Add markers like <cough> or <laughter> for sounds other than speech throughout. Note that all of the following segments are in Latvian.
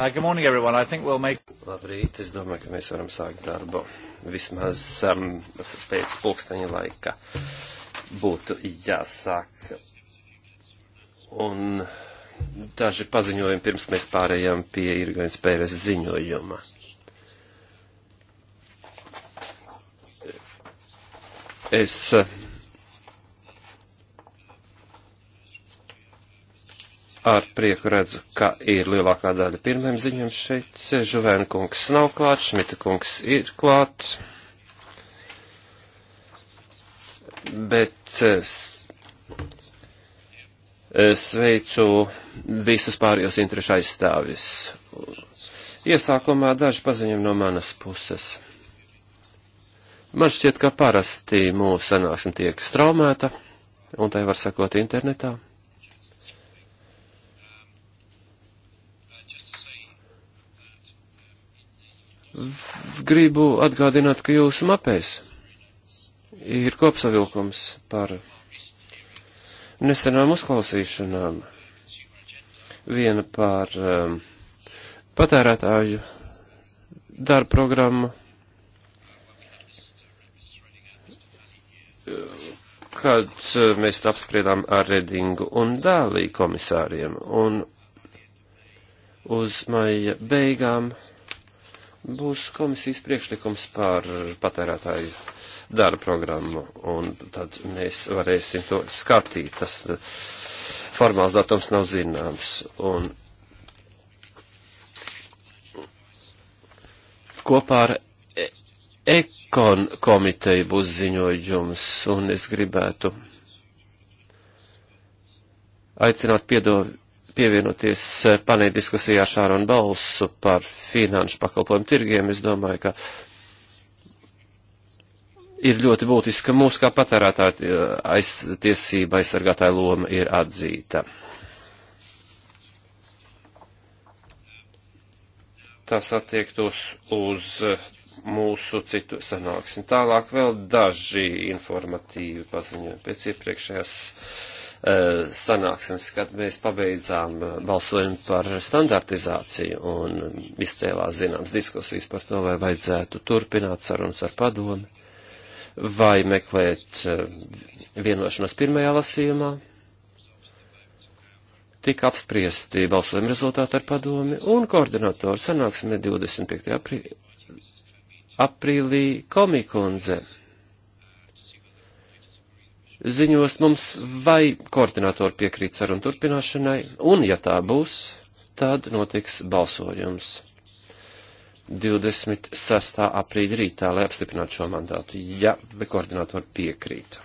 Uh, good morning, everyone. I think we'll make... Labrīt, es domāju, ka mēs varam sākt darbu vismaz um, pēc pulksteņa laika būtu jāsāk. Un daži paziņojumi pirms mēs pārējām pie Irgaņas pēres ziņojuma. Es uh, ar prieku redzu, ka ir lielākā daļa pirmiem ziņām šeit. Žuvēna kungs nav klāt, Šmita kungs ir klāt. Bet eh, eh, sveicu visus pārējos interešu aizstāvis. Iesākumā daži paziņojumi no manas puses. Man šķiet, ka parasti mūsu sanāksme tiek straumēta, un tai var sakot internetā. Gribu atgādināt, ka jūsu mapēs ir kopsavilkums par nesenām uzklausīšanām. Viena par um, patērētāju darba programmu, kad uh, mēs to apspriedām ar Redingu un Dālī komisāriem. Un uz maija beigām būs komisijas priekšlikums par patērētāju dara programmu, un tad mēs varēsim to skatīt. Tas eh, formāls datums nav zināms. Un kopā ar e- ekon komiteju būs ziņojums, un es gribētu aicināt piedāvāt pievienoties eh, panē diskusijā ar Šāronu Balsu par finanšu pakalpojumu tirgiem. Es domāju, ka ir ļoti būtiski, ka mūsu kā patērētāja eh, aiz, tiesība aizsargātāja loma ir atzīta. Tas attiektos uz eh, mūsu citu sanāksmi. Tālāk vēl daži informatīvi paziņojumi pēc iepriekšējās Eh, sanāksmes, kad mēs pabeidzām eh, balsojumu par standartizāciju un izcēlās zināmas diskusijas par to, vai vajadzētu turpināt sarunas ar padomi, vai meklēt eh, vienošanos pirmajā lasījumā. Tika apspriesti balsojuma rezultāti ar padomi un koordinatoru sanāksmē 25. aprīlī aprīlī komikundze ziņos mums vai koordinātori piekrīt sarunu turpināšanai, un ja tā būs, tad notiks balsojums 26. aprīļa rītā, lai apstiprinātu šo mandātu, ja koordinātori piekrīt.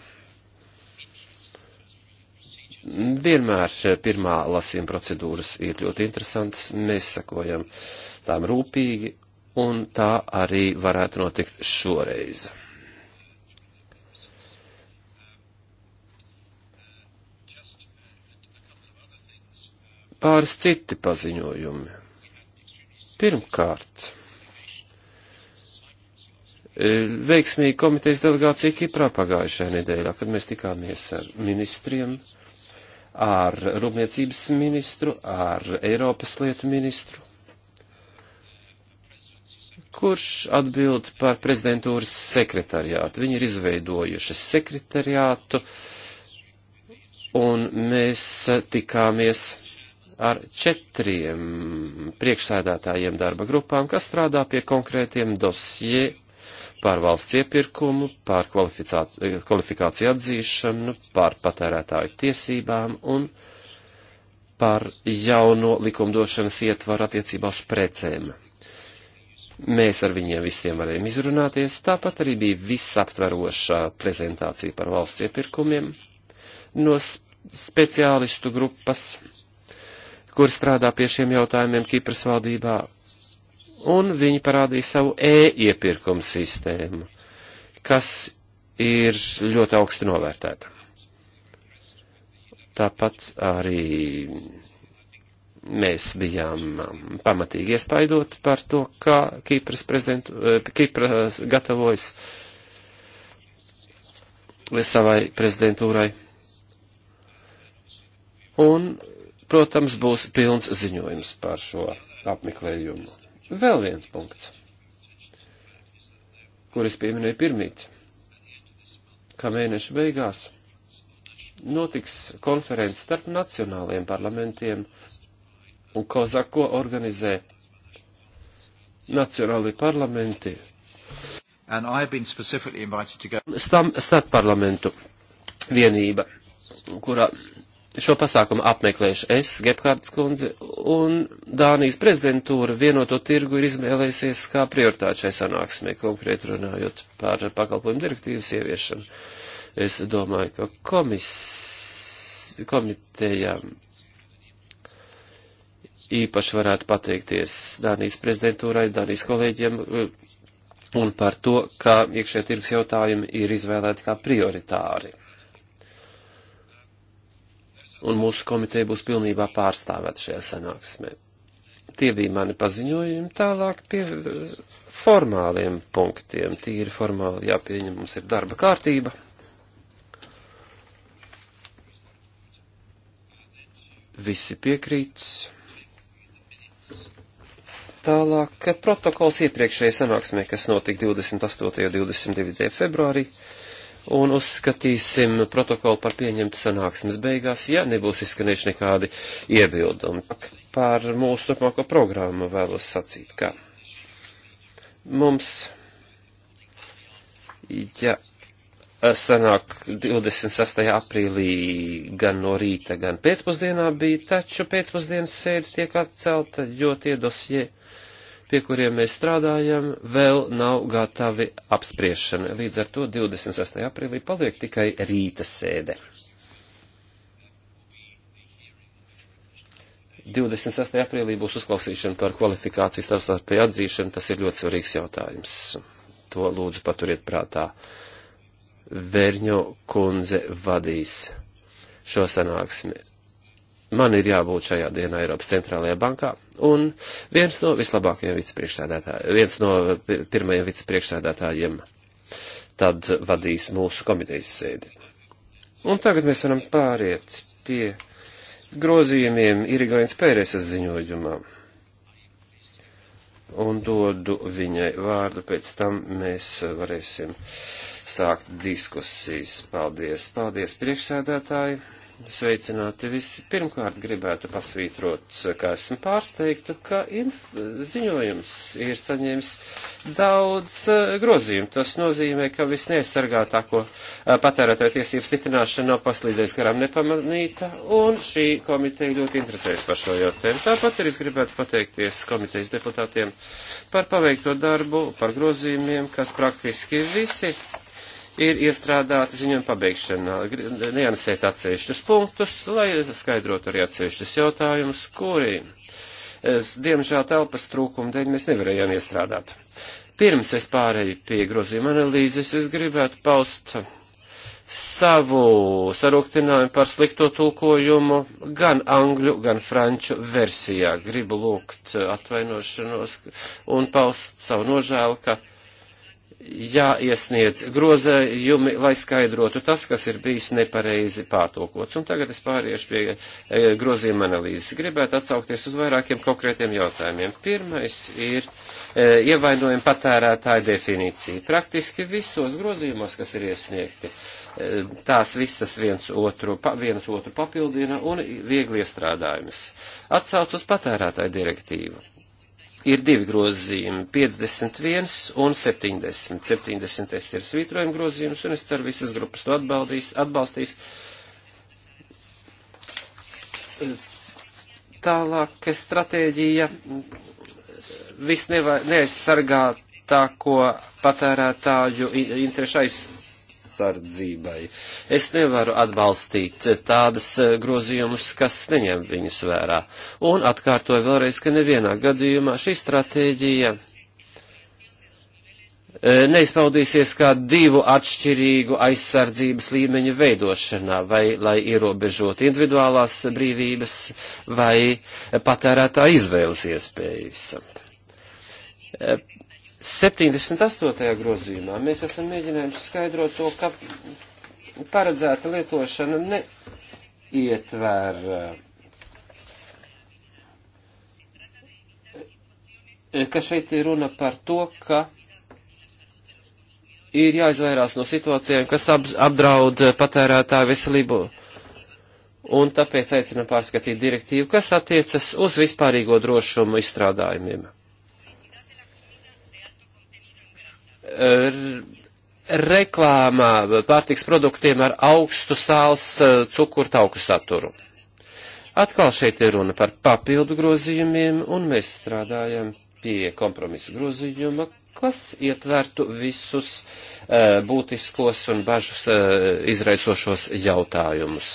Vienmēr pirmā lasījuma procedūras ir ļoti interesantas, mēs sakojam tām rūpīgi, un tā arī varētu notikt šoreiz. pāris citi paziņojumi. Pirmkārt, e, veiksmīgi komitejas delegācija Kiprā pagājušajā nedēļā, kad mēs tikāmies ar ministriem, ar rūpniecības ministru, ar Eiropas lietu ministru, kurš atbild par prezidentūras sekretariātu. Viņi ir izveidojuši sekretariātu, un mēs tikāmies ar četriem priekšsēdētājiem darba grupām, kas strādā pie konkrētiem dosie pār valsts iepirkumu, pār kvalifikāciju atzīšanu, pār patērētāju tiesībām un pār jauno likumdošanas ietvaru attiecībā uz precēm. Mēs ar viņiem visiem varējām izrunāties, tāpat arī bija visaptveroša prezentācija par valsts iepirkumiem no speciālistu grupas kur strādā pie šiem jautājumiem Kipras valdībā, un viņi parādīja savu e-iepirkumu sistēmu, kas ir ļoti augsti novērtēta. Tāpat arī mēs bijām pamatīgi iespaidoti par to, kā Kipras, eh, Kipras gatavojas savai prezidentūrai. Un protams, būs pilns ziņojums par šo apmeklējumu. Vēl viens punkts, kur es pieminēju pirmīt, ka mēneša beigās notiks konferences starp nacionālajiem parlamentiem un Kozako organizē nacionālajie parlamenti. Stam, starp parlamentu vienība, kurā šo pasākumu apmeklēšu es, Gepkārds kundze, un Dānijas prezidentūra vienoto tirgu ir izmēlējusies kā prioritāte šai sanāksmē, konkrēti runājot par pakalpojumu direktīvas ieviešanu. Es domāju, ka komis, komitejām īpaši varētu pateikties Dānijas prezidentūrai, Dānijas kolēģiem un par to, ka iekšē tirgus jautājumi ir izvēlēti kā prioritāri un mūsu komiteja būs pilnībā pārstāvēta šajā sanāksmē. Tie bija mani paziņojumi tālāk pie formāliem punktiem. Tīri formāli jāpieņem mums ir darba kārtība. Visi piekrīt. Tālāk eh, protokols iepriekšējai sanāksmē, kas notika 28. un 29. februārī un uzskatīsim protokolu par pieņemtu sanāksmes beigās, ja nebūs izskanējuši nekādi iebildumi. Par mūsu turpmāko programmu vēlos sacīt, ka mums, ja sanāk 26. aprīlī gan no rīta, gan pēcpusdienā bija, taču pēcpusdienas sēde tiek atcelta, jo tie dosie pie kuriem mēs strādājam, vēl nav gatavi apspriešanai. Līdz ar to 26. aprīlī paliek tikai rīta sēde. 26. aprīlī būs uzklausīšana par kvalifikācijas savstarpēju atzīšanu. Tas ir ļoti svarīgs jautājums. To lūdzu paturiet prātā. Verņo kundze vadīs šo sanāksmi man ir jābūt šajā dienā Eiropas centrālajā bankā, un viens no vislabākajiem vicepriekšsēdētājiem, viens no pirmajiem vicepriekšsēdētājiem tad vadīs mūsu komitejas sēdi. Un tagad mēs varam pāriet pie grozījumiem Irigoins Pēreses ziņojumā. Un dodu viņai vārdu, pēc tam mēs varēsim sākt diskusijas. Paldies, paldies priekšsēdētāji! Sveicināti visi. Pirmkārt, gribētu pasvītrot, ka esmu pārsteigtu, ka ziņojums ir saņēmis daudz eh, grozījumu. Tas nozīmē, ka visneaizsargātāko eh, patērētāju tiesību stiprināšana nav paslīdējusi garām nepamanīta, un šī komiteja ļoti interesējas par šo jautājumu. Tāpat arī gribētu pateikties komitejas deputātiem par paveikto darbu, par grozījumiem, kas praktiski visi ir iestrādāti ziņojuma pabeigšanā, niansēt atsevišķus punktus, lai skaidrotu arī atsevišķus jautājumus, kuri, es, diemžēl, telpas trūkuma dēļ mēs nevarējām iestrādāt. Pirms es pārēju pie grozījuma analīzes, es gribētu paust savu sarūktinājumu par slikto tulkojumu gan angļu, gan franču versijā. Gribu lūgt atvainošanos un paust savu nožēlu, ka jāiesniedz grozējumi, lai skaidrotu tas, kas ir bijis nepareizi pārtulkots. Un tagad es pāriešu pie e, grozījuma analīzes. Gribētu atsaukties uz vairākiem konkrētiem jautājumiem. Pirmais ir e, ievainojuma patērētāja definīcija. Praktiski visos grozījumos, kas ir iesniegti, e, tās visas viens otru, pa, viens otru papildina un viegli iestrādājumas. Atsauc uz patērētāju direktīvu ir divi grozījumi - 51 un 70. 70 ir svītrojuma grozījums, un es ceru, visas grupas to atbaldīs, atbalstīs. Tālāk eh, stratēģija visneaizsargātāko patērētāju interešu aizsardzību aizsardzībai. Es nevaru atbalstīt tādas eh, grozījumus, kas neņem viņus vērā. Un atkārtoju vēlreiz, ka nevienā gadījumā šī stratēģija eh, neizpaudīsies kā divu atšķirīgu aizsardzības līmeņu veidošanā, vai lai ierobežot individuālās brīvības vai patērētā izvēles iespējas. Eh, 78. grozījumā mēs esam mēģinājuši skaidrot to, ka paredzēta lietošana neietver eh, ka šeit ir runa par to, ka ir jāizvairās no situācijām, kas ap, apdraud patērētāju veselību. Un tāpēc aicinam pārskatīt direktīvu, kas attiecas uz vispārīgo drošumu izstrādājumiem. reklāmā pārtiks produktiem ar augstu sāls eh, cukurtauku saturu. Atkal šeit ir runa par papildu grozījumiem, un mēs strādājam pie kompromisa grozījuma, kas ietvertu visus e, būtiskos un bažus e, izraisošos jautājumus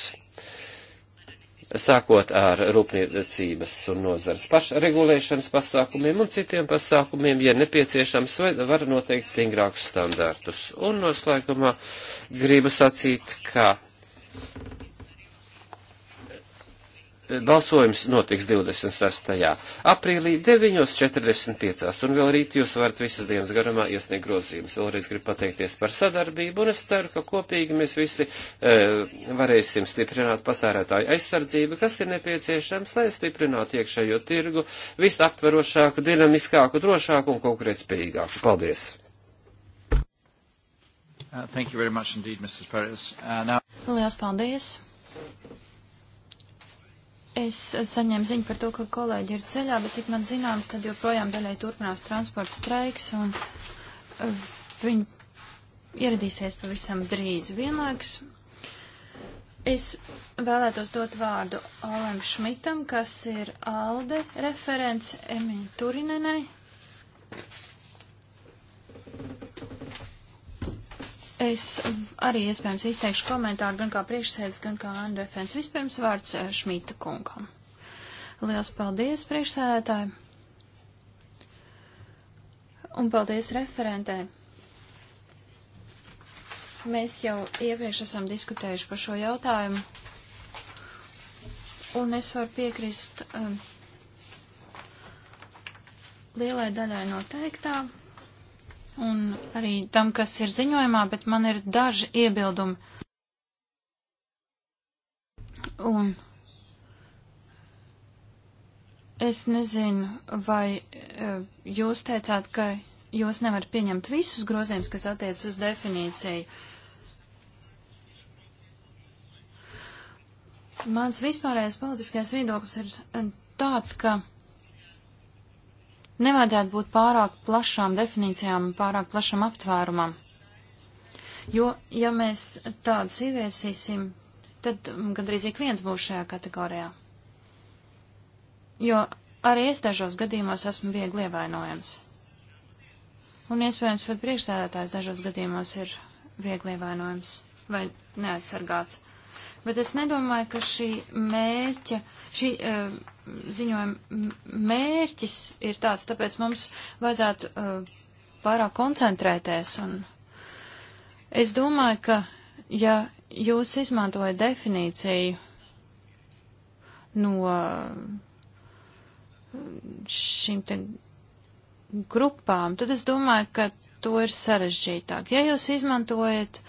sākot ar rūpniecības un nozars pašregulēšanas pasākumiem un citiem pasākumiem, ja nepieciešams, vai var noteikt stingrākus standārtus. Un noslēgumā gribu sacīt, ka balsojums notiks 26. aprīlī 9.45. un vēl rīt jūs varat visas dienas garumā iesniegt grozījumus. Vēlreiz gribu pateikties par sadarbību un es ceru, ka kopīgi mēs visi e, varēsim stiprināt patērētāju aizsardzību, kas ir nepieciešams, lai stiprinātu iekšējo tirgu visaptverošāku, dinamiskāku, drošāku un konkurētspējīgāku. Paldies! Uh, thank you very much indeed, Mrs. Perez. Uh, now... Lielas paldies! Es saņēmu ziņu par to, ka kolēģi ir ceļā, bet cik man zināms, tad joprojām daļai turpinās transporta streiks un eh, viņi ieradīsies pavisam drīz vienlaikus. Es vēlētos dot vārdu Olam Šmitam, kas ir ALDE referents Emīļa Turinenai. Es arī iespējams izteikšu komentāru gan kā priekšsēdus, gan kā referents. Vispirms vārds eh, Šmita kungam. Liels paldies priekšsēdētāji. Un paldies referentē. Mēs jau iepriekš esam diskutējuši par šo jautājumu. Un es varu piekrist um, lielai daļai no teiktām un arī tam, kas ir ziņojumā, bet man ir daži iebildumi. Un es nezinu, vai eh, jūs teicāt, ka jūs nevarat pieņemt visus grozījumus, kas attiecas uz definīciju. Mans vispārējais politiskais viedoklis ir eh, tāds, ka nevajadzētu būt pārāk plašām definīcijām, pārāk plašam aptvērumam. Jo, ja mēs tādus ieviesīsim, tad gandrīz ik viens būs šajā kategorijā. Jo arī es dažos gadījumos esmu viegli ievainojams. Un iespējams, pat priekšsēdētājs dažos gadījumos ir viegli ievainojams vai neaizsargāts bet es nedomāju, ka šī mērķa, šī uh, ziņojuma mērķis ir tāds, tāpēc mums vajadzētu uh, eh, pārāk koncentrēties. Un es domāju, ka ja jūs izmantojat definīciju no eh, šīm te grupām, tad es domāju, ka to ir sarežģītāk. Ja jūs izmantojat uh,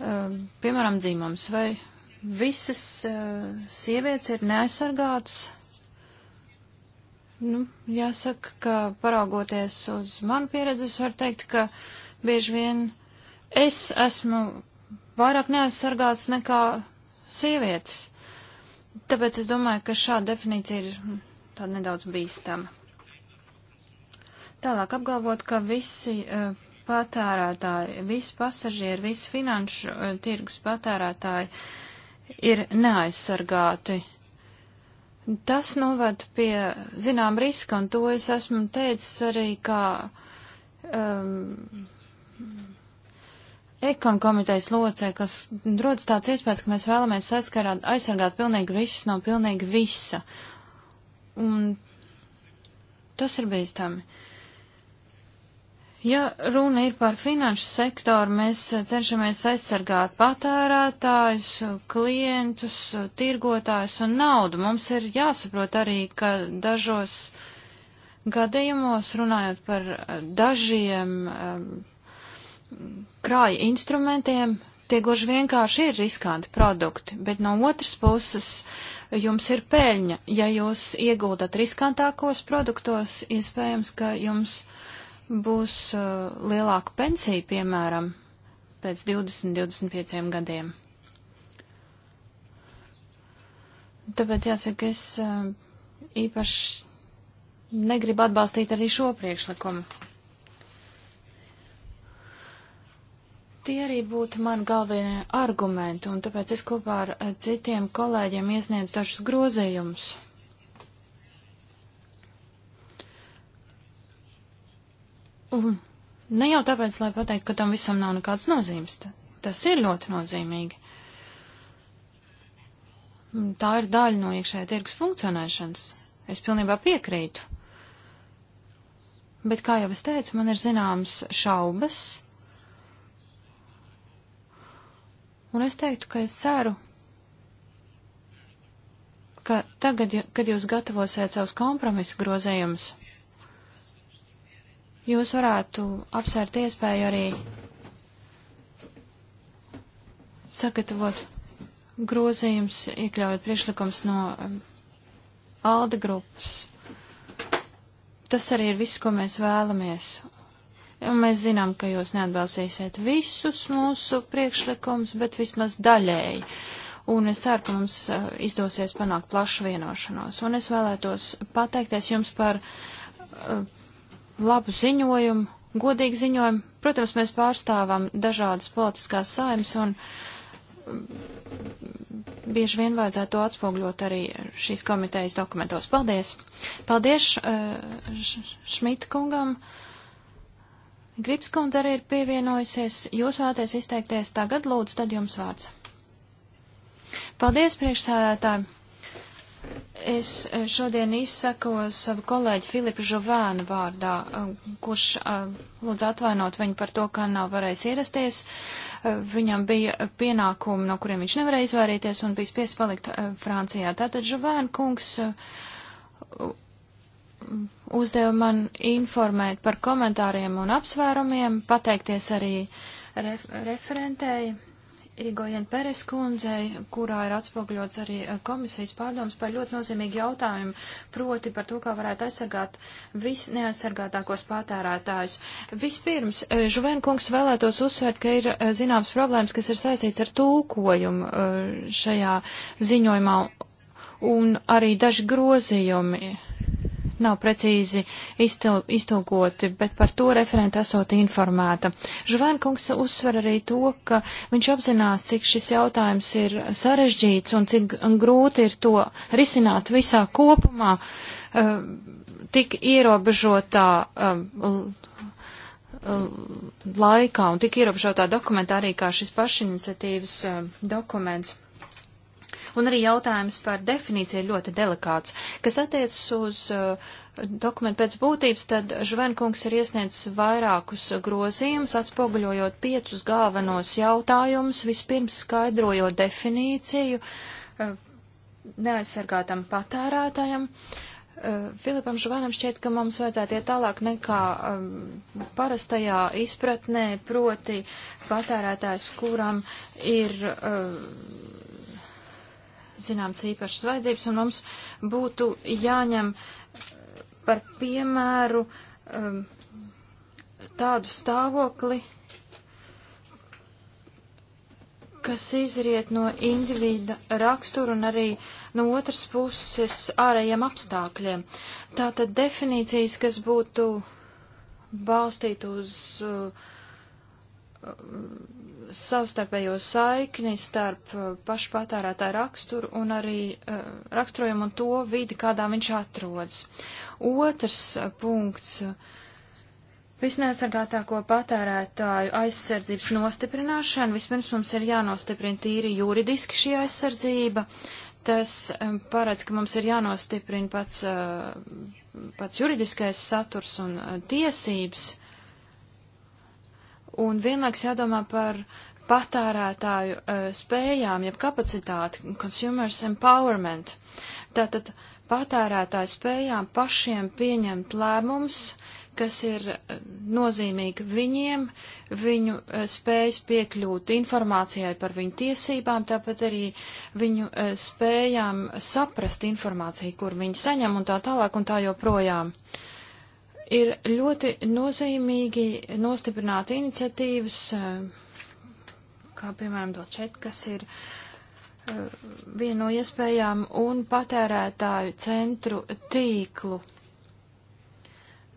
Ehm, piemēram, dzimums, vai visas eh, sievietes ir neaizsargātas? Nu, jāsaka, ka paraugoties uz manu pieredzi, es varu teikt, ka bieži vien es esmu vairāk neaizsargāts nekā sievietes. Tāpēc es domāju, ka šāda definīcija ir hm, tāda nedaudz bīstama. Tālāk apgalvot, ka visi uh, patērētāji, visi pasažieri, visi finanšu eh, tirgus patērētāji ir neaizsargāti. Tas novad pie zinām riska, un to es esmu teicis arī kā um, ekon komitejas locē, kas rodas tāds iespējas, ka mēs vēlamies aizskarāt, aizsargāt pilnīgi visus no pilnīgi visa. Un tas ir bīstami. Uh, Ja runa ir par finanšu sektoru, mēs cenšamies aizsargāt patērētājus, klientus, tirgotājus un naudu. Mums ir jāsaprot arī, ka dažos gadījumos, runājot par dažiem um, krāja instrumentiem, tie gluži vienkārši ir riskanti produkti, bet no otras puses jums ir peļņa. Ja jūs iegūtat riskantākos produktos, iespējams, ka jums. Uh, būs uh, lielāka pensija, piemēram, pēc 20-25 gadiem. Tāpēc jāsaka, es uh, īpaši negribu atbalstīt arī šo priekšlikumu. Tie arī būtu mani galvenie argumenti, un tāpēc es kopā ar uh, citiem kolēģiem iesniedzu dažus grozījumus. Un ne jau tāpēc, lai pateiktu, ka tam visam nav nekāds nozīmes. Tas ir ļoti nozīmīgi. Tā ir daļa no iekšējā tirgus funkcionēšanas. Es pilnībā piekrītu. Bet, kā jau es teicu, man ir zināmas šaubas. Un es teiktu, ka es ceru, ka tagad, kad jūs gatavosiet savus kompromisu grozējumus, jūs varētu apsvērt iespēju arī sagatavot grozījums, iekļaujot priekšlikums no um, ALDE grupas. Tas arī ir viss, ko mēs vēlamies. Un mēs zinām, ka jūs neatbalstīsiet visus mūsu priekšlikumus, bet vismaz daļēji un es ceru, ka mums uh, izdosies panākt plašu vienošanos. Un es vēlētos pateikties jums par uh, labu ziņojumu, godīgu ziņojumu. Protams, mēs pārstāvam dažādas politiskās saimas un mm, bieži vien vajadzētu to atspogļot arī šīs komitejas dokumentos. Paldies! Paldies eh, Šmita kungam! Grips kundze arī ir pievienojusies. Jūs vēlaties izteikties tagad, lūdzu, tad jums vārds. Paldies, priekšsēdētāji! Es eh, šodien izsaku savu kolēģi Filipu Žovēnu vārdā, eh, kurš eh, lūdz atvainot viņu par to, ka nav varējis ierasties. Viņam bija pienākumi, no kuriem viņš nevarēja izvairīties un bija spiests palikt Francijā. Tātad Žovēna kungs uzdeva man informēt par komentāriem un apsvērumiem, pateikties arī ref referentēji Irigojen Peres kundzei, kurā ir atspogļots arī eh, komisijas pārdoms par ļoti nozīmīgu jautājumu, proti par to, kā varētu aizsargāt visneaizsargātākos patērētājus. Vispirms, eh, Žuvēn kungs vēlētos uzsvērt, ka ir eh, zināms problēmas, kas ir saistīts ar tūkojumu šajā ziņojumā un arī daži grozījumi nav precīzi iztūkoti, bet par to referenta esot informēta. Žuvēnkungs uzsver arī to, ka viņš apzinās, cik šis jautājums ir sarežģīts un cik grūti ir to risināt visā kopumā, eh, tik ierobežotā eh, laikā un tik ierobežotā dokumentā arī kā šis pašiniciatīvas eh, dokuments. Un arī jautājums par definīciju ir ļoti delikāts. Kas attiecas uz uh, dokumentu pēc būtības, tad Žvenkungs ir iesniedzis vairākus grozījumus, atspoguļojot piecus galvenos jautājumus, vispirms skaidrojot definīciju uh, neaizsargātam patērētājam. Uh, Filipam Žuvanam šķiet, ka mums vajadzētu iet tālāk nekā um, parastajā izpratnē, proti patērētājs, kuram ir uh, zināmas īpašas vajadzības, un mums būtu jāņem par piemēru um, tādu stāvokli, kas izriet no individa rakstura un arī no otras puses ārējiem apstākļiem. Tātad definīcijas, kas būtu balstīt uz uh, savstarpējo saikni starp uh, pašpatērētāju raksturu un arī uh, raksturojumu un to vidi, kādā viņš atrodas. Otrs uh, punkts. Visneaizsargātāko patērētāju aizsardzības nostiprināšana. Vispirms mums ir jānostiprina tīri juridiski šī aizsardzība. Tas um, paredz, ka mums ir jānostiprina pats, uh, pats juridiskais saturs un uh, tiesības. Uh, un vienlaiks jādomā par patērētāju uh, spējām, jeb kapacitāti, consumers empowerment. Tātad patērētāju spējām pašiem pieņemt lēmumus, kas ir uh, nozīmīgi viņiem, viņu uh, spējas piekļūt informācijai par viņu tiesībām, tāpat arī viņu uh, spējām saprast informāciju, kur viņi saņem un tā tālāk un tā joprojām. Uh, Ir ļoti nozīmīgi nostiprināt iniciatīvas, eh, kā piemēram dot šeit, kas ir eh, viena no iespējām, un patērētāju centru tīklu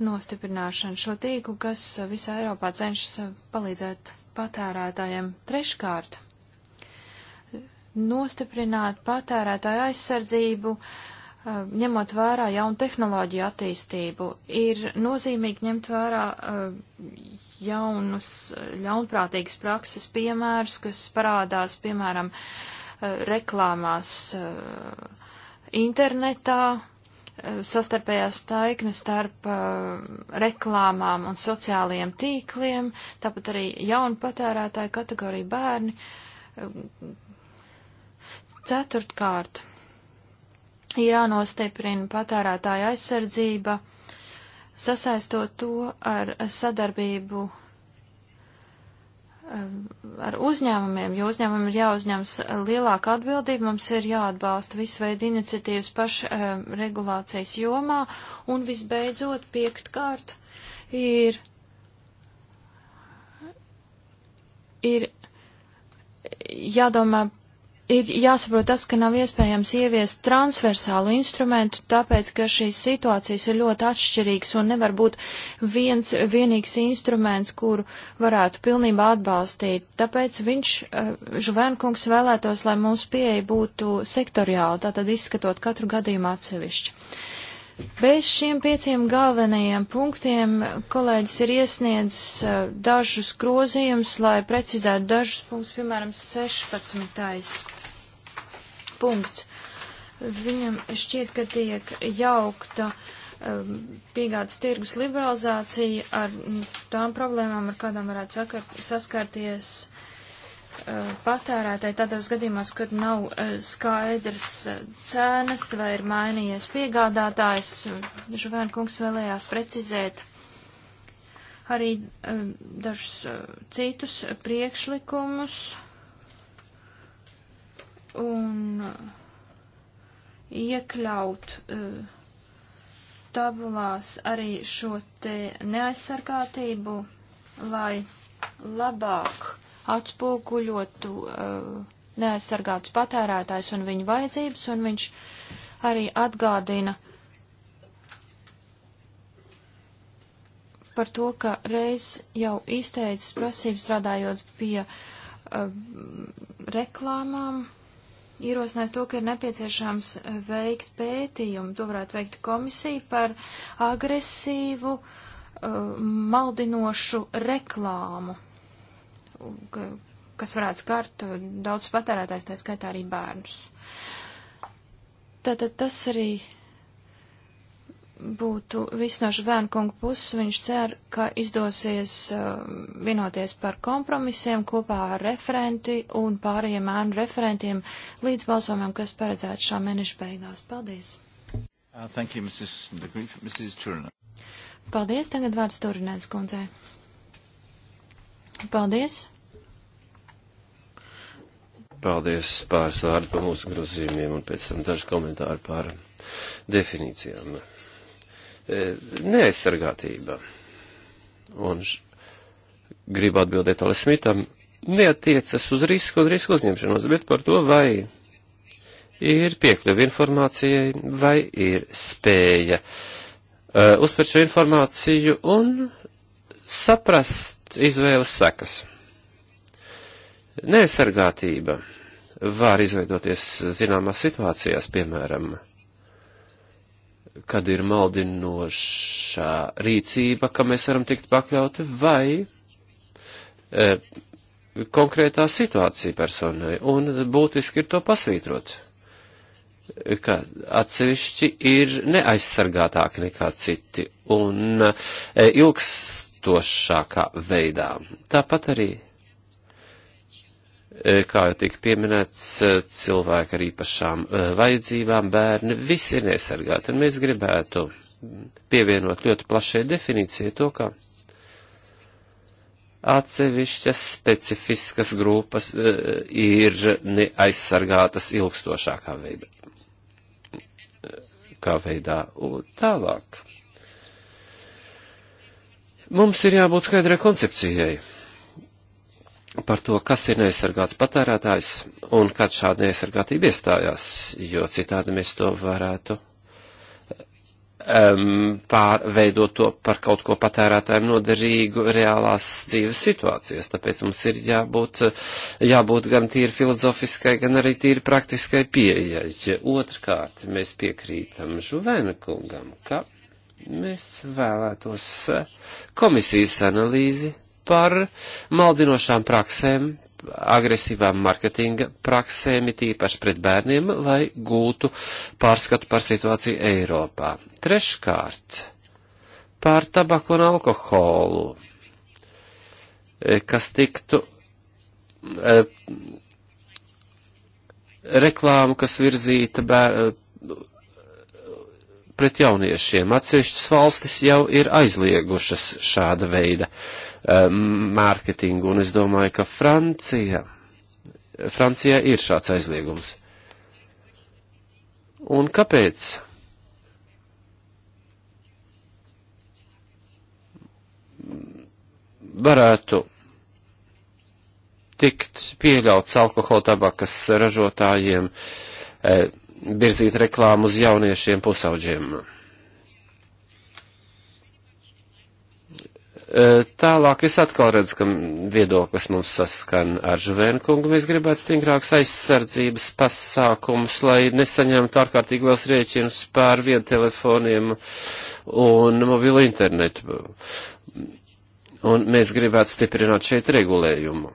nostiprināšanu. Šo tīklu, kas visā Eiropā cenšas eh, palīdzēt patērētājiem treškārt, nostiprināt patērētāju aizsardzību, uh, ņemot vērā jaunu tehnoloģiju attīstību, ir nozīmīgi ņemt vērā jaunus ļaunprātīgas prakses piemērus, kas parādās, piemēram, reklāmās internetā, sastarpējās taiknes starp uh, reklāmām un sociālajiem tīkliem, tāpat arī jaunu patērētāju kategoriju bērni. Ceturtkārt, ir jānostiprina patērētāja aizsardzība, sasaistot to ar sadarbību um, ar uzņēmumiem, jo uzņēmumiem ir jāuzņems lielāka atbildība, mums ir jāatbalsta visu veidu iniciatīvas pašregulācijas um, jomā, un visbeidzot, piektkārt, ir, ir jādomā ir jāsaprot tas, ka nav iespējams ieviest transversālu instrumentu, tāpēc, ka šīs situācijas ir ļoti atšķirīgas un nevar būt viens vienīgs instruments, kuru varētu pilnībā atbalstīt. Tāpēc viņš, eh, Žuvenkungs, vēlētos, lai mūsu pieeja būtu sektoriāla, tātad izskatot katru gadījumu atsevišķi. Bez šiem pieciem galvenajiem punktiem kolēģis ir iesniedzis uh, dažus grozījumus, lai precizētu dažus punktus, piemēram, 16 punkts. Viņam šķiet, ka tiek jaukta um, piegādes tirgus liberalizācija ar tām problēmām, ar kādām varētu saskarties uh, patērētāji tādos gadījumos, kad nav uh, skaidrs uh, cenas vai ir mainījies piegādātājs. Žuvēna kungs vēlējās precizēt arī um, dažus citus priekšlikumus un uh, iekļaut uh, tabulās arī šo te neaizsargātību, lai labāk atspoguļotu uh, neaizsargātus patērētājs un viņu vajadzības, un viņš arī atgādina par to, ka reiz jau izteicis prasības strādājot pie uh, reklāmām, ierosinājis to, ka ir nepieciešams eh, veikt pētījumu, to varētu veikt komisija par agresīvu, eh, maldinošu reklāmu, kas varētu skart eh, daudz patērētājs, tā skaitā arī bērnus. Tātad tas arī būtu viss no Žvēnkunga puses. Viņš cer, ka izdosies uh, vienoties par kompromisiem kopā ar referenti un pārējiem ēnu referentiem līdz balsojumam, kas paredzēts šā mēneša beigās. Paldies! Uh, thank you, Mrs. Grief, Mrs. Turner. Paldies, tagad vārds Turinēns kundzē. Paldies. Paldies pāris vārdu par mūsu grozījumiem un pēc tam daži komentāri par definīcijām. E, neaizsargātība. Un gribu atbildēt Alesmitam, neatiecas uz risku un risku uzņemšanos, bet par to, vai ir piekļuva informācijai, vai ir spēja uh, uztvert šo informāciju un saprast izvēles sekas. Nesargātība var izveidoties zināmās situācijās, piemēram, kad ir maldinošā rīcība, ka mēs varam tikt pakļauti vai e, konkrētā situācija personai, un būtiski ir to pasvītrot, ka atsevišķi ir neaizsargātāki nekā citi un e, ilgstošākā veidā. Tāpat arī Eh, kā jau tika pieminēts, eh, cilvēki ar īpašām eh, vajadzībām, bērni, visi ir nesargāti, un mēs gribētu pievienot ļoti plašai definīcijai to, ka atsevišķas specifiskas grupas ir neaizsargātas ilgstošākā veidā. Kā veidā un tālāk. Mums ir jābūt skaidrai koncepcijai par to, kas ir neaizsargāts patērētājs un kad šāda neaizsargātība iestājās, jo citādi mēs to varētu um, pārveidot to par kaut ko patērētājiem noderīgu reālās dzīves situācijas. Tāpēc mums ir jābūt, jābūt gan tīri filozofiskai, gan arī tīri praktiskai pieejai. Otrkārt, mēs piekrītam Žuvēna kungam, ka mēs vēlētos eh, komisijas analīzi par maldinošām praksēm, agresīvām marketinga praksēm, it īpaši pret bērniem, lai gūtu pārskatu par situāciju Eiropā. Treškārt, par tabaku un alkoholu, e, kas tiktu e, reklāmu, kas virzīta bēr, e, pret jauniešiem. Atsevišķas valstis jau ir aizliegušas šāda veida uh, Eh, mārketingu, un es domāju, ka Francija, Francijā ir šāds aizliegums. Un kāpēc? Varētu tikt pieļauts alkohola tabakas ražotājiem, e, virzīt reklāmu uz jauniešiem pusauģiem. Tālāk es atkal redzu, ka viedoklis mums saskan ar Žuvēnkungu. Mēs gribētu stingrākus aizsardzības pasākumus, lai nesaņemtu ārkārtīgi liels rēķinus pār viedtelefoniem un mobilu internetu. Un mēs gribētu stiprināt šeit regulējumu.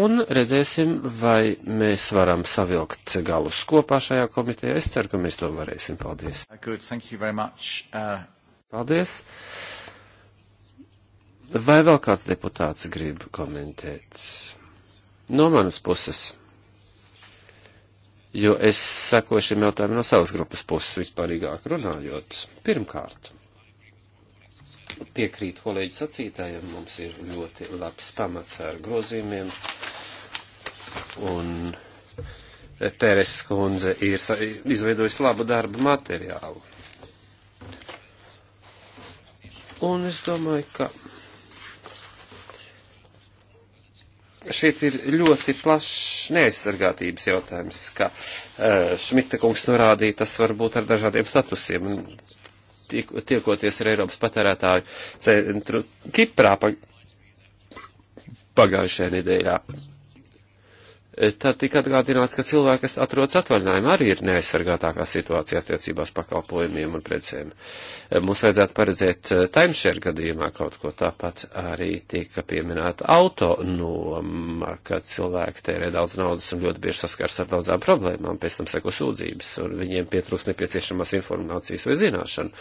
Un redzēsim, vai mēs varam savilkt galus kopā šajā komitejā. Es ceru, ka mēs to varēsim. Paldies. Good, uh... Paldies. Vai vēl kāds deputāts grib komentēt? No manas puses. Jo es seko šim jautājumam no savas grupas puses vispārīgāk runājot. Pirmkārt, piekrīt kolēģi sacītājiem, mums ir ļoti labs pamats ar grozījumiem. Un Pēres kundze ir izveidojusi labu darbu materiālu. Un es domāju, ka šeit ir ļoti plašs neaizsargātības jautājums, kā uh, e, Šmita kungs norādīja, tas var būt ar dažādiem statusiem. Tiek, tiekoties ar Eiropas patērētāju centru Kiprā pag pagājušajā nedēļā, tad tika atgādināts, ka cilvēki, kas atrodas atvaļinājumā, arī ir neaizsargātākā situācija attiecībās pakalpojumiem un precēm. Mums vajadzētu paredzēt eh, timeshare gadījumā kaut ko tāpat arī tika pieminēta autonoma, kad cilvēki tērē daudz naudas un ļoti bieži saskars ar daudzām problēmām, pēc tam seko sūdzības un viņiem pietrūks nepieciešamās informācijas vai zināšanu.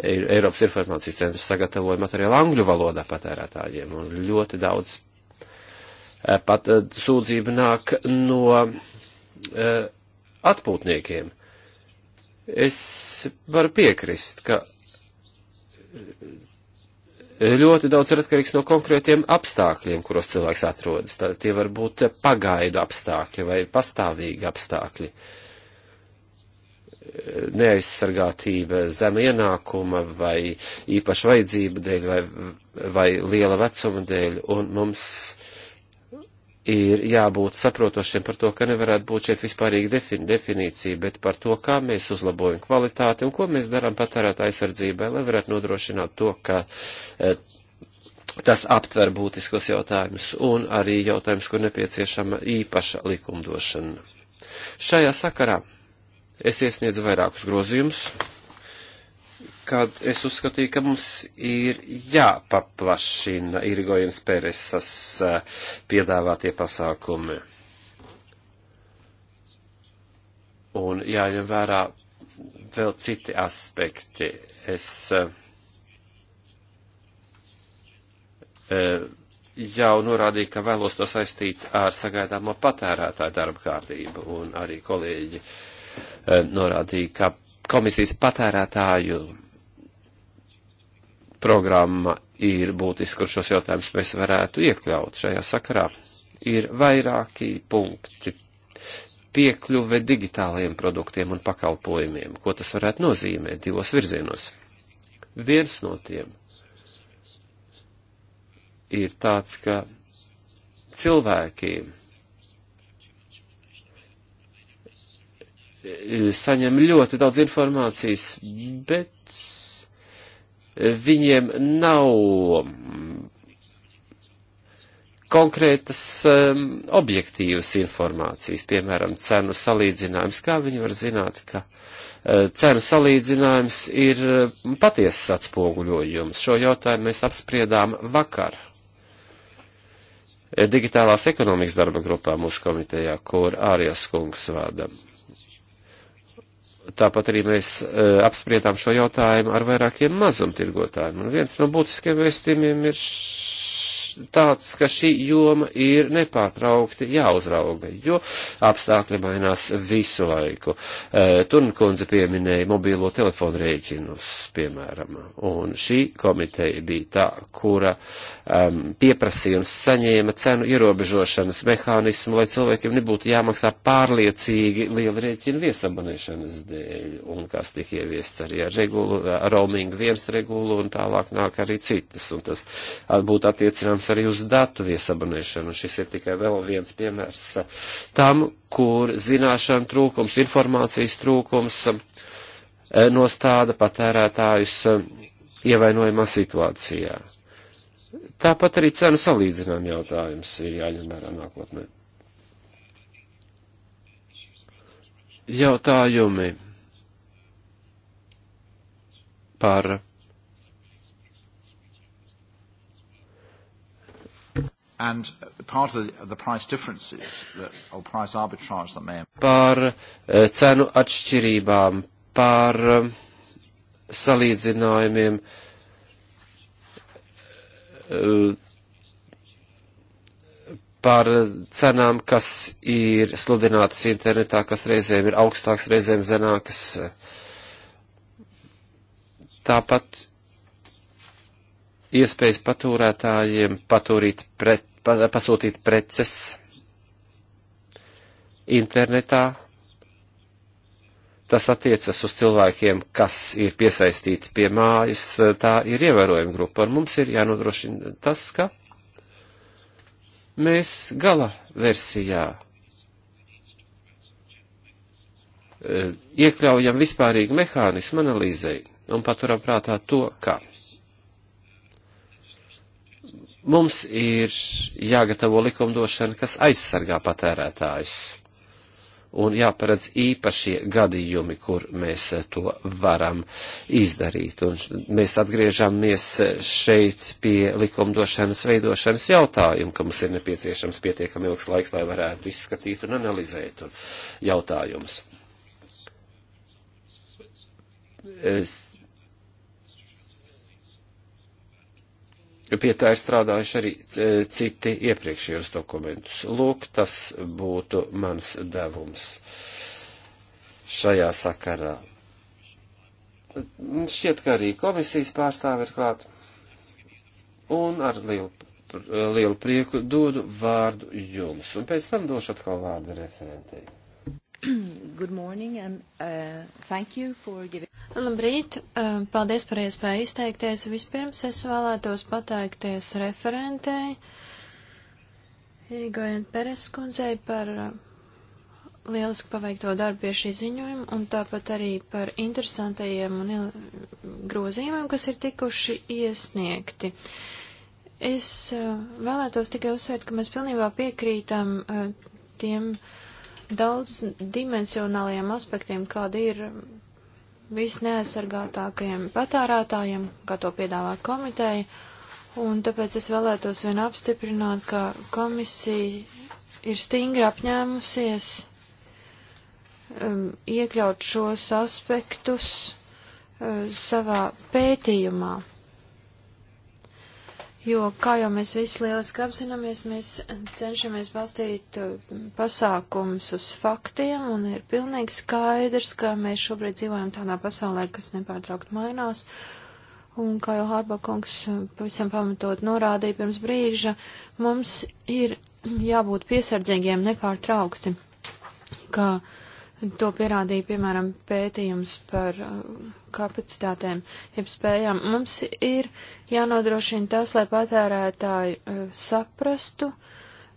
E, Eiropas informācijas centrs sagatavoja materiālu angļu valodā patērētājiem un ļoti daudz Eh, pat eh, sūdzība nāk no eh, atpūtniekiem. Es varu piekrist, ka ļoti daudz ir atkarīgs no konkrētiem apstākļiem, kuros cilvēks atrodas. Tā, tie var būt pagaidu apstākļi vai pastāvīgi apstākļi. Neaizsargātība zema ienākuma vai īpaša vajadzība dēļ vai, vai liela vecuma dēļ, un mums uh, ir jābūt saprotošiem par to, ka nevarētu būt šeit vispārīga defin definīcija, bet par to, kā mēs uzlabojam kvalitāti un ko mēs darām patērēt aizsardzībai, lai varētu nodrošināt to, ka e, tas aptver būtiskos jautājumus un arī jautājumus, kur nepieciešama īpaša likumdošana. Šajā sakarā es iesniedzu vairākus grozījumus kad es uzskatīju, ka mums ir jāpaplašina Irgojums Pēresas eh, piedāvātie pasākumi. Un jāņem vērā vēl citi aspekti. Es eh, eh, jau norādīju, ka vēlos to saistīt ar sagaidāmo patērētāju darba kārtību, un arī kolēģi norādīja, ka komisijas patērētāju programma ir būtiski, kur šos jautājumus mēs varētu iekļaut šajā sakarā. Ir vairāki punkti piekļuve digitālajiem produktiem un pakalpojumiem, ko tas varētu nozīmēt divos virzienos. Viens no tiem ir tāds, ka cilvēkiem saņem ļoti daudz informācijas, bet viņiem nav konkrētas um, objektīvas informācijas, piemēram, cenu salīdzinājums. Kā viņi var zināt, ka uh, cenu salīdzinājums ir uh, patiesas atspoguļojums? Šo jautājumu mēs apspriedām vakar digitālās ekonomikas darba grupā mūsu komitejā, kur Ārijas kungs vada. Tāpat arī mēs uh, apspriedām šo jautājumu ar vairākiem mazumtirgotājiem. Un viens no būtiskiem vēstījumiem ir tāds, ka šī joma ir nepārtraukti jāuzrauga, jo apstākļi mainās visu laiku. E, Turnkundze pieminēja mobīlo telefonu rēķinus, piemēram, un šī komiteja bija tā, kura um, pieprasīja un saņēma cenu ierobežošanas mehānismu, lai cilvēkiem nebūtu jāmaksā pārliecīgi liela rēķina viesabonēšanas dēļ, un kas tika ieviests arī ar regulu, ar roaming viens regulu, un tālāk nāk arī citas, un tas būtu attiecināms attiecas arī uz datu viesabonēšanu. Šis ir tikai vēl viens piemērs tam, kur zināšana trūkums, informācijas trūkums e, nostāda patērētājus e, ievainojumā situācijā. Tāpat arī cenu salīdzinājuma jautājums ir jāņem vērā nākotnē. Jautājumi par And part of the price differences that, or price arbitrage that may par eh, cenu atšķirībām, par eh, salīdzinājumiem eh, par cenām, kas ir sludinātas internetā, kas reizēm ir augstākas, reizēm zemākas. Tāpat iespējas patūrētājiem patūrīt pret, pasūtīt preces internetā. Tas attiecas uz cilvēkiem, kas ir piesaistīti pie mājas. Tā ir ievērojama grupa, un mums ir jānodrošina tas, ka mēs gala versijā e, iekļaujam vispārīgu mehānismu analīzei un paturam prātā to, ka Mums ir jāgatavo likumdošana, kas aizsargā patērētājus. Un jāparedz īpašie gadījumi, kur mēs to varam izdarīt. Un mēs atgriežamies šeit pie likumdošanas veidošanas jautājuma, ka mums ir nepieciešams pietiekami ilgs laiks, lai varētu izskatīt un analizēt un jautājumus. Es pie tā ir strādājuši arī e, citi iepriekšējos dokumentus. Lūk, tas būtu mans devums šajā sakarā. Šķiet, ka arī komisijas pārstāvi ir klāt. Un ar lielu, lielu prieku dodu vārdu jums. Un pēc tam došu atkal vārdu referentei. <clears throat> Good morning and uh, thank you for giving. Labrīt, uh, paldies par iespēju izteikties. Vispirms es vēlētos pateikties referentei Irigojen Pereskundzei par uh, lieliski paveikto darbu pie šī ziņojuma un tāpat arī par interesantajiem un grozījumiem, kas ir tikuši iesniegti. Es uh, vēlētos tikai uzsvērt, ka mēs pilnībā piekrītam uh, tiem uh, daudz dimensionālajiem aspektiem, kādi ir visneaizsargātākajiem patārētājiem, kā to piedāvā komiteja, un tāpēc es vēlētos vien apstiprināt, ka komisija ir stingri apņēmusies um, iekļaut šos aspektus uh, savā pētījumā jo, kā jau mēs visi lieliski apzināmies, mēs cenšamies balstīt uh, pasākums uz faktiem, un ir pilnīgi skaidrs, ka mēs šobrīd dzīvojam tādā pasaulē, kas nepārtraukt mainās. Un, kā jau Hārbakungs uh, pavisam pamatot norādīja pirms brīža, mums ir jābūt piesardzīgiem nepārtraukti, ka uh, To pierādīja, piemēram, pētījums par uh, kapacitātēm, jeb spējām. Mums ir jānodrošina tas, lai patērētāji uh, saprastu,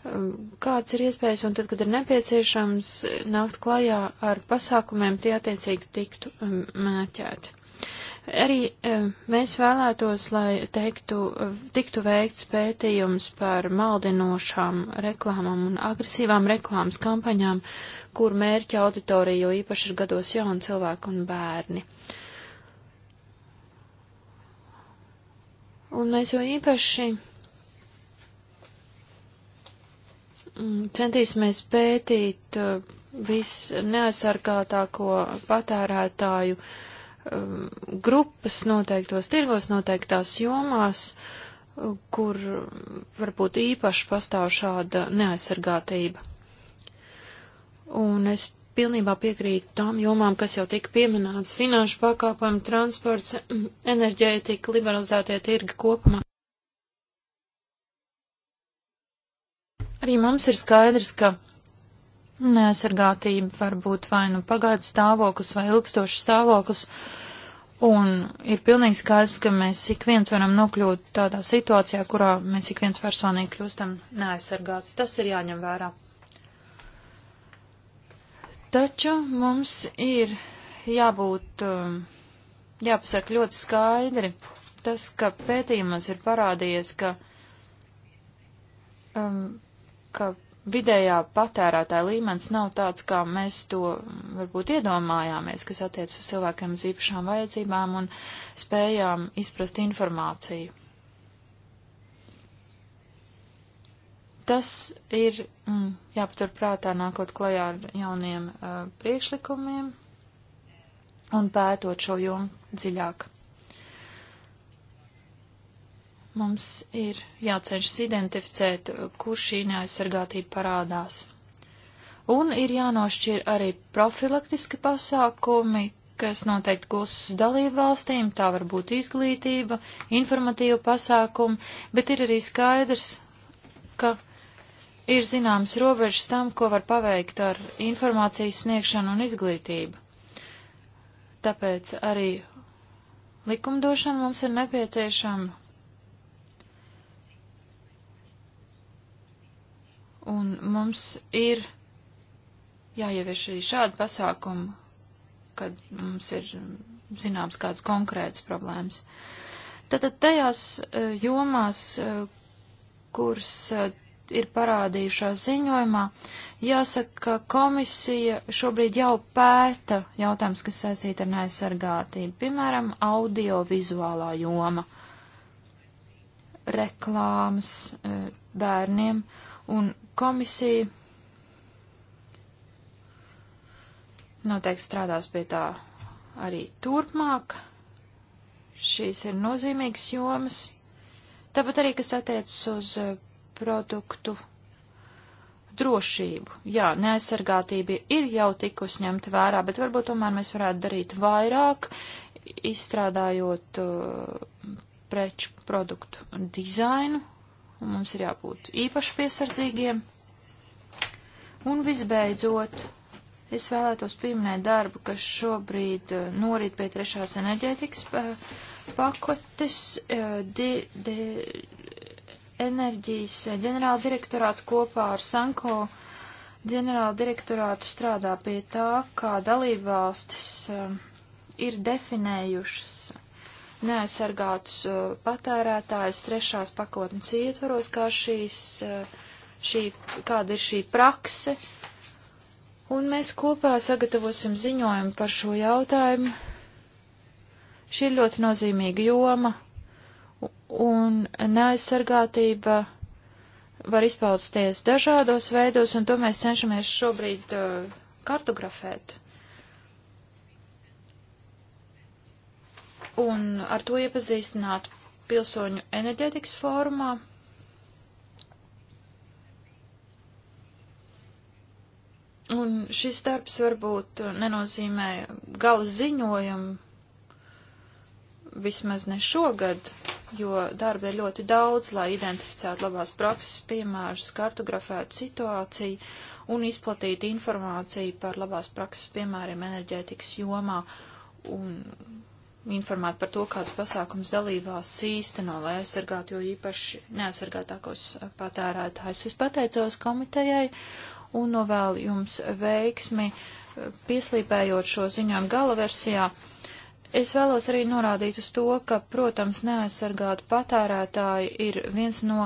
um, kāds ir iespējas, un tad, kad ir nepieciešams nākt klajā ar pasākumiem, tie attiecīgi tiktu um, mērķēti. Arī um, mēs vēlētos, lai teiktu, uh, tiktu veikts pētījums par maldinošām reklāmām un agresīvām reklāmas kampaņām, uh, kur mērķa auditorija jau īpaši ir gados jauni cilvēki un bērni. Un mēs jau īpaši mm, centīsimies pētīt uh, visneaizsargātāko patērētāju um, grupas noteiktos tirgos, noteiktās jomās, uh, kur varbūt īpaši pastāv šāda neaizsargātība un es pilnībā piekrītu tām jomām, kas jau tika pieminētas - finanšu pakāpojumi, transports, mm, enerģētika, liberalizētie tirgi kopumā. Arī mums ir skaidrs, ka neaizsargātība var būt vai nu pagaidu stāvoklis vai ilgstošs stāvoklis, un ir pilnīgi skaidrs, ka mēs ik viens varam nokļūt tādā situācijā, kurā mēs ik viens personīgi kļūstam neaizsargāts. Tas ir jāņem vērā. Taču mums ir jābūt, um, jāpasaka ļoti skaidri, tas, ka pētījumos ir parādījies, ka, um, ka vidējā patērētāja līmenis nav tāds, kā mēs to varbūt iedomājāmies, kas attiec uz cilvēkiem uz īpašām vajadzībām un spējām izprast informāciju. Tas ir mm, jāpatur prātā nākot klajā ar jauniem uh, priekšlikumiem un pētot šo jomu dziļāk. Mums ir jācenšas identificēt, kur šī neaizsargātība parādās. Un ir jānošķir arī profilaktiski pasākumi, kas noteikti gūs uz dalību valstīm, tā var būt izglītība, informatīva pasākuma, bet ir arī skaidrs, ka ir zināmas robežas tam, ko var paveikt ar informācijas sniegšanu un izglītību. Tāpēc arī likumdošana mums ir nepieciešama. Un mums ir jāievieš arī šādi pasākumi, kad mums ir zināms kāds konkrēts problēmas. Tātad tajās eh, jomās, eh, kuras eh, ir parādījušās ziņojumā. Jāsaka, ka komisija šobrīd jau pēta jautājums, kas saistīta ar neaizsargātību, piemēram, audiovizuālā joma, reklāmas e, bērniem, un komisija noteikti strādās pie tā arī turpmāk. Šīs ir nozīmīgas jomas. Tāpat arī, kas attiecas uz e, produktu drošību. Jā, neaizsargātība ir jau tikus ņemta vērā, bet varbūt tomēr mēs varētu darīt vairāk, izstrādājot uh, preču produktu dizainu. Mums ir jābūt īpaši piesardzīgiem. Un visbeidzot, es vēlētos pieminēt darbu, kas šobrīd uh, norit pie trešās enerģētikas uh, pakotes. Uh, di, di, enerģijas ģenerāla direktorāts kopā ar Sanko ģenerāla direktorātu strādā pie tā, kā dalībvalstis um, ir definējušas neaizsargātus uh, patērētājus trešās pakotnes ietvaros, kā šīs, uh, šī, kāda ir šī prakse. Un mēs kopā sagatavosim ziņojumu par šo jautājumu. Šī ir ļoti nozīmīga joma, un neaizsargātība var izpausties dažādos veidos, un to mēs cenšamies šobrīd uh, kartografēt. Un ar to iepazīstināt pilsoņu enerģētikas fórumā. Un šis darbs varbūt nenozīmē gala ziņojumu vismaz ne šogad, jo darba ir ļoti daudz, lai identificētu labās prakses piemērus, kartografētu situāciju un izplatītu informāciju par labās prakses piemēriem enerģētikas jomā un informēt par to, kāds pasākums dalībās īsteno, lai aizsargātu jo īpaši neaizsargātākos eh, patērētājus. Es pateicos komitejai un novēlu jums veiksmi eh, pieslīpējot šo ziņojumu gala versijā. Es vēlos arī norādīt uz to, ka, protams, neaizsargāti patērētāji ir viens no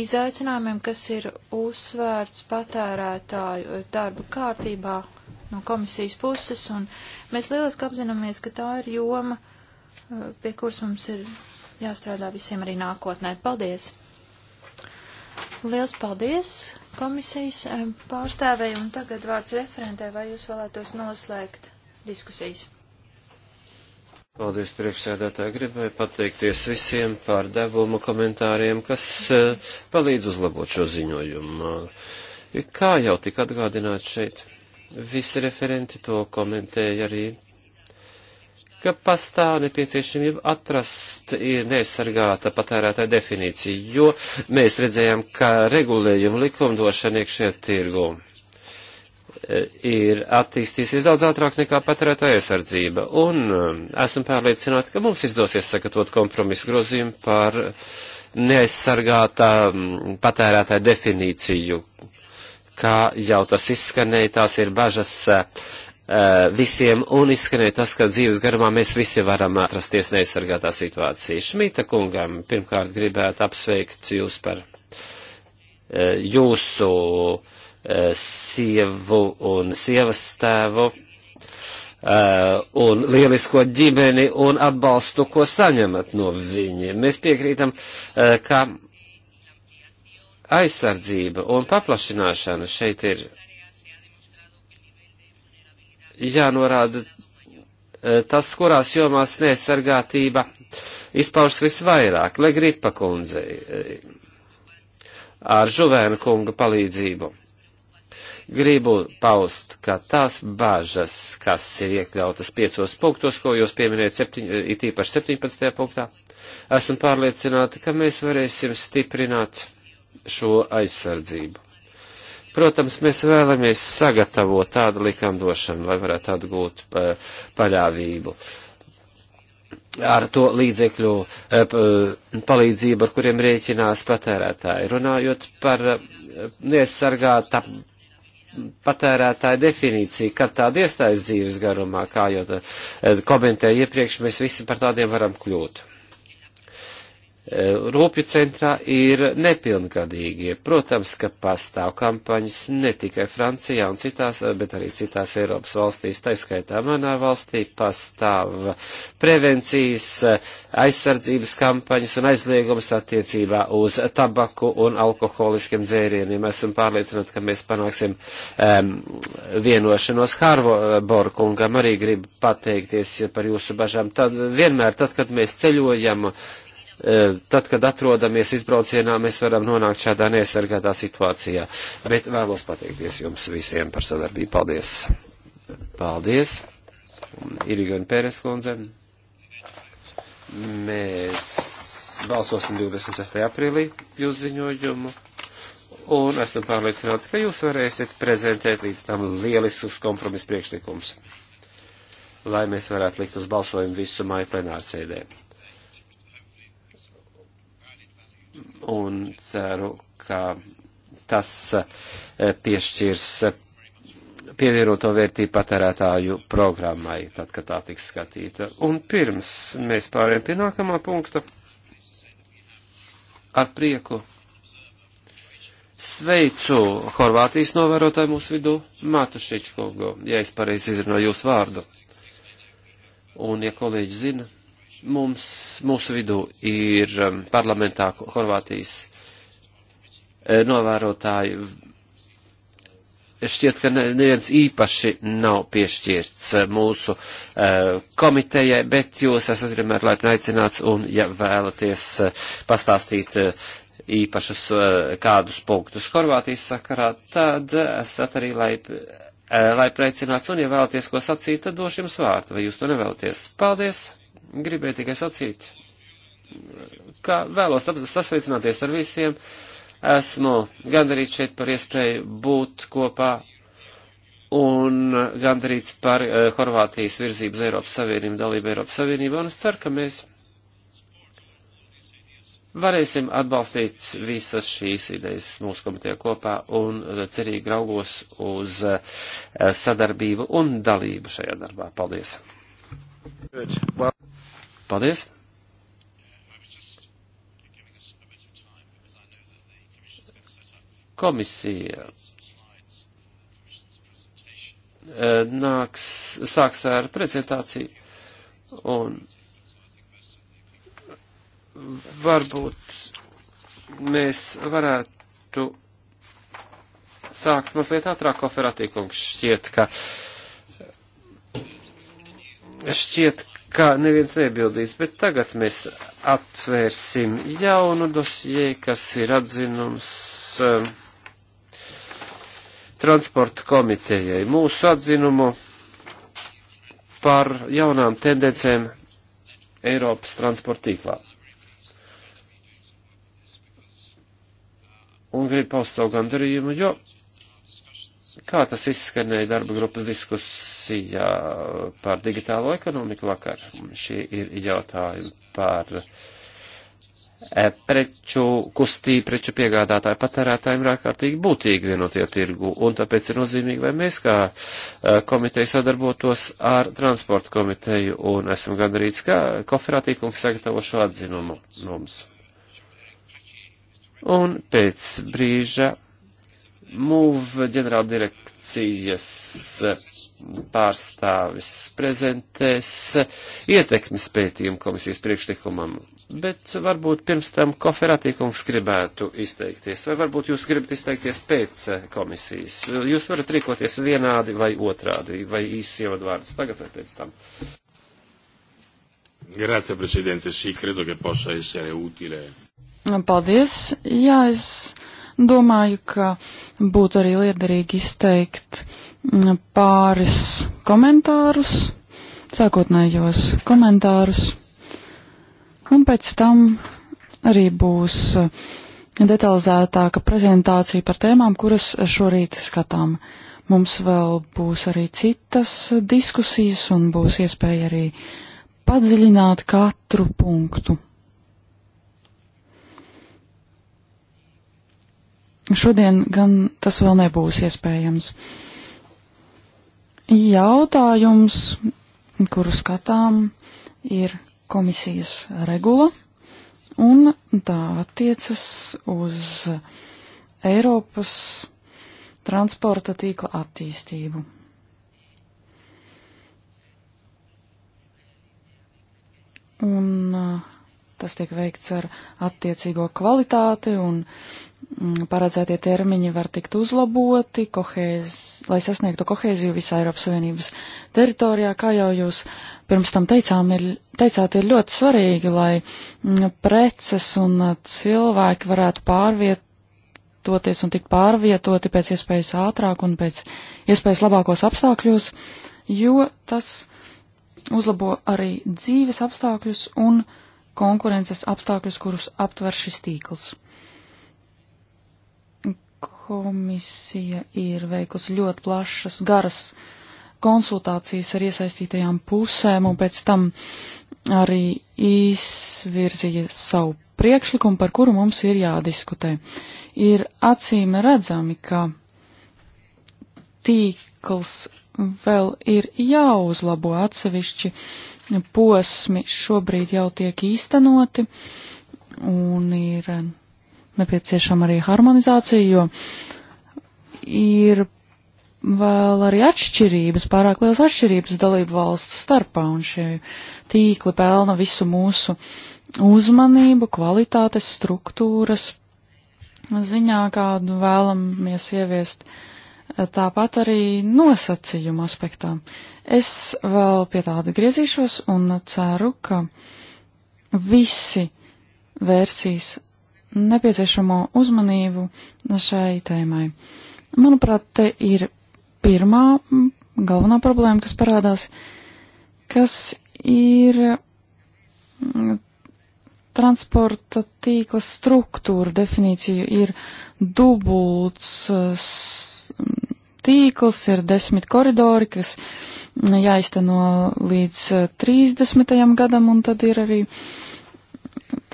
izaicinājumiem, kas ir uzsvērts patērētāju darba kārtībā no komisijas puses, un mēs lieliski apzināmies, ka tā ir joma, eh, pie kuras mums ir jāstrādā visiem arī nākotnē. Paldies! Liels paldies komisijas eh, pārstāvēju, un tagad vārds referentē, vai jūs vēlētos noslēgt diskusijas? Paldies, priekšsēdētāji. Gribēju pateikties visiem par devumu komentāriem, kas eh, palīdz uzlabot šo ziņojumu. Eh, kā jau tika atgādināts šeit, visi referenti to komentēja arī, ka pastāv nepieciešamība atrast neaizsargāta patērētāja definīcija, jo mēs redzējām, ka regulējumu likumdošana iekšējā tirgumā ir attīstīsies daudz ātrāk nekā patērētāja aizsardzība, un um, esam pārliecināti, ka mums izdosies sagatavot kompromisu grozījumu par neaizsargātā um, patērētāja definīciju, kā jau tas izskanēja, tās ir bažas uh, uh, visiem, un izskanēja tas, ka dzīves garumā mēs visi varam atrasties neaizsargātā situācijā. Šmita kungam pirmkārt gribētu apsveikt jūs par uh, jūsu uh, Eh, sievu un sievas tēvu eh, un lielisko ģimeni un atbalstu, ko saņemat no viņiem. Mēs piekrītam, eh, ka aizsardzība un paplašināšana šeit ir jānorāda tas, kurās jomās nesargātība izpaužas visvairāk, lai gripa kundzei ar žuvēnu kunga palīdzību gribu paust, ka tās bāžas, kas ir iekļautas piecos punktos, ko jūs pieminējat, septiņ, it īpaši 17. punktā, esam pārliecināti, ka mēs varēsim stiprināt šo aizsardzību. Protams, mēs vēlamies sagatavot tādu likumdošanu, lai varētu atgūt pa, paļāvību ar to līdzekļu e, palīdzību, ar kuriem rēķinās patērētāji. Runājot par e, neaizsargāta patērētāja definīcija, kad tāda iestājas dzīves garumā, kā jau eh, komentēju iepriekš, mēs visi par tādiem varam kļūt rūpju centrā ir nepilngadīgie. Protams, ka pastāv kampaņas ne tikai Francijā un citās, bet arī citās Eiropas valstīs, taiskaitā manā valstī pastāv prevencijas, aizsardzības kampaņas un aizliegums attiecībā uz tabaku un alkoholiskiem dzērieniem. Esmu pārliecināti, ka mēs panāksim um, vienošanos Hārvoboru kungam arī gribu pateikties par jūsu bažām. Tad, vienmēr, tad, kad mēs ceļojam, uh, E, tad, kad atrodamies izbraucienā, mēs varam nonākt šādā neaizsargātā situācijā. Bet vēlos pateikties jums visiem par sadarbību. Paldies! Paldies! Irigan Pēres kundze. Mēs balsosim 26. aprīlī jūs ziņojumu un esam pārliecināti, ka jūs varēsiet prezentēt līdz tam lieliskus kompromisu priekšlikumus, lai mēs varētu likt uz balsojumu visu māju plenārsēdē. un ceru, ka tas eh, piešķirs eh, pievienoto vērtību patērētāju programmai, tad, kad tā tiks skatīta. Un pirms mēs pārējām pie nākamā punkta, ar prieku sveicu Horvātijas novērotāju mūsu vidū, Matušičkogu, ja es pareizi izrunāju jūsu vārdu. Un, ja kolēģi zina, Mums, mūsu vidū ir um, parlamentā Horvātijas eh, novērotāji. Šķiet, ka neviens īpaši nav piešķirts eh, mūsu uh, komitejai, bet jūs esat vienmēr laipni aicināts un, ja vēlaties uh, pastāstīt uh, īpašus kādus punktus Horvātijas sakarā, tad esat arī laipni laip aicināts un, ja vēlaties ko sacīt, tad došu jums vārdu, vai jūs to nevēlaties. Paldies! Gribēju tikai sacīt, ka vēlos sasveicināties ar visiem. Esmu gandarīts šeit par iespēju būt kopā un gandarīts par uh, Horvātijas virzību uz Eiropas Savienību, dalību Eiropas Savienībā, un es ceru, ka mēs varēsim atbalstīt visas šīs idejas mūsu komitē kopā un eh, cerīgi raugos uz eh, sadarbību un dalību šajā darbā. Paldies! Paldies! Komisija e, nāks, sāks ar prezentāciju un varbūt mēs varētu sākt mazliet ātrāk, ko Ferātīkungs šķiet, ka šķiet, ka neviens nebildīs, bet tagad mēs atvērsim jaunu dosiju, kas ir atzinums. Um, transporta komitejai mūsu atzinumu par jaunām tendencēm Eiropas transporta tīklā. Un gribu paust savu gandarījumu, jo kā tas izskanēja darba grupas diskus, diskusijā par digitālo ekonomiku vakar. Šie ir jautājumi par e, preču kustību, preču piegādātāju patērētājiem ir ārkārtīgi būtīgi vienotie tirgu, un tāpēc ir nozīmīgi, lai mēs kā e, komiteja sadarbotos ar transportu komiteju, un esam gandarīts, ka koferātīkums sagatavo šo atzinumu mums. Un pēc brīža MUV ģenerāldirekcijas pārstāvis prezentēs ietekmes pētījumu komisijas priekšlikumam, bet varbūt pirms tam koferātīkums gribētu izteikties, vai varbūt jūs gribat izteikties pēc komisijas. Jūs varat rīkoties vienādi vai otrādi, vai īsus ievadvārdus tagad vai pēc tam. Grazie, Presidente. Sì, credo che possa essere utile. Paldies. Jā, es Domāju, ka būtu arī liederīgi izteikt mm, pāris komentārus, sākotnējos komentārus, un pēc tam arī būs eh, detalizētāka prezentācija par tēmām, kuras šorīt skatām. Mums vēl būs arī citas diskusijas un būs iespēja arī padziļināt katru punktu. Šodien gan tas vēl nebūs iespējams. Jautājums, kuru skatām, ir komisijas regula, un tā attiecas uz Eiropas transporta tīkla attīstību. Un uh, tas tiek veikts ar attiecīgo kvalitāti un Mm, paredzētie termiņi var tikt uzlaboti, kohēz, lai sasniegtu kohēziju visā Eiropas Savienības teritorijā, kā jau jūs pirms tam teicām, ir, teicāt, ir ļoti svarīgi, lai mm, preces un uh, cilvēki varētu pārvietoties un tikt pārvietoti pēc iespējas ātrāk un pēc iespējas labākos apstākļos, jo tas uzlabo arī dzīves apstākļus un konkurences apstākļus, kurus aptver šis tīkls. Komisija ir veikusi ļoti plašas, garas konsultācijas ar iesaistītajām pusēm un pēc tam arī izvirzīja savu priekšlikumu, par kuru mums ir jādiskutē. Ir acīm redzami, ka tīkls vēl ir jāuzlabo atsevišķi posmi, šobrīd jau tiek īstenoti un ir nepieciešama arī harmonizācija, jo ir vēl arī atšķirības, pārāk liels atšķirības dalību valstu starpā, un šie tīkli pelna visu mūsu uzmanību, kvalitātes, struktūras ziņā, kādu vēlamies ieviest, tāpat arī nosacījuma aspektā. Es vēl pie tāda griezīšos un ceru, ka visi vērsīs nepieciešamo uzmanību šai tēmai. Manuprāt, te ir pirmā galvenā problēma, kas parādās, kas ir transporta tīkla struktūra definīcija ir dubults tīkls, ir desmit koridori, kas jāizteno līdz 30. Eh, gadam, un tad ir arī uh,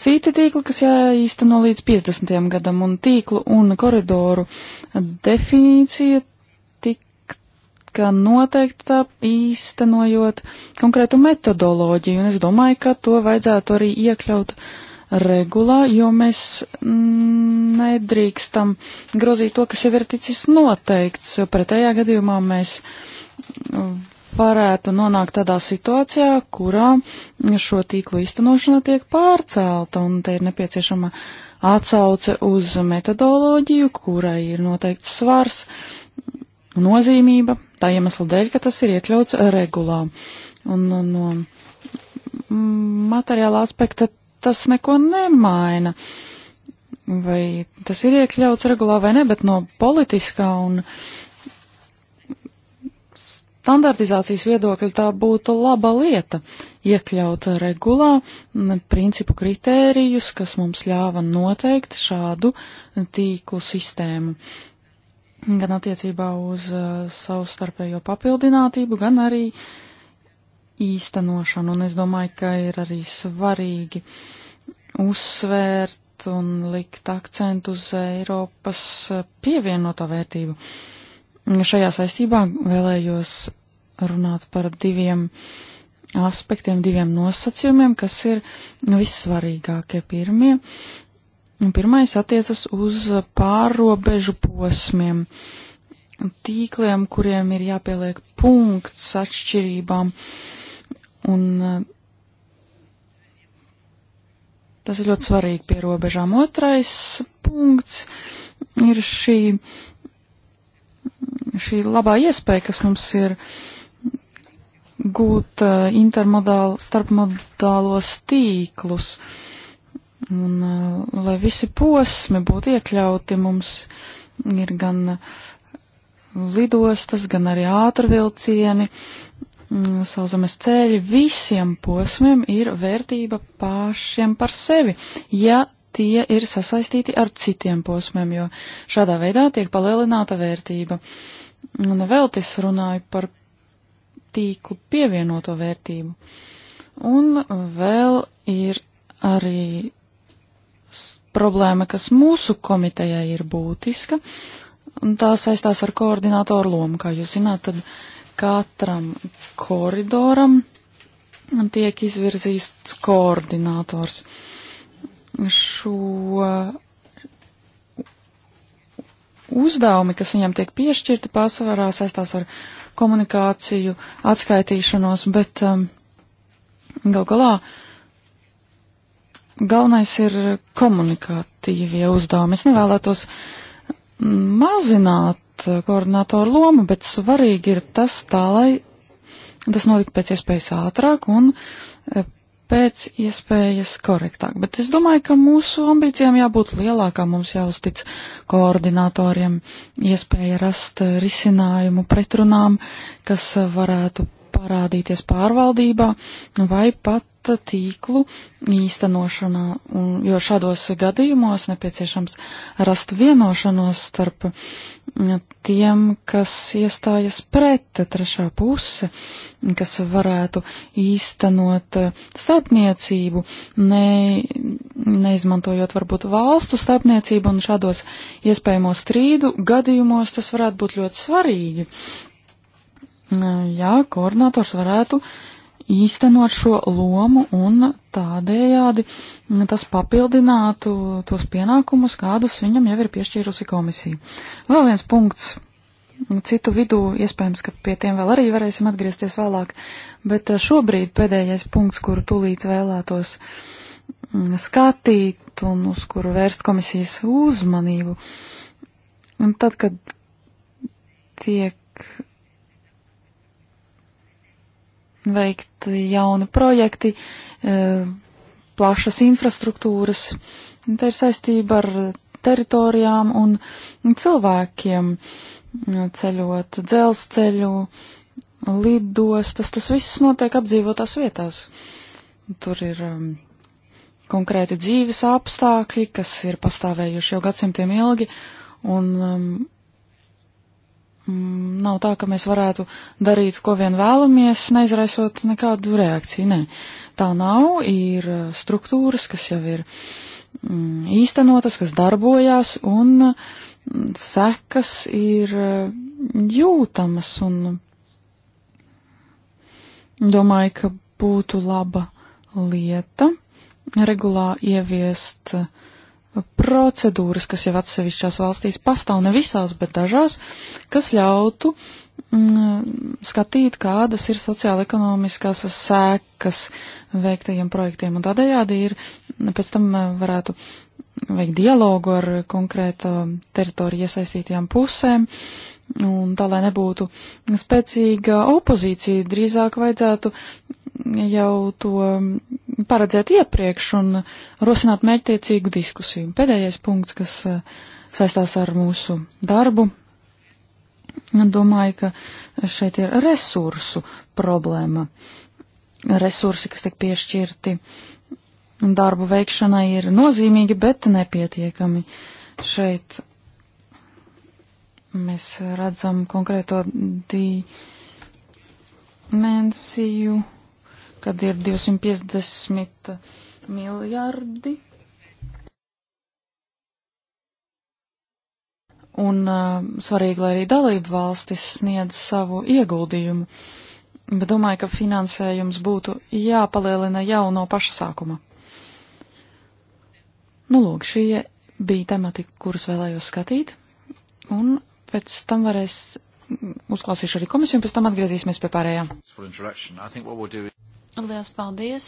citi tīkli, kas jāīsteno līdz 50. gadam, un tīklu un koridoru definīcija tika noteikta īstenojot konkrētu metodoloģiju, un es domāju, ka to vajadzētu arī iekļaut regulā, jo mēs nedrīkstam grozīt to, kas jau ir ticis noteikts. Pretējā gadījumā mēs varētu nonākt tādā situācijā, kurā šo tīklu īstenošana tiek pārcelta, un te ir nepieciešama atsauce uz metodoloģiju, kurai ir noteikts svars, nozīmība, tā iemesla dēļ, ka tas ir iekļauts regulā. Un no nu, materiāla aspekta tas neko nemaina. Vai tas ir iekļauts regulā vai ne, bet no politiskā un uh, standartizācijas viedokļa tā būtu laba lieta iekļaut regulā principu kritērijus, kas mums ļāva noteikt šādu tīklu sistēmu. Gan attiecībā uz uh, savstarpējo papildinātību, gan arī īstenošanu. Un es domāju, ka ir arī svarīgi uzsvērt un likt akcentu uz Eiropas e, pievienoto vērtību. Uh, Šajā saistībā vēlējos runāt par diviem aspektiem, diviem nosacījumiem, kas ir vissvarīgākie pirmie. Pirmais attiecas uz pārobežu posmiem, tīkliem, kuriem ir jāpieliek punkts atšķirībām. Un tas ir ļoti svarīgi pie robežām. Otrais punkts ir šī šī labā iespēja, kas mums ir gūt eh, intermodālu, starpmodālos tīklus, un eh, lai visi posmi būtu iekļauti, mums ir gan lidostas, gan arī ātrvilcieni, mm, sauzemes ceļi, visiem posmiem ir vērtība pašiem par sevi, ja tie ir sasaistīti ar citiem posmiem, jo šādā veidā tiek palielināta vērtība. Uh, Nu, neveltis runāju par tīklu pievienoto vērtību. Un vēl ir arī problēma, kas mūsu komitejai ir būtiska, un tā saistās ar koordinātoru lomu. Kā jūs zināt, tad katram koridoram tiek izvirzīts koordinātors. Šo uzdevumi, kas viņam tiek piešķirti, pārsvarā saistās ar komunikāciju, atskaitīšanos, bet um, gal galā galvenais ir komunikatīvie uzdevumi. Es nevēlētos mm, mazināt uh, koordinātoru lomu, bet svarīgi ir tas tā, lai tas notika pēc iespējas ātrāk un uh, pēc iespējas korektāk. Bet es domāju, ka mūsu ambīcijām jābūt lielākām. Mums jāuztic koordinatoriem iespēja rast risinājumu pretrunām, kas varētu parādīties pārvaldībā vai pat tīklu īstenošanā, jo šādos gadījumos nepieciešams rast vienošanos starp mm, tiem, kas iestājas pret trešā puse, kas varētu īstenot starpniecību, ne, neizmantojot varbūt valstu starpniecību, un šādos iespējamos strīdu gadījumos tas varētu būt ļoti svarīgi jā, koordinators varētu īstenot šo lomu un tādējādi tas papildinātu tos pienākumus, kādus viņam jau ir piešķīrusi komisija. Vēl viens punkts. Citu vidū iespējams, ka pie tiem vēl arī varēsim atgriezties vēlāk, bet šobrīd pēdējais punkts, kuru tūlīt vēlētos mm, skatīt un uz kuru vērst komisijas uzmanību. Un tad, kad tiek veikt jauni projekti, e, plašas infrastruktūras. Tā ir saistība ar teritorijām un cilvēkiem, ceļot dzelzceļu, lidostas, tas viss notiek apdzīvotās vietās. Tur ir um, konkrēti dzīves apstākļi, kas ir pastāvējuši jau gadsimtiem ilgi, un um, Mm, nav tā, ka mēs varētu darīt, ko vien vēlamies, neizraisot nekādu reakciju. Nē, tā nav. Ir uh, struktūras, kas jau ir mm, īstenotas, kas darbojās, un mm, sekas ir uh, jūtamas, un domāju, ka būtu laba lieta regulā ieviest uh, procedūras, kas jau atsevišķās valstīs pastāv, ne visās, bet dažās, kas ļautu mm, skatīt, kādas ir sociāla-ekonomiskās sēkas veiktajiem projektiem. Un tādējādi ir, pēc tam eh, varētu veikt dialogu ar konkrēta teritorija iesaistītajām pusēm, un tā, lai nebūtu spēcīga opozīcija, drīzāk vajadzētu jau to paredzēt iepriekš un rosināt mērķtiecīgu diskusiju. Pēdējais punkts, kas eh, saistās ar mūsu darbu, domāju, ka šeit ir resursu problēma. Resursi, kas tiek piešķirti darbu veikšanai, ir nozīmīgi, bet nepietiekami. Šeit mēs redzam konkrēto dimensiju. Di kad ir 250 miljardi. Un uh, svarīgi, lai arī dalību valstis sniedz savu ieguldījumu, bet domāju, ka finansējums būtu jāpalielina jau no paša sākuma. Nu, lūk, šie bija temati, kurus vēlējos skatīt, un pēc tam varēs mm, uzklausīšu arī komisiju, un pēc tam atgriezīsimies pie pārējām. Liels paldies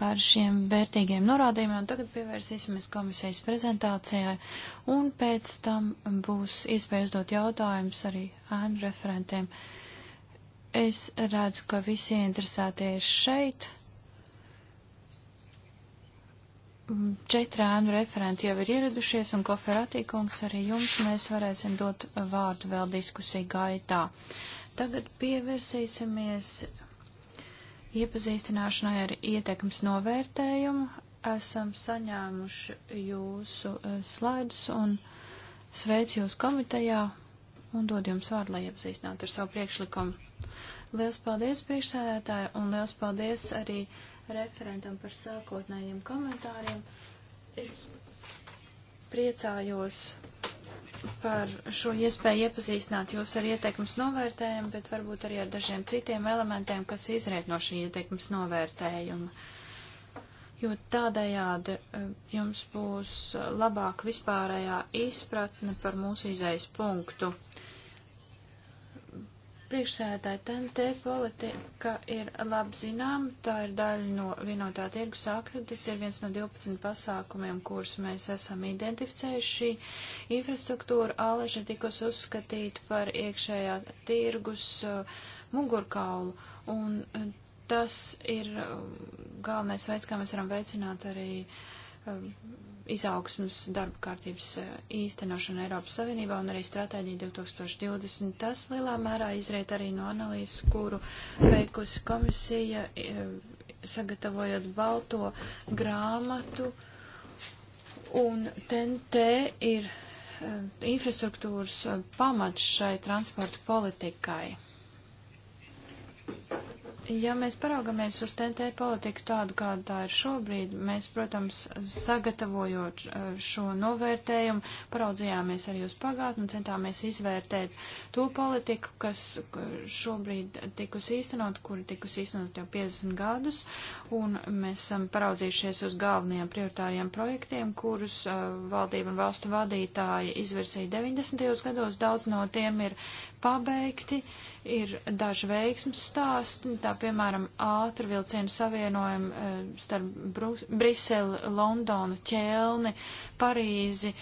par šiem vērtīgiem norādījumiem. Tagad pievērsīsimies komisijas prezentācijai, un pēc tam būs iespējas dot jautājumus arī ēnu referentiem. Es redzu, ka visi interesētie ir šeit. Četri ēnu referenti jau ir ieradušies, un koferatīkums arī jums mēs varēsim dot vārdu vēl diskusiju gaitā. Tagad pievērsīsimies iepazīstināšanai ar ietekmes novērtējumu. Esam saņēmuši jūsu e, slaidus un sveicu jūs komitejā un dod jums vārdu, lai iepazīstinātu ar savu priekšlikumu. Liels paldies priekšsēdētāji un liels paldies arī referentam par sākotnējiem komentāriem. Es priecājos par šo iespēju iepazīstināt jūs ar ieteikums novērtējumu, bet varbūt arī ar dažiem citiem elementiem, kas izriet no šī ieteikums novērtējuma. Jo tādējādi e, jums būs labāk vispārējā izpratne par mūsu izējas punktu. Uh, Priekšsēdētāji, TNT politika ir labi zinām, tā ir daļa no vienotā tirgus akra, tas ir viens no 12 pasākumiem, kurus mēs esam identificējuši. Šī infrastruktūra aleža tikus uzskatīta par iekšējā tirgus uh, mugurkaulu, un uh, tas ir uh, galvenais veids, kā mēs varam veicināt arī uh, izaugsmas darba kārtības eh, īstenošana Eiropas Savienībā un arī stratēģija 2020. Tas lielā mērā izriet arī no analīzes, kuru veikusi komisija, eh, sagatavojot balto grāmatu. Un TNT ir eh, infrastruktūras pamats šai transporta politikai. Ja mēs paraugamies uz TNT politiku tādu, kāda tā ir šobrīd, mēs, protams, sagatavojot eh, šo novērtējumu, paraudzījāmies arī uz pagātni un centāmies izvērtēt to politiku, kas šobrīd tikus īstenot, kuri tikus īstenot jau 50 gadus, un mēs esam paraudzījušies uz galvenajiem prioritāriem projektiem, kurus uh, valdība un valstu vadītāji izvirsīja 90. gados. Daudz no tiem ir pabeigti, ir daži veiksmes stāsti, tā piemēram, ātru vilcienu savienojumu eh, starp Briseli, Londonu, Ķelni, Parīzi.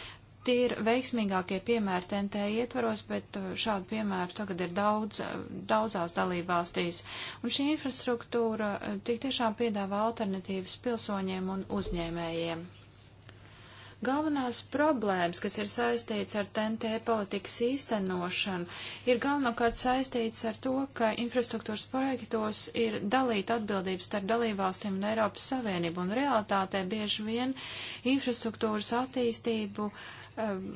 Tie ir veiksmīgākie piemēri TNT ietvaros, bet eh, šādu piemēru tagad ir daudz, eh, daudzās dalībvalstīs. Un šī infrastruktūra tik tiešām piedāvā alternatīvas pilsoņiem un uzņēmējiem. Galvenās problēmas, kas ir saistīts ar TNT politikas īstenošanu, ir galvenokārt saistīts ar to, ka infrastruktūras projektos ir dalīta atbildības starp dalībvalstīm un Eiropas Savienību, un realitātē bieži vien infrastruktūras attīstību um,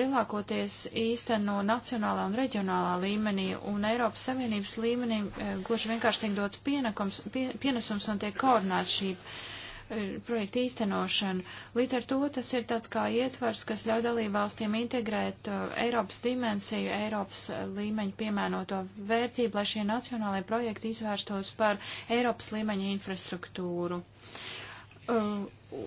lielākoties īsteno nacionālā un reģionālā līmenī, un Eiropas Savienības līmenī um, gluži vienkārši tiek dots pienakums, pie, pienesums un tiek koordinēta šī Eh, projektu īstenošanu. Līdz ar to tas ir tāds kā ietvars, kas ļauj dalībvalstīm integrēt uh, Eiropas dimensiju, Eiropas eh, līmeņa piemēnoto vērtību, lai šie nacionālajie projekti izvērstos par Eiropas līmeņa infrastruktūru. Uh,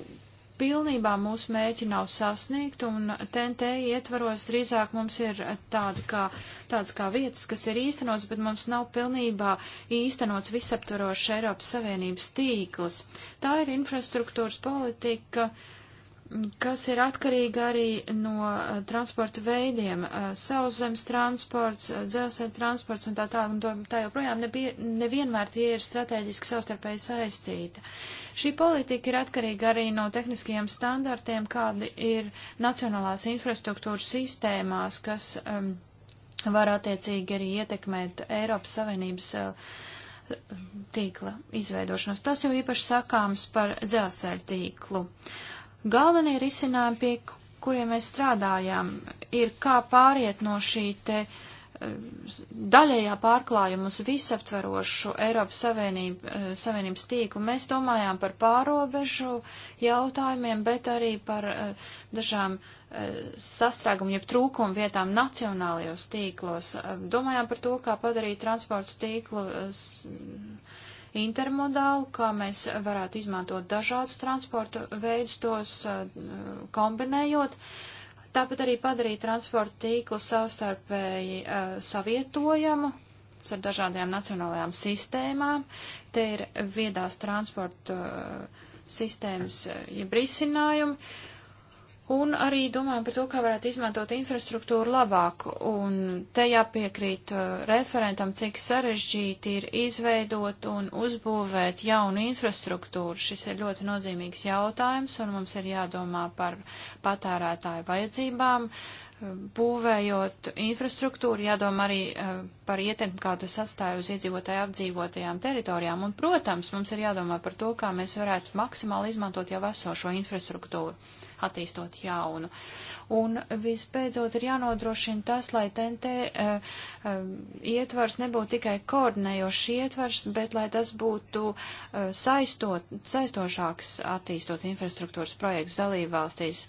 pilnībā mūsu mērķi nav sasniegt, un TNT ietvaros drīzāk mums ir tāda kā uh, tādas kā vietas, kas ir īstenots, bet mums nav pilnībā īstenots visaptvarošs Eiropas Savienības tīkls. Tā ir infrastruktūras politika, kas ir atkarīga arī no uh, transporta veidiem uh, - sauszemes transports, uh, dzelzceļa transports un tā tālāk, un to, tā joprojām nebija, nevienmēr tie ir strateģiski savstarpēji saistīti. Šī politika ir atkarīga arī no tehniskajiem standartiem, kādi ir nacionālās infrastruktūras sistēmās, kas um, var attiecīgi arī ietekmēt Eiropas Savienības eh, tīkla izveidošanos. Tas jau īpaši sakāms par dzelzceļa tīklu. Galvenie risinājumi, pie kuriem mēs strādājām, ir kā pāriet no šī te eh, daļējā pārklājuma uz visaptverošu Eiropas Savienību, eh, Savienības tīklu. Mēs domājām par pārobežu jautājumiem, bet arī par dažām uh, sastrēgumu, jeb trūkumu vietām nacionālajos tīklos. Domājām par to, kā padarīt transportu tīklu intermodālu, kā mēs varētu izmantot dažādus transportu veidus, tos kombinējot. Tāpat arī padarīt transportu tīklu savstarpēji savietojamu ar dažādajām nacionālajām sistēmām. Te ir viedās transporta sistēmas, jeb risinājumi. Uh, Un arī domājam par to, kā varētu izmantot infrastruktūru labāk. Un te jāpiekrīt uh, referentam, cik sarežģīti ir izveidot un uzbūvēt jaunu infrastruktūru. Šis ir ļoti nozīmīgs jautājums, un mums ir jādomā par patērētāju vajadzībām. Uh, būvējot infrastruktūru, jādomā arī uh, par ietekmi, kā tas atstāja uz iedzīvotāju apdzīvotajām teritorijām. Un, protams, mums ir jādomā par to, kā mēs varētu maksimāli izmantot jau esošo infrastruktūru attīstot jaunu. Un visbeidzot ir jānodrošina tas, lai TNT uh, eh, uh, eh, ietvars nebūtu tikai koordinējošs ietvars, bet lai tas būtu uh, saistot, saistošāks attīstot infrastruktūras projektu dalībvalstīs.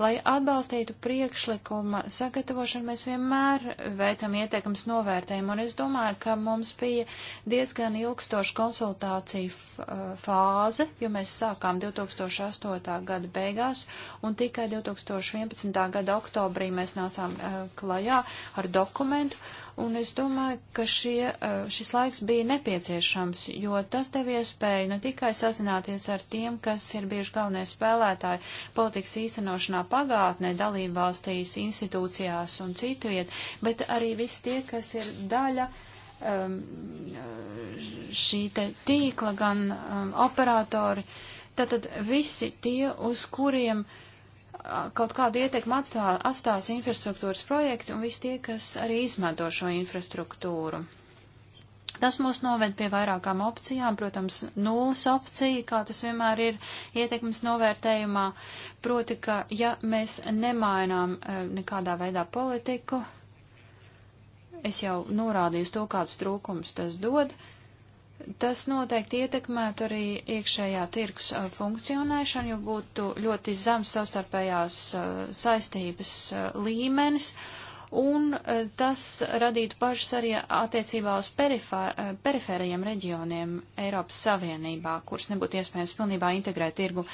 Lai atbalstītu priekšlikuma sagatavošanu, mēs vienmēr veicam ieteikums novērtējumu, un es domāju, ka mums bija diezgan ilgstoša konsultācija fāze, jo mēs sākām 2008. gada beigās, un tikai 2011. gada oktobrī mēs nācām uh, klajā ar dokumentu, un es domāju, ka šie, uh, šis laiks bija nepieciešams, jo tas tev iespēja ne tikai sazināties ar tiem, kas ir bijuši galvenie spēlētāji politikas īstenošanā pagātnē, dalībvalstīs, institūcijās un citviet, bet arī visi tie, kas ir daļa um, šī te tīkla, gan um, operatori, uh, Tātad visi tie, uz kuriem kaut kādu ietekmu atstā, atstās infrastruktūras projekti un visi tie, kas arī izmanto šo infrastruktūru. Tas mūs noved pie vairākām opcijām, protams, nulles opcija, kā tas vienmēr ir ietekmes novērtējumā, proti, ka ja mēs nemainām e, nekādā veidā politiku, es jau norādīju to, kāds trūkums tas dod, uh, Tas noteikti ietekmētu arī iekšējā tirgus uh, funkcionēšanu, jo būtu ļoti zems savstarpējās uh, saistības uh, līmenis, un tas radītu pašas arī attiecībā uz perifērajiem reģioniem Eiropas Savienībā, kurus nebūtu iespējams pilnībā integrēt tirgu.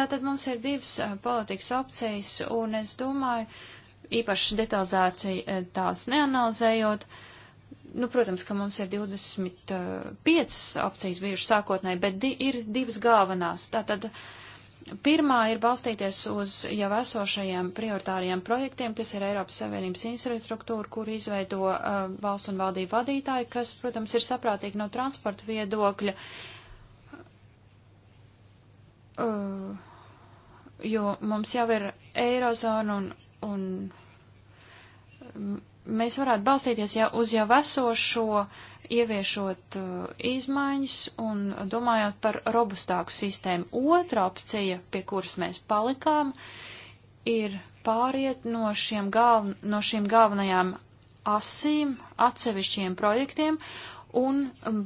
Tātad mums ir divas politikas opcijas, un es domāju, īpaši detalizāciju tās neanalizējot, uh, Nu, protams, ka mums ir 25 eh, opcijas bijušas sākotnēji, bet di ir divas galvenās. Tātad pirmā ir balstīties uz jau esošajiem prioritāriem projektiem, kas ir Eiropas Savienības infrastruktūra, kur izveido uh, valstu un valdību vadītāji, kas, protams, ir saprātīgi no transporta viedokļa. Uh, jo mums jau ir Eirozona un, un mēs varētu balstīties jau uz jau esošo, ieviešot uh, izmaiņas un domājot par robustāku sistēmu. Otra opcija, pie kuras mēs palikām, ir pāriet no, galv, no šīm galvenajām asīm atsevišķiem projektiem un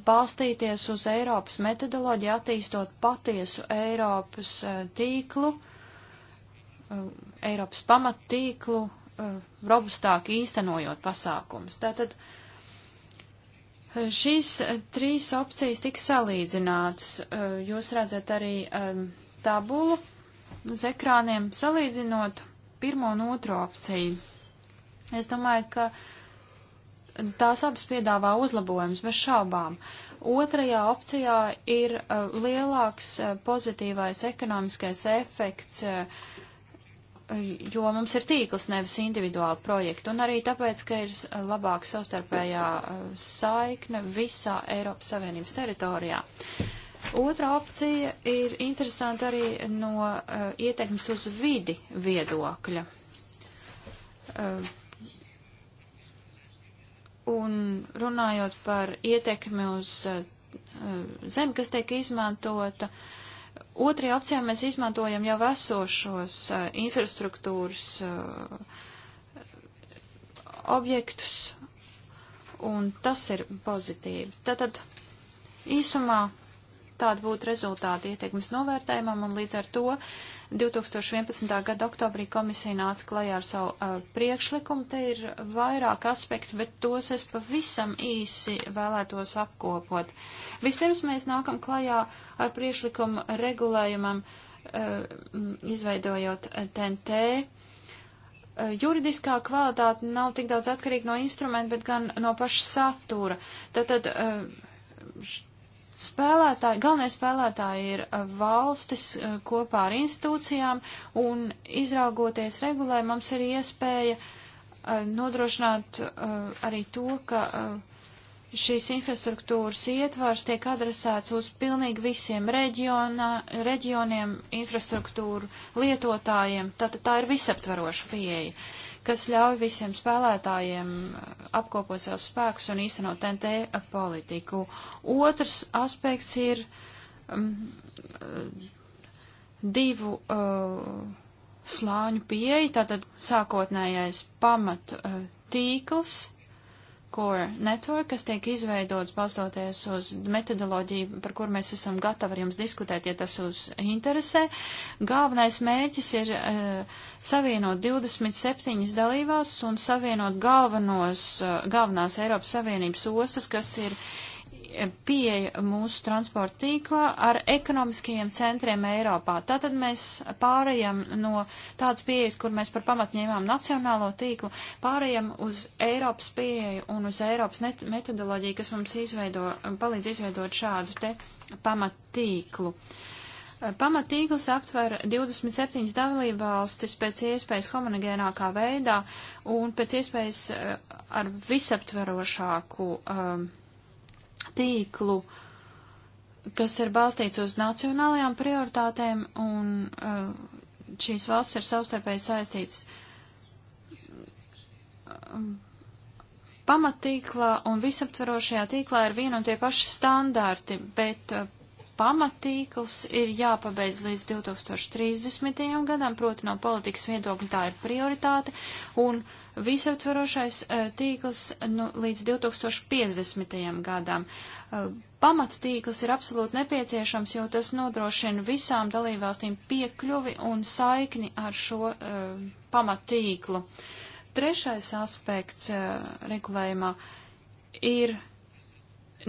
balstīties uz Eiropas metodoloģiju, attīstot patiesu Eiropas uh, tīklu, uh, Eiropas pamattīklu, Uh, robustāk īstenojot pasākums. Tātad uh, šīs uh, trīs opcijas tiks salīdzināts. Jūs redzat arī um, tabulu uz ekrāniem, salīdzinot pirmo un otro opciju. Es domāju, ka tās abas piedāvā uzlabojums bez šaubām. Otrajā opcijā ir lielāks pozitīvais ekonomiskais efekts uh, jo mums ir tīkls, nevis individuāli projekti, un arī tāpēc, ka ir labāka savstarpējā saikne visā Eiropas Savienības teritorijā. Otra opcija ir interesanta arī no uh, ietekmes uz vidi viedokļa. Uh, un runājot par ietekmi uz uh, zemi, kas tiek izmantota, uh, Otrajā opcijā mēs izmantojam jau esošos uh, infrastruktūras uh, objektus, un tas ir pozitīvi. Tātad īsumā tāda būtu rezultāta ietekmes novērtējumam, un līdz ar to 2011. gada oktobrī komisija nāca klajā ar savu uh, priekšlikumu. Te ir vairāk aspekti, bet tos es pavisam īsi vēlētos apkopot. Vispirms mēs nākam klajā ar priekšlikumu regulējumam, uh, izveidojot TNT. Uh, juridiskā kvalitāte nav tik daudz atkarīga no instrumenta, bet gan no paša satura. Tātad, uh, Spēlētāji, galvenie spēlētāji ir eh, valstis eh, kopā ar institūcijām, un izraugoties regulē, mums ir iespēja eh, nodrošināt arī to, ka šīs infrastruktūras ietvars tiek adresēts uz pilnīgi visiem reģionā, reģioniem, infrastruktūru lietotājiem. Tātad tā ir visaptvaroša pieeja kas ļauj visiem spēlētājiem apkopot savus spēkus un īstenot NT politiku. Otrs aspekts ir um, divu uh, slāņu pieeja, tātad sākotnējais pamat uh, tīkls, Core Network, kas tiek izveidots balstoties uz metodoloģiju, par kur mēs esam gatavi ar jums diskutēt, ja tas jūs interesē. Galvenais mērķis ir uh, savienot 27 dalībās un savienot galvenos, uh, galvenās Eiropas Savienības ostas, kas ir pieeja mūsu transporta tīklā ar ekonomiskajiem centriem Eiropā. Tātad mēs pārējam no tādas pieejas, kur mēs par pamatņēmām nacionālo tīklu, pārējam uz Eiropas pieeju un uz Eiropas metodoloģiju, kas mums izveido, palīdz izveidot šādu te pamattīklu. Pamatīkls aptver 27 dalībvalstis pēc iespējas homonogēnākā veidā un pēc iespējas eh, ar visaptverošāku um, tīklu, kas ir balstīts uz nacionālajām prioritātēm, un uh, šīs valsts ir savstarpēji saistīts um, pamatīklā un visaptverošajā tīklā ir viena un tie paši standarti, bet uh, pamatīkls ir jāpabeidz līdz 2030. gadam, proti no politikas viedokļa tā ir prioritāte, un uh, visaptvarošais eh, tīkls nu, līdz 2050. gadam. Eh, Pamatstīkls ir absolūti nepieciešams, jo tas nodrošina visām dalībvalstīm piekļuvi un saikni ar šo uh, eh, pamatīklu. Trešais aspekts uh, regulējumā ir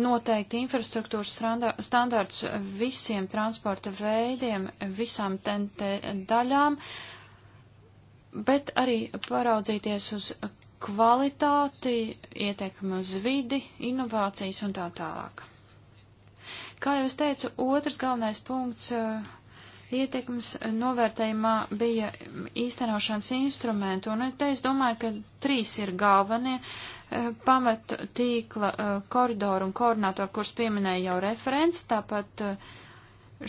noteikti infrastruktūras standārts visiem transporta veidiem, visām TNT daļām. Uh, bet arī paraudzīties uz kvalitāti, ietekmi uz vidi, inovācijas un tā tālāk. Kā jau es teicu, otrs galvenais punkts eh, ietekmes novērtējumā bija īstenošanas instrumenti, un te es domāju, ka trīs ir galvenie eh, pamat tīkla eh, koridoru un koordinātoru, kurus pieminēja jau referents, tāpat uh,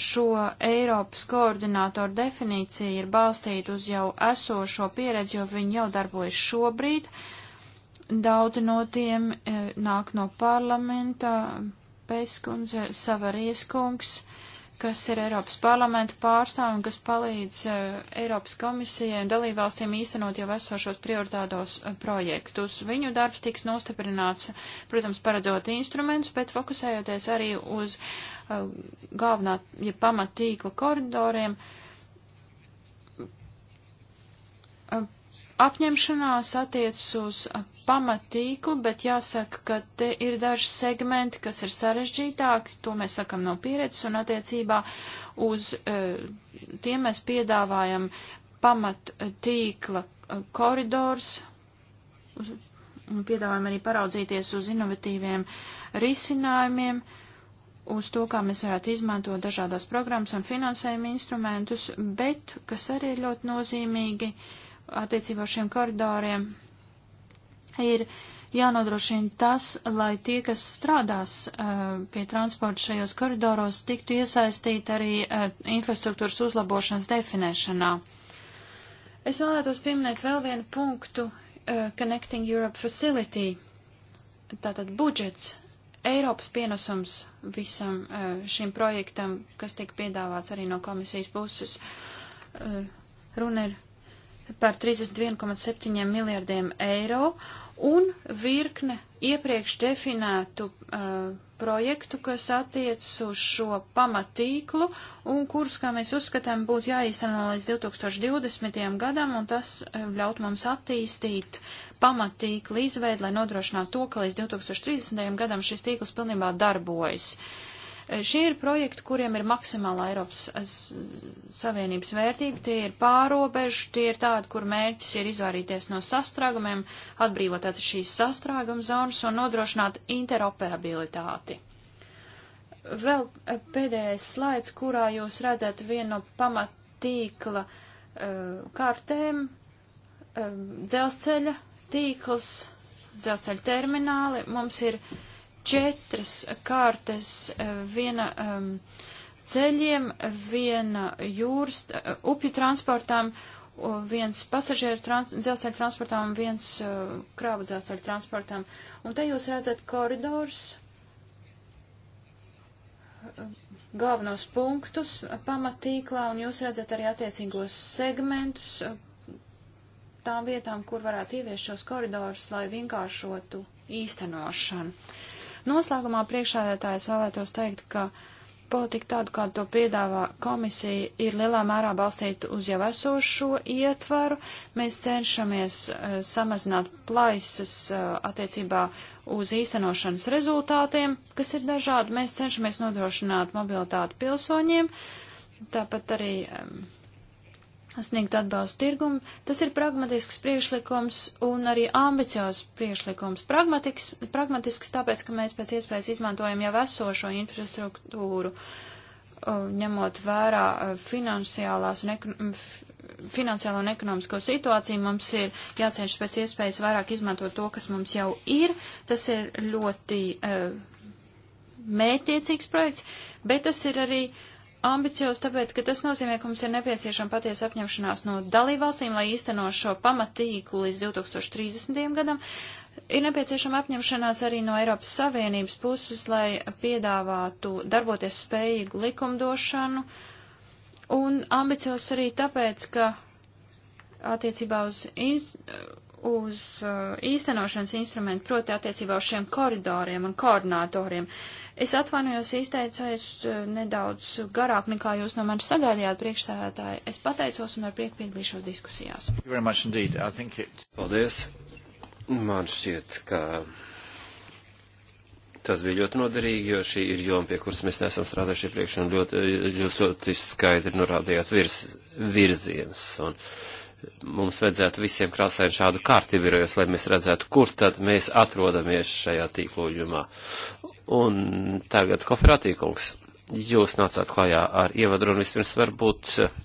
šo Eiropas koordinātoru definīciju ir balstīta uz jau esošo pieredzi, jo viņi jau darbojas šobrīd. Daudzi no tiem e, nāk no parlamenta, Peskundze, Savarijas kungs, kas ir Eiropas parlamenta pārstāvi un kas palīdz e, Eiropas komisijai un dalībvalstīm īstenot jau esošos prioritātos e, projektus. Viņu darbs tiks nostiprināts, protams, paredzot instrumentus, bet fokusējoties arī uz uh, Uh, galvenā, ja pamatīkla koridoriem. Uh, apņemšanās attiecas uz pamatīklu, bet jāsaka, ka te ir daži segmenti, kas ir sarežģītāki, to mēs sakam no pieredzes, un attiecībā uz uh, tiem mēs piedāvājam pamatīkla koridors, un piedāvājam arī paraudzīties uz inovatīviem risinājumiem. Uh, uz to, kā mēs varētu izmantot dažādas programmas un finansējuma instrumentus, bet, kas arī ir ļoti nozīmīgi attiecībā uz šiem koridoriem, ir jānodrošina tas, lai tie, kas strādās uh, pie transporta šajos koridoros, tiktu iesaistīti arī uh, infrastruktūras uzlabošanas definēšanā. Es vēlētos pieminēt vēl vienu punktu uh, Connecting Europe Facility, tātad budžets Eiropas pienesums visam e, šim projektam, kas tiek piedāvāts arī no komisijas puses, e, runa ir par 31,7 miljardiem eiro un virkne iepriekš definētu uh, projektu, kas attiecas uz šo pamatīklu un kurus, kā mēs uzskatām, būtu jāīsteno līdz 2020. gadam, un tas eh, ļaut mums attīstīt pamatīklu izveidu, lai nodrošinātu to, ka līdz 2030. gadam šis tīkls pilnībā darbojas. Uh, Šie ir projekti, kuriem ir maksimāla Eiropas Savienības vērtība, tie ir pārobežu, tie ir tādi, kur mērķis ir izvairīties no sastrāgumiem, atbrīvot šīs sastrāguma zonas un nodrošināt interoperabilitāti. Vēl eh, pēdējais slaids, kurā jūs redzat vienu no pamatīkla uh, eh, kartēm, uh, eh, dzelzceļa tīkls, dzelzceļa termināli. Mums ir uh, četras kārtas, eh, viena um, ceļiem, viena jūras, uh, upju transportām, viens pasažieru trans, dzelzceļa transportām un viens uh, krāvu dzelzceļa transportām. Un te jūs redzat koridors, galvenos punktus pamatīklā, un jūs redzat arī attiecīgos segmentus tām vietām, kur varētu ieviest šos koridorus, lai vienkāršotu īstenošanu. Noslēgumā priekšsēdētājs vēlētos teikt, ka politika tādu, kādu to piedāvā komisija, ir lielā mērā balstīta uz jau esošo ietvaru. Mēs cenšamies uh, samazināt plaisas uh, attiecībā uz īstenošanas rezultātiem, kas ir dažādi. Mēs cenšamies nodrošināt mobilitāti pilsoņiem, tāpat arī um, sniegt atbalstu tirgumu. Tas ir pragmatisks priekšlikums un arī ambiciozs priekšlikums. Pragmatisks, pragmatisks tāpēc, ka mēs pēc iespējas izmantojam jau esošo infrastruktūru, uh, ņemot vērā uh, finansiālās un ekonomikas. Finansiālo un ekonomisko situāciju mums ir jācenšas pēc iespējas vairāk izmantot to, kas mums jau ir. Tas ir ļoti uh, mērķiecīgs projekts, bet tas ir arī uh, ambiciozs, tāpēc, ka tas nozīmē, ka mums ir nepieciešama patiesa apņemšanās no dalībvalstīm, lai īsteno šo pamatīklu līdz 2030. gadam. Ir nepieciešama apņemšanās arī no Eiropas Savienības puses, lai piedāvātu darboties spējīgu likumdošanu. Un ambiciozs arī tāpēc, ka attiecībā uz, uz uh, īstenošanas instrumentu, proti attiecībā uz šiem koridoriem un koordinatoriem, uh, Es atvainojos, izteicos eh, nedaudz garāk nekā jūs no manis sagaidījāt priekšsēdētāji. Es pateicos un ar prieku piedalīšos diskusijās. Paldies. Man šķiet, ka tas bija ļoti noderīgi, jo šī ir joma, pie kuras mēs neesam strādājuši iepriekš, un ļoti, jūs ļoti skaidri norādījāt virs, virziens. Un, uh, mums vajadzētu visiem krāsēt šādu kārtībirojos, lai mēs redzētu, kur tad mēs atrodamies šajā tīkloģumā. Un tagad kooperatīkungs, jūs nācāt klajā ar ievadru un vispirms varbūt eh,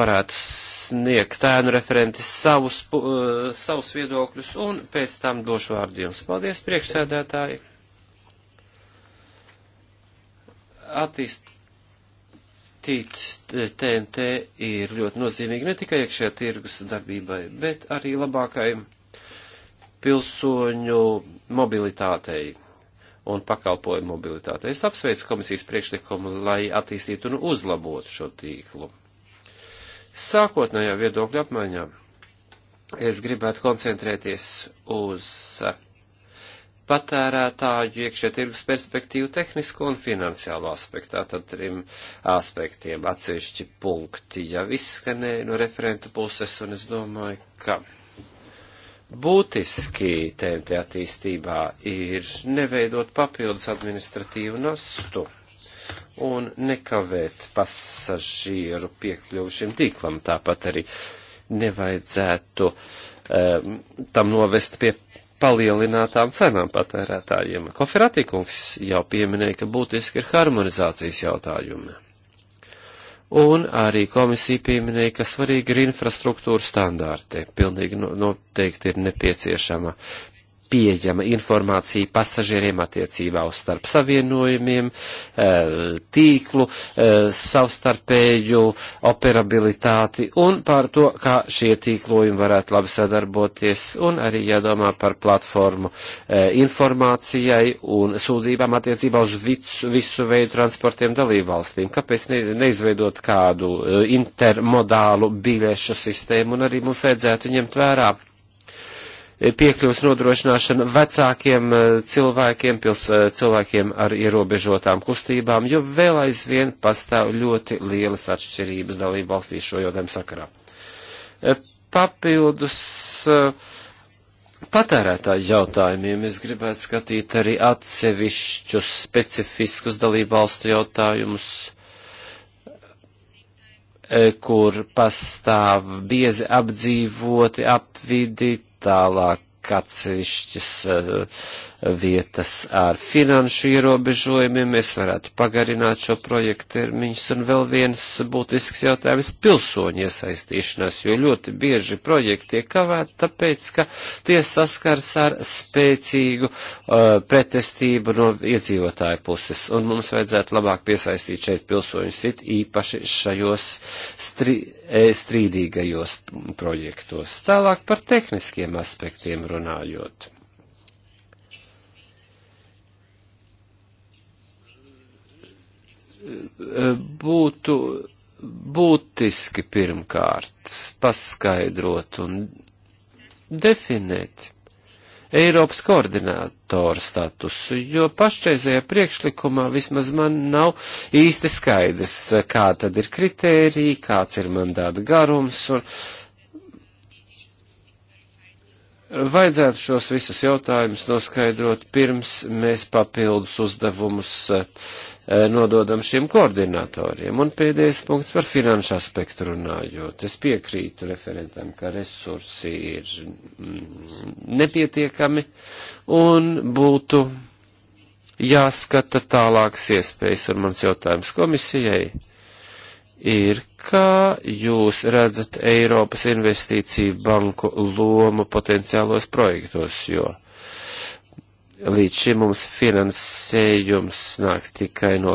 varētu sniegt ēnu referenti savus, uh, savus viedokļus un pēc tam došu vārdu jums. Paldies, priekšsēdētāji! Attīst, Tīts TNT ir ļoti nozīmīgi ne tikai iekšējā tirgus darbībai, bet arī labākai pilsoņu mobilitātei un pakalpojumu mobilitātei. Es apsveicu komisijas priekšlikumu, lai attīstītu un uzlabotu šo tīklu. Sākotnējā viedokļa apmaiņā es gribētu koncentrēties uz uh, patērētāju iekšē tirgus perspektīvu tehnisko un finansiālo aspektu. Tātad trim aspektiem atsevišķi punkti jau izskanēja no referenta puses, un es domāju, ka būtiski TNT attīstībā ir neveidot papildus administratīvu nastu un nekavēt pasažieru piekļuvu šim tīklam. Tāpat arī nevajadzētu um, tam novest pie palielinātām cenām patērētājiem. Koferatīkungs jau pieminēja, ka būtiski ir harmonizācijas jautājumi. Un arī komisija pieminēja, ka svarīgi ir infrastruktūra standārti. Pilnīgi noteikti ir nepieciešama pieejama informācija pasažieriem attiecībā uz starp savienojumiem, eh, tīklu, eh, savstarpēju operabilitāti un par to, kā šie tīklojumi varētu labi sadarboties un arī jādomā par platformu eh, informācijai un sūdzībām attiecībā uz visu, visu veidu transportiem dalībvalstīm. Kāpēc ne, neizveidot kādu intermodālu biļešu sistēmu un arī mums vajadzētu ņemt vērā piekļuvas nodrošināšana vecākiem eh, cilvēkiem, pils, eh, cilvēkiem ar ierobežotām kustībām, jo vēl aizvien pastāv ļoti lielas atšķirības dalību valstīs šo jautājumu sakarā. Eh, papildus patērētāju jautājumiem es gribētu skatīt arī atsevišķus specifiskus dalību valstu jautājumus kur pastāv biezi apdzīvoti apvidi, tālāk atsevišķas uh, vietas ar finanšu ierobežojumiem, mēs varētu pagarināt šo projektu termiņus, un vēl viens būtisks jautājums - pilsoņu iesaistīšanās, jo ļoti bieži projekti tiek kavēti, tāpēc, ka tie saskars ar spēcīgu uh, pretestību no iedzīvotāju puses, un mums vajadzētu labāk piesaistīt šeit pilsoņus, it īpaši šajos stri, e, strīdīgajos projektos. Tālāk par tehniskiem aspektiem runājot. būtu būtiski pirmkārt paskaidrot un definēt Eiropas koordinātora statusu, jo pašreizajā priekšlikumā vismaz man nav īsti skaidrs, kā tad ir kritērija, kāds ir mandāta garums un vajadzētu šos visus jautājumus noskaidrot pirms mēs papildus uzdevumus E, nododam šiem koordinatoriem. Un pēdējais punkts par finanšu aspektu runājot. Es piekrītu referentam, ka resursi ir mm, nepietiekami un būtu jāskata tālākas iespējas. Un mans jautājums komisijai ir, kā jūs redzat Eiropas investīciju banku lomu potenciālos projektos, jo Līdz šim mums finansējums nāk tikai no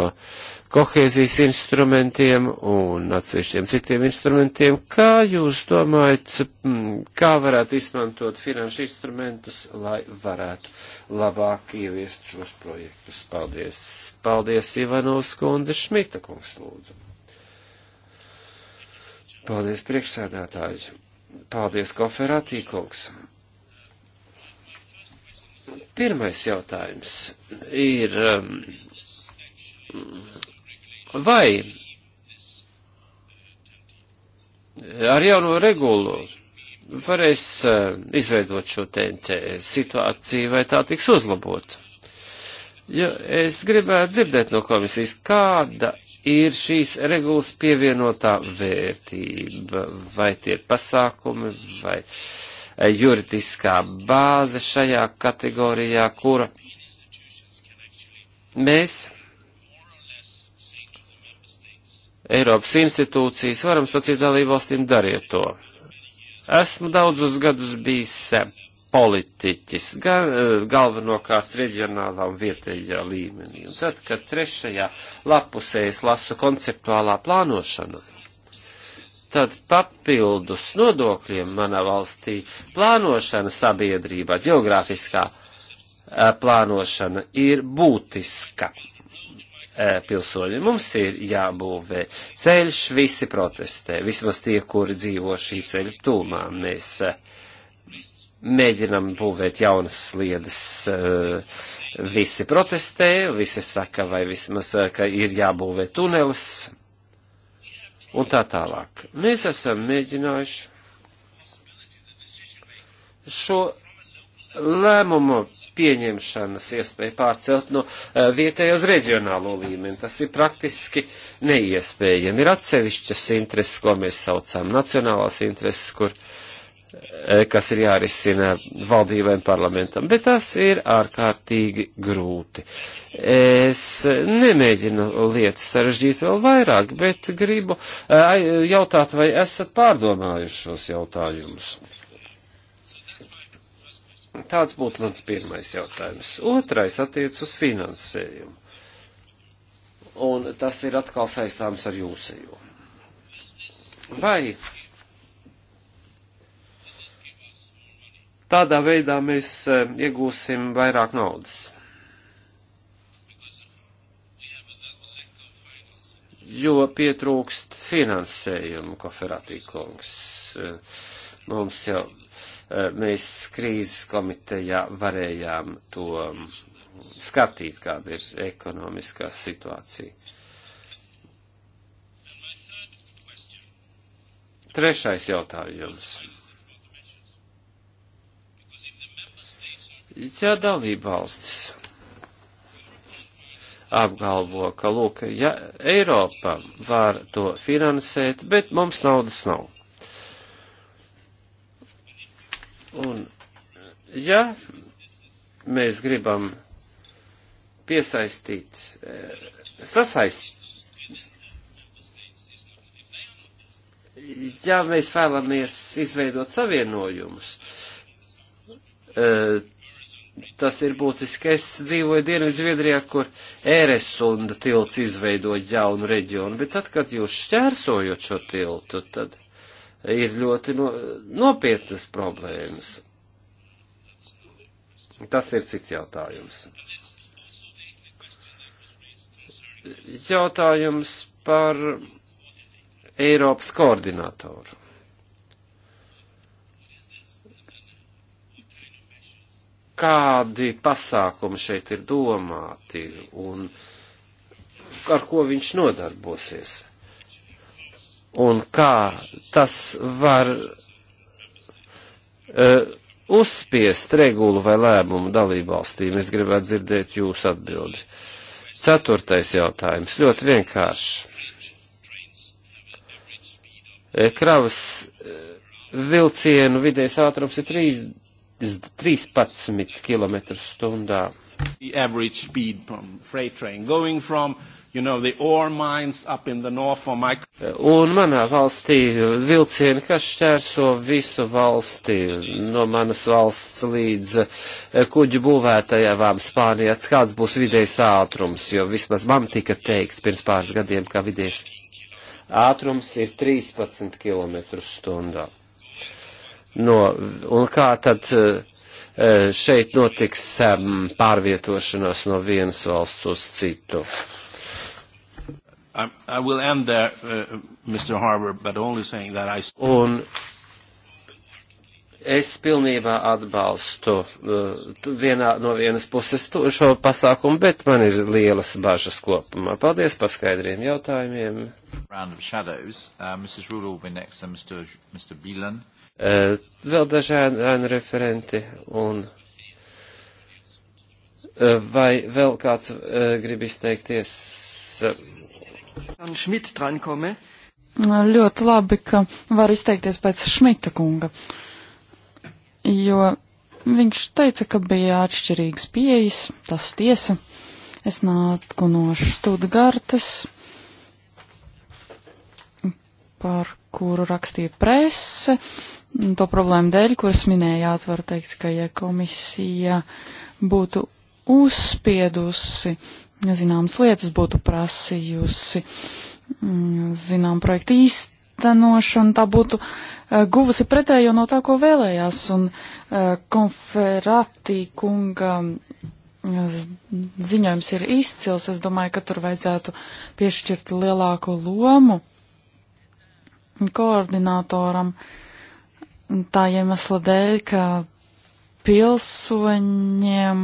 kohēzijas instrumentiem un atsevišķiem citiem instrumentiem. Kā jūs domājat, kā varētu izmantot finanšu instrumentus, lai varētu labāk ieviest šos projektus? Paldies! Paldies, Ivanovs Kunde, Šmita kungs, lūdzu! Paldies, priekšsēdētāji! Paldies, Koferātī kungs! Pirmais jautājums ir, um, vai ar jauno regulu varēs um, izveidot šo TNT situāciju, vai tā tiks uzlabot? Jo es gribētu dzirdēt no komisijas, kāda ir šīs regulas pievienotā vērtība, vai tie ir pasākumi, vai. Uh, Eh, juridiskā bāze šajā kategorijā, kura mēs Eiropas institūcijas varam sacīt dalībvalstīm dariet to. Esmu daudzus gadus bijis eh, politiķis, gan, eh, galvenokārt reģionālā un vietējā līmenī. Un tad, kad trešajā lapusē es lasu konceptuālā plānošana, tad papildus nodokļiem manā valstī plānošana sabiedrībā, geogrāfiskā eh, plānošana ir būtiska eh, pilsoņi. Mums ir jābūvē ceļš, visi protestē, vismaz tie, kuri dzīvo šī ceļa tūmā. Mēs eh, mēģinam būvēt jaunas sliedas, visi protestē, visi saka, vai vismaz, ka ir jābūvē tunelis un tā tālāk. Mēs esam mēģinājuši šo lēmumu pieņemšanas iespēju pārcelt no eh, vietējā uz reģionālo līmeni. Tas ir praktiski neiespējami. Ir atsevišķas intereses, ko mēs saucam nacionālās intereses, kur uh, Eh, kas ir jārisina valdībai un parlamentam, bet tas ir ārkārtīgi grūti. Es nemēģinu lietas sarežģīt vēl vairāk, bet gribu eh, jautāt, vai esat pārdomājuši šos jautājumus. Tāds būtu mans pirmais jautājums. Otrais attiec uz finansējumu. Un tas ir atkal saistāms ar jūsējo. Vai Tādā veidā mēs eh, iegūsim vairāk naudas. Jo pietrūkst finansējumu, koferatīkungs. Eh, mums jau, eh, mēs krīzes komitejā varējām to skatīt, kāda ir ekonomiskā situācija. Trešais jautājums. Ja dalībvalstis apgalvo, ka, lūk, ja Eiropa var to finansēt, bet mums naudas nav. Un, ja mēs gribam piesaistīt, eh, sasaistīt, ja mēs vēlamies izveidot savienojumus, eh, tas ir būtiski. Es dzīvoju Dienvidzviedrijā, kur Ēresunda tilts izveidoja jaunu reģionu, bet tad, kad jūs šķērsojot šo tiltu, tad ir ļoti no, nopietnas problēmas. Tas ir cits jautājums. Jautājums par Eiropas koordinatoru. kādi pasākumi šeit ir domāti un ar ko viņš nodarbosies. Un kā tas var uh, uzspiest regulu vai lēmumu dalībvalstīm, es gribētu dzirdēt jūsu atbildi. Ceturtais jautājums, ļoti vienkārši. E, kravas e, vilcienu vidējais ātrums ir 30 13 km stundā. The average speed from freight train going from You know, the ore mines up in the north for my... Un manā valstī vilcieni, kas šķērso visu valsti, no manas valsts līdz eh, kuģu būvētajām Spānijā, kāds būs vidējs ātrums, jo vismaz man tika teikt pirms pāris gadiem, ka vidējs ātrums ir 13 km stundā no, un kā tad eh, šeit notiks pārvietošanās no vienas valsts uz citu. I, I will end there, uh, Mr. Harbour, but only saying that I... Un es pilnībā atbalstu uh, vienā, no vienas puses to, šo pasākumu, bet man ir lielas bažas kopumā. Paldies par skaidriem jautājumiem. Round of shadows. Uh, Mrs. Rudolph next, and Mr. J Mr. Bielan. Eh, vēl dažādi referenti un eh, vai vēl kāds eh, grib izteikties? Nu, ļoti labi, ka var izteikties pēc Šmita kunga, jo viņš teica, ka bija atšķirīgs pieejas, tas tiesa. Es nāku no Študgartas, par kuru rakstīja prese, to problēmu dēļ, kuras minējāt, var teikt, ka ja komisija būtu uzspiedusi, zināmas lietas būtu prasījusi, mm, zinām projektu īstenošanu, tā būtu eh, guvusi pretējo no tā, ko vēlējās, un eh, konferātī kunga mm, ziņojums ir izcils, es domāju, ka tur vajadzētu piešķirt lielāku lomu koordinātoram. Uh, tā iemesla dēļ, ka pilsoņiem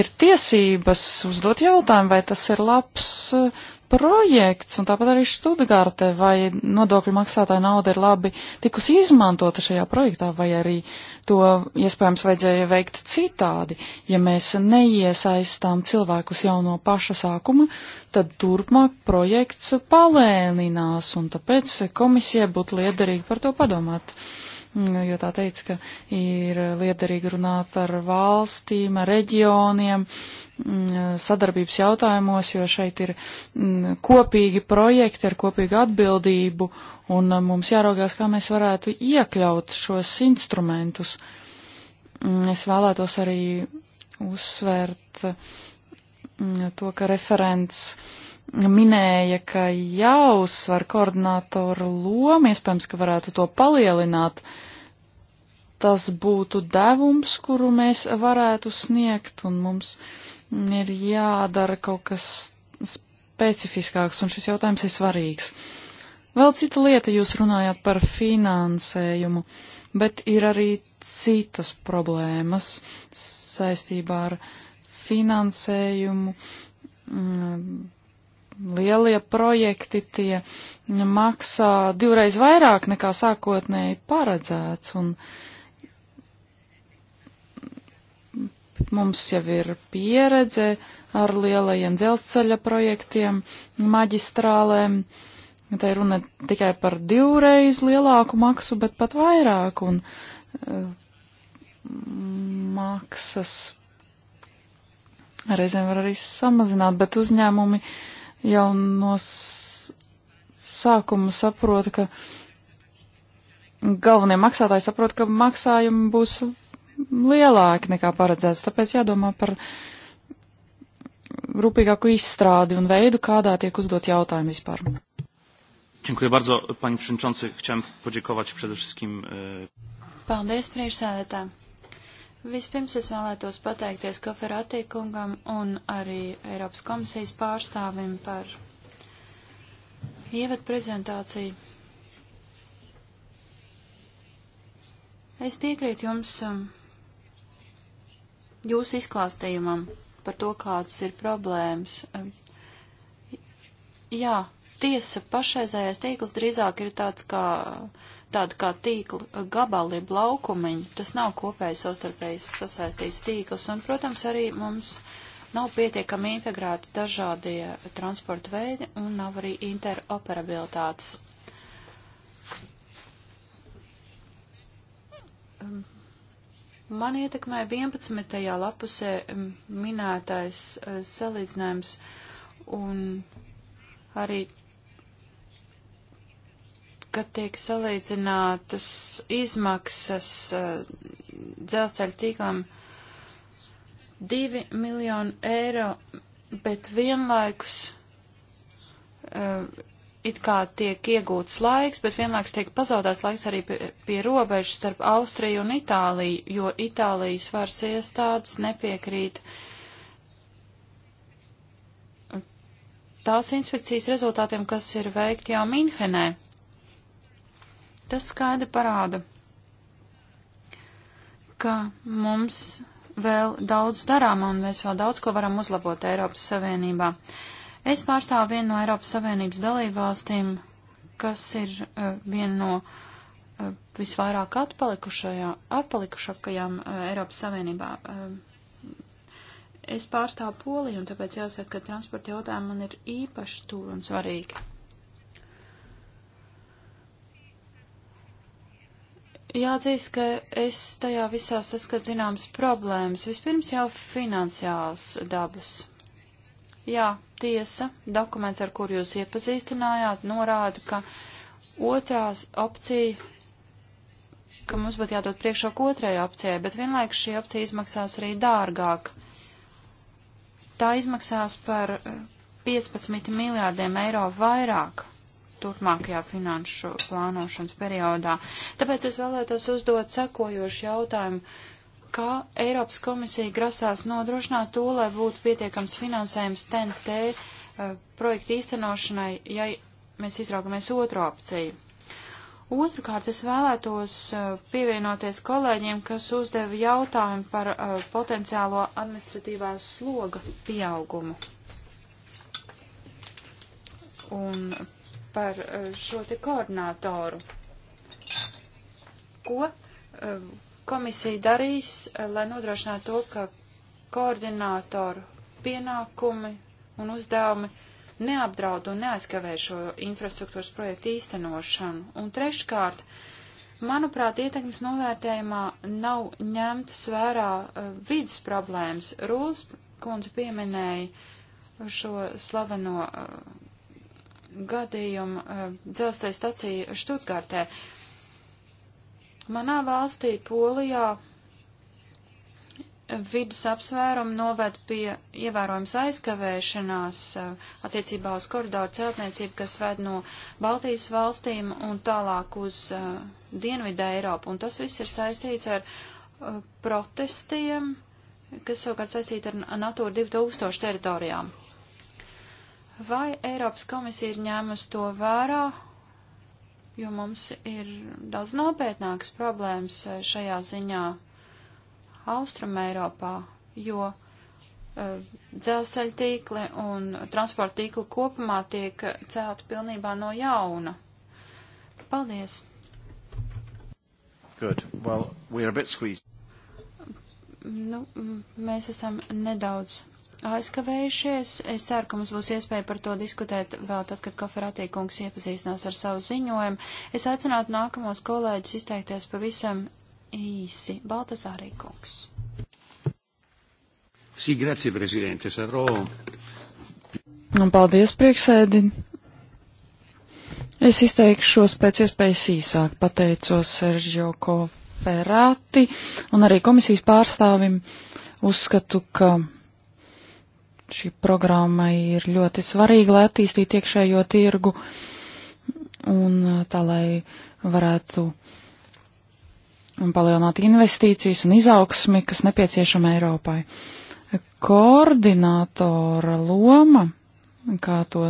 ir tiesības uzdot jautājumu, vai tas ir labs projekts, un tāpat arī Študgārte, vai nodokļu maksātāja nauda ir labi tikusi izmantota šajā projektā, vai arī to iespējams vajadzēja veikt citādi. Ja mēs neiesaistām cilvēkus jau no paša sākuma, tad turpmāk projekts palēninās, un tāpēc komisijai būtu liederīgi par to padomāt. Uh, Nu, jo tā teica, ka ir liederīgi runāt ar valstīm, ar reģioniem, mm, sadarbības jautājumos, jo šeit ir mm, kopīgi projekti ar kopīgu atbildību, un mm, mums jāraugās, kā mēs varētu iekļaut šos instrumentus. Es vēlētos arī uzsvērt to, ka referents minēja, ka jāuzsver koordinātora loma, iespējams, ka varētu to palielināt. Tas būtu devums, kuru mēs varētu sniegt, un mums ir jādara kaut kas specifiskāks, un šis jautājums ir svarīgs. Vēl cita lieta, jūs runājāt par finansējumu, bet ir arī citas problēmas saistībā ar finansējumu. Mm, lielie projekti tie maksā divreiz vairāk nekā sākotnēji paredzēts, un mums jau ir pieredze ar lielajiem dzelzceļa projektiem, maģistrālēm. Te ir runa tikai par divreiz lielāku maksu, bet pat vairāk, un uh, maksas reizēm var arī samazināt, bet uzņēmumi uh, jau no sākuma saprota, ka galvenie maksātāji saprot, ka maksājumi būs lielāki nekā paredzēts, tāpēc jādomā par rūpīgāku izstrādi un veidu, kādā tiek uzdot jautājumi vispār. Dziękuję bardzo, Pani Przewodniczący. Chciałem podziękować przede wszystkim. E, Paldies, priekšsēdētāji. Vispirms es vēlētos pateikties Kaferatī kungam un arī Eiropas komisijas pārstāvim par ievadu prezentāciju. Es piekrītu jums um, jūsu izklāstījumam par to, kādas ir problēmas. Um, jā, tiesa, pašreizējais tīkls drīzāk ir tāds kā uh, tādi kā tīkla eh, gabali, laukumiņi. Tas nav kopēji savstarpēji sasaistīts tīkls, un, protams, arī mums nav pietiekami integrēti dažādie transporta veidi un nav arī interoperabilitātes. Man ietekmē 11. lapusē minētais eh, salīdzinājums un arī ka tiek salīdzinātas izmaksas uh, dzelzceļa tīklam 2 miljonu eiro, bet vienlaikus uh, it kā tiek iegūts laiks, bet vienlaikus tiek pazaudēts laiks arī pie, pie robežas starp Austriju un Itāliju, jo Itālijas varas iestādes nepiekrīt tās inspekcijas rezultātiem, kas ir veikti jau Minhenē. Tas skaidri parāda, ka mums vēl daudz darām un mēs vēl daudz ko varam uzlabot Eiropas Savienībā. Es pārstāvu vienu no Eiropas Savienības dalībvalstīm, kas ir uh, viena no uh, visvairāk atpalikušākajām uh, Eiropas Savienībā. Uh, es pārstāvu Poliju un tāpēc jāsaka, ka transporta jautājumi man ir īpaši tuvi un svarīgi. Jāatzīst, ka es tajā visā saskatu zināmas problēmas. Vispirms jau finansiāls dabas. Jā, tiesa, dokuments, ar kur jūs iepazīstinājāt, norāda, ka otrās opcija, ka mums būtu jādod priekšroku otrajai opcijai, bet vienlaikus šī opcija izmaksās arī dārgāk. Tā izmaksās par 15 eh, miljārdiem eiro vairāk turpmākajā finanšu plānošanas periodā. Tāpēc es vēlētos uzdot sekojošu jautājumu. Kā Eiropas komisija grasās nodrošināt to, lai būtu pietiekams finansējums TNT uh, eh, projektu īstenošanai, ja mēs izraugamies otro opciju? Otrakārt, es vēlētos eh, pievienoties kolēģiem, kas uzdeva jautājumu par uh, potenciālo administratīvā sloga pieaugumu un par eh, šo te koordinātoru. Ko eh, komisija darīs, eh, lai nodrošinātu to, ka koordinātoru pienākumi un uzdevumi neapdraud un neaizkavē šo infrastruktūras projektu īstenošanu. Un treškārt, manuprāt, ietekmes novērtējumā nav ņemtas vērā vidas problēmas. Rūls kundze pieminēja šo slaveno uh, gadījumu eh, dzelzceļa stacija Štutgartē. Manā valstī, Polijā, vidus apsvērumi noved pie ievērojams aizkavēšanās eh, attiecībā uz koridoru celtniecību, kas ved no Baltijas valstīm un tālāk uz uh, Dienvidu Eiropu. Un tas viss ir saistīts ar uh, protestiem, kas savukārt saistīti ar Natūra 2000 teritorijām. Vai Eiropas komisija ir ņēmusi to vērā, jo mums ir daudz nopietnākas problēmas eh, šajā ziņā Austrum Eiropā, jo eh, dzelzceļa tīkli un transporta tīkli kopumā tiek celti pilnībā no jauna. Paldies! Good. Well, we are a bit squeezed. Nu, mēs esam nedaudz aizkavējušies. Es ceru, ka mums būs iespēja par to diskutēt vēl tad, kad Koferatī kungs iepazīstinās ar savu ziņojumu. Es aicinātu nākamos kolēģus izteikties pavisam īsi. Baltas arī kungs. Sī, grazie, prezidente, Saro. Un nu, paldies, prieksēdi. Es izteikšos pēc iespējas īsāk. Pateicos Seržio Koferati un arī komisijas pārstāvim. Uzskatu, ka šī programma ir ļoti svarīga, lai attīstītu iekšējo tirgu un uh, tā, lai varētu palielināt investīcijas un izaugsmi, kas nepieciešama Eiropai. Koordinātora loma, kā to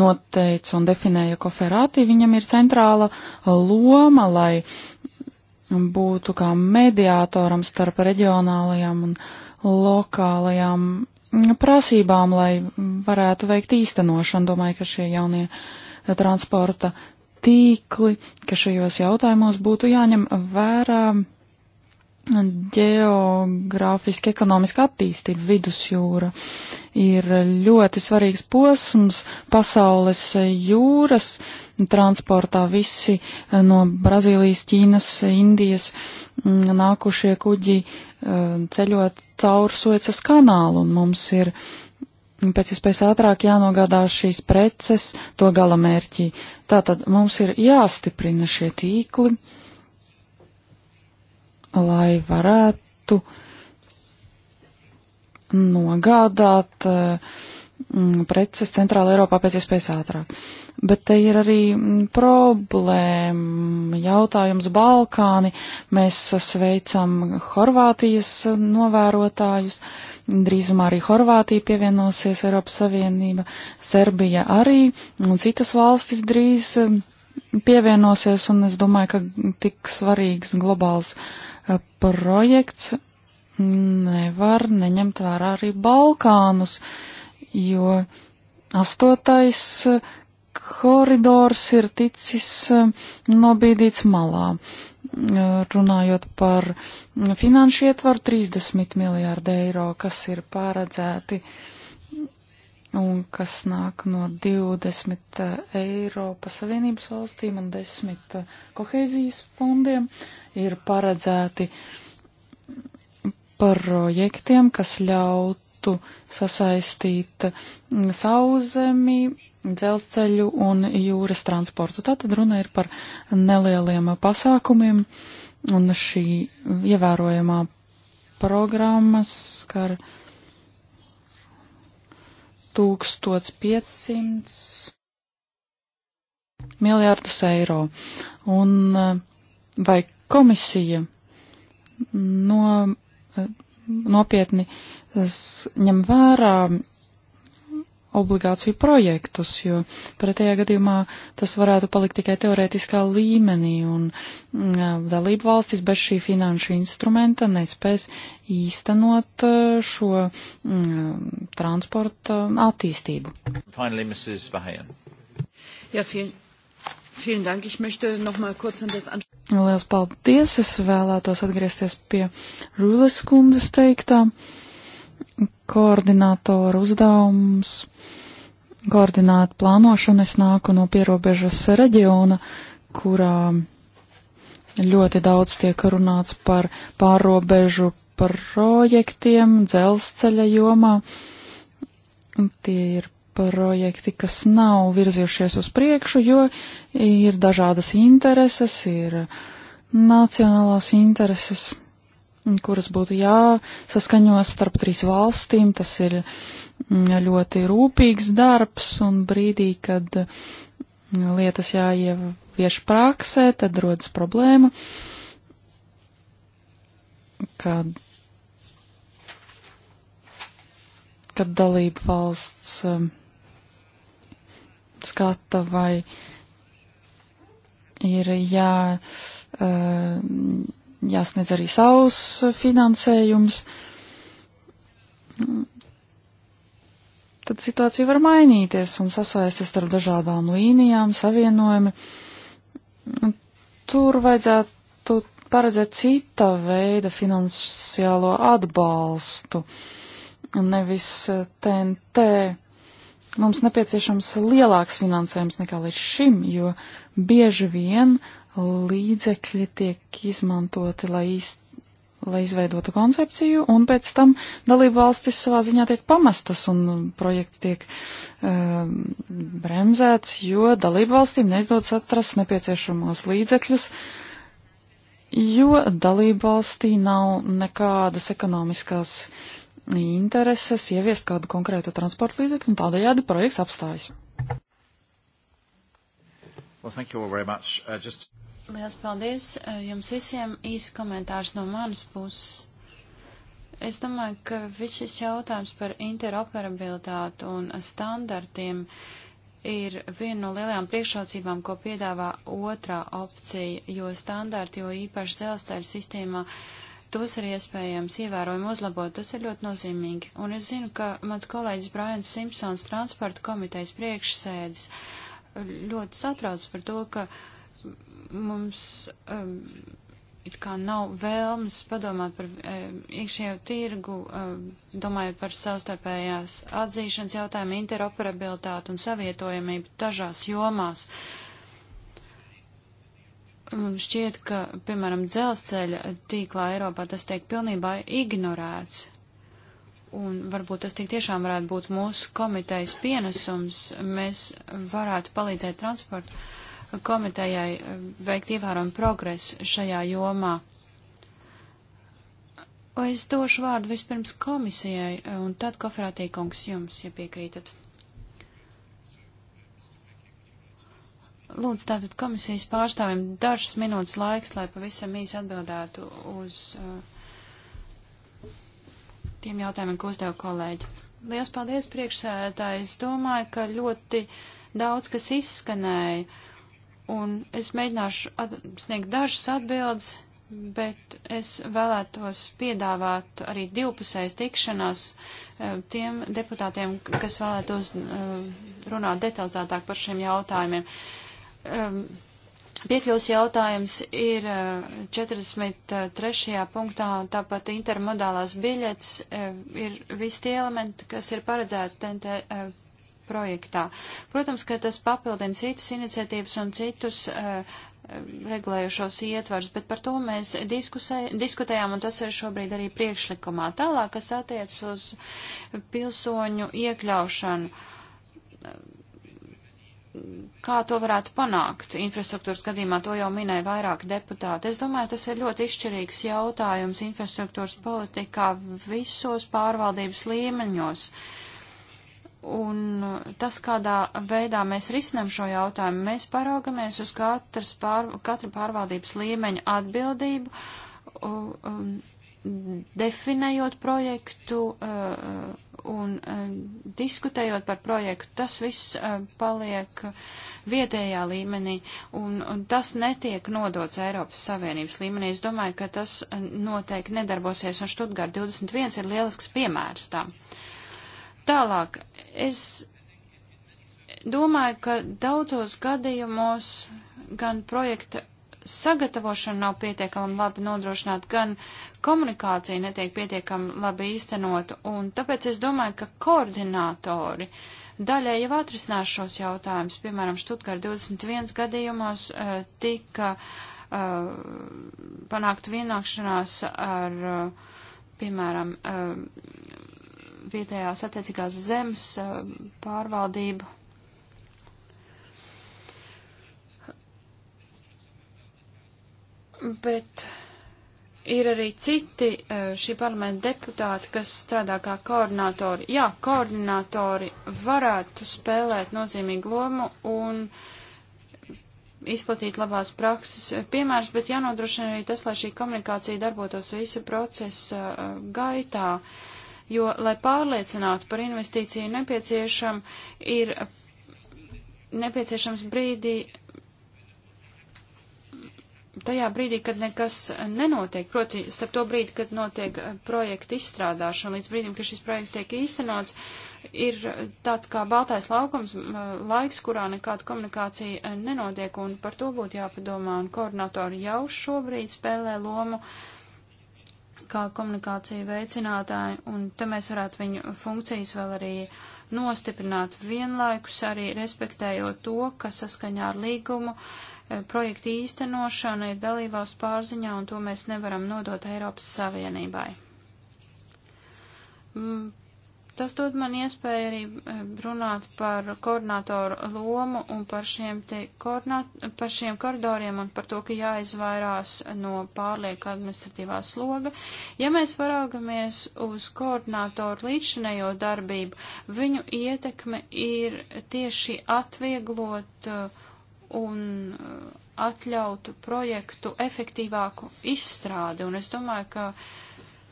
noteica un definēja Koferāti, viņam ir centrāla loma, lai būtu kā mediātoram starp reģionālajām un lokālajām Mm, prasībām, lai varētu veikt īstenošanu. Domāju, ka šie jaunie eh, transporta tīkli, ka šajos jautājumos būtu jāņem vērā ģeogrāfiski ekonomiska attīstība vidusjūra ir ļoti svarīgs posms pasaules jūras transportā. Visi eh, no Brazīlijas, Ķīnas, Indijas mm, nākušie kuģi Um, ceļot caur Suecas kanālu, un mums ir pēc iespējas ātrāk jānogādā šīs preces to gala mērķī. Tātad mums ir jāstiprina šie tīkli, lai varētu nogādāt uh, preces centrāla Eiropā pēc iespējas ātrāk. Uh, bet te ir arī mm, problēma, jautājums Balkāni. Mēs sveicam Horvātijas eh, novērotājus, drīzumā arī Horvātija pievienosies Eiropas Savienība, Serbija arī un citas valstis drīz eh, pievienosies, un es domāju, ka tik svarīgs globāls eh, projekts nevar neņemt vērā arī Balkānus, jo astotais koridors ir ticis eh, nobīdīts malā. Eh, runājot par finanšu ietvaru 30 miljārdu eiro, kas ir pāredzēti un kas nāk no 20 eh, Eiropas Savienības valstīm un 10 kohēzijas fondiem, ir paredzēti projektiem, kas ļaut varētu sasaistīt sauzemi, dzelzceļu un jūras transportu. Tātad runa ir par nelieliem pasākumiem, un šī ievērojamā programma skar 1500 miljārdus eiro. Un eh, vai komisija no, eh, nopietni uh, ņem vērā obligāciju projektus, jo pretējā gadījumā tas varētu palikt tikai teorētiskā līmenī, un mm, dalību valstis bez šī finanšu instrumenta nespēs īstenot eh, šo mm, transporta attīstību. Finally, Mrs. Vahajan. Ja, vielen, vielen Dank. Ich möchte noch mal kurz an das Lielas paldies! Es vēlētos atgriezties pie Rūles kundzes teiktā. Uh, koordinātoru uzdevums koordinēt plānošanu. Es nāku no pierobežas reģiona, kurā ļoti daudz tiek runāts par pārobežu projektiem dzelzceļa jomā. Tie ir projekti, kas nav virzījušies uz priekšu, jo ir dažādas intereses, ir nacionālās intereses kuras būtu jāsaskaņo starp trīs valstīm. Tas ir mm, ļoti rūpīgs darbs, un brīdī, kad mm, lietas jāievieš praksē, tad rodas problēma, kad, kad dalība valsts mm, skata vai ir jā. Uh, jāsniedz arī savs finansējums, tad situācija var mainīties un sasaistes starp dažādām līnijām, savienojumi. Tur vajadzētu paredzēt cita veida finansiālo atbalstu, nevis TNT. Eh, Mums nepieciešams lielāks finansējums nekā līdz šim, jo bieži vien līdzekļi tiek izmantoti, lai, iz, lai izveidotu koncepciju, un pēc tam dalību valstis savā ziņā tiek pamestas, un projekts tiek um, bremzēts, jo dalību valstīm neizdodas atrast nepieciešamos līdzekļus, jo dalību valstī nav nekādas ekonomiskās intereses ieviest kādu konkrētu transporta līdzekli, un tādējādi projekts apstājas. Well, thank you all very much. Uh, just... Liels paldies e, jums visiem. Īsts komentārs no manas puses. Es domāju, ka viss šis jautājums par interoperabilitāti un standartiem ir viena no lielajām priekšrocībām, ko piedāvā otrā opcija, jo standarti, jo īpaši dzelzceļa sistēmā, tos ir iespējams ievērojami uzlabot. Tas ir ļoti nozīmīgi. Un es zinu, ka mans kolēģis Brians Simpsons, transporta komitejas priekšsēdis, ļoti satrauc par to, ka uh, mums um, it kā nav vēlmes padomāt par um, iekšējo tirgu, um, domājot par savstarpējās atzīšanas jautājumu, interoperabilitāti un savietojamību dažās jomās. Um, šķiet, ka, piemēram, dzelzceļa tīklā Eiropā tas tiek pilnībā ignorēts un varbūt tas tik tiešām varētu būt mūsu komitejas pienesums, mēs varētu palīdzēt transportu komitejai eh, veikt ievērojumu progresu šajā jomā. Vai es došu vārdu vispirms komisijai, eh, un tad koferātīkungs jums, ja piekrītat. Lūdzu, tātad komisijas pārstāvim dažas minūtes laiks, lai pavisam īsi atbildētu uz uh, tiem jautājumiem, ko uzdeva kolēģi. Lielas paldies priekšsēdētāji. Es domāju, ka ļoti daudz kas izskanēja. Uh, un es mēģināšu at sniegt dažas atbildes, bet es vēlētos piedāvāt arī divpusējas tikšanās eh, tiem deputātiem, kas vēlētos eh, runāt detalizētāk par šiem jautājumiem. Ehm, Piekļuvs jautājums ir 43. Eh, punktā, tāpat intermodālās biļetes ir visi tie elementi, kas ir paredzēti TNT projektā. Protams, ka tas papildina citas iniciatīvas un citus uh, regulējušos ietvars, bet par to mēs diskusē, diskutējām, un tas ir šobrīd arī priekšlikumā. Tālāk, kas attiec uz pilsoņu iekļaušanu, kā to varētu panākt infrastruktūras gadījumā, to jau minēja vairāk deputāti. Es domāju, tas ir ļoti izšķirīgs jautājums infrastruktūras politikā visos pārvaldības līmeņos. Uh, Un tas, kādā veidā mēs risinām šo jautājumu, mēs paraugamies uz katras pār, katru pārvaldības līmeņa atbildību, um, definējot projektu uh, un uh, diskutējot par projektu. Tas viss uh, paliek vietējā līmenī un, un tas netiek nodots Eiropas Savienības līmenī. Es domāju, ka tas uh, noteikti nedarbosies un Štutgārda 21 ir lielisks piemērs tam. Uh, Tālāk, es domāju, ka daudzos gadījumos gan projekta sagatavošana nav pietiekami labi nodrošināta, gan komunikācija netiek pietiekami labi īstenota, un tāpēc es domāju, ka koordinātori daļai jau atrisinās šos jautājumus. Piemēram, Štutgara 21 gadījumos uh, tika uh, panākt vienošanās ar, uh, piemēram, uh, vietējās attiecīgās zemes eh, pārvaldību. Bet ir arī citi eh, šī parlamenta deputāti, kas strādā kā koordinātori. Jā, koordinātori varētu spēlēt nozīmīgu lomu un izplatīt labās prakses eh, piemērs, bet jānodrošina arī tas, lai šī komunikācija darbotos visu procesa gaitā. Uh, jo, lai pārliecinātu par investīciju nepieciešam, ir nepieciešams brīdī, tajā brīdī, kad nekas nenotiek, proti starp to brīdi, kad notiek eh, projekta izstrādāšana, līdz brīdim, kad šis projekts tiek īstenots, ir tāds kā baltais laukums, laiks, kurā nekāda komunikācija eh, nenotiek, un par to būtu jāpadomā, un koordinatori jau šobrīd spēlē lomu. Uh, kā komunikācija veicinātāji, un te mēs varētu viņu funkcijas vēl arī nostiprināt vienlaikus, arī respektējot to, ka saskaņā ar līgumu eh, projekta īstenošana ir dalībvalstu pārziņā, un to mēs nevaram nodot Eiropas Savienībai. Mm, Tas dod man iespēju arī runāt par koordinātoru lomu un par šiem, te, koordināt, par šiem koridoriem un par to, ka jāizvairās no pārlieku administratīvā sloga. Ja mēs paraugamies uz koordinātoru līdzinējo darbību, viņu ietekme ir tieši atvieglot eh, un eh, atļaut projektu efektīvāku izstrādi. Un es domāju, ka uh,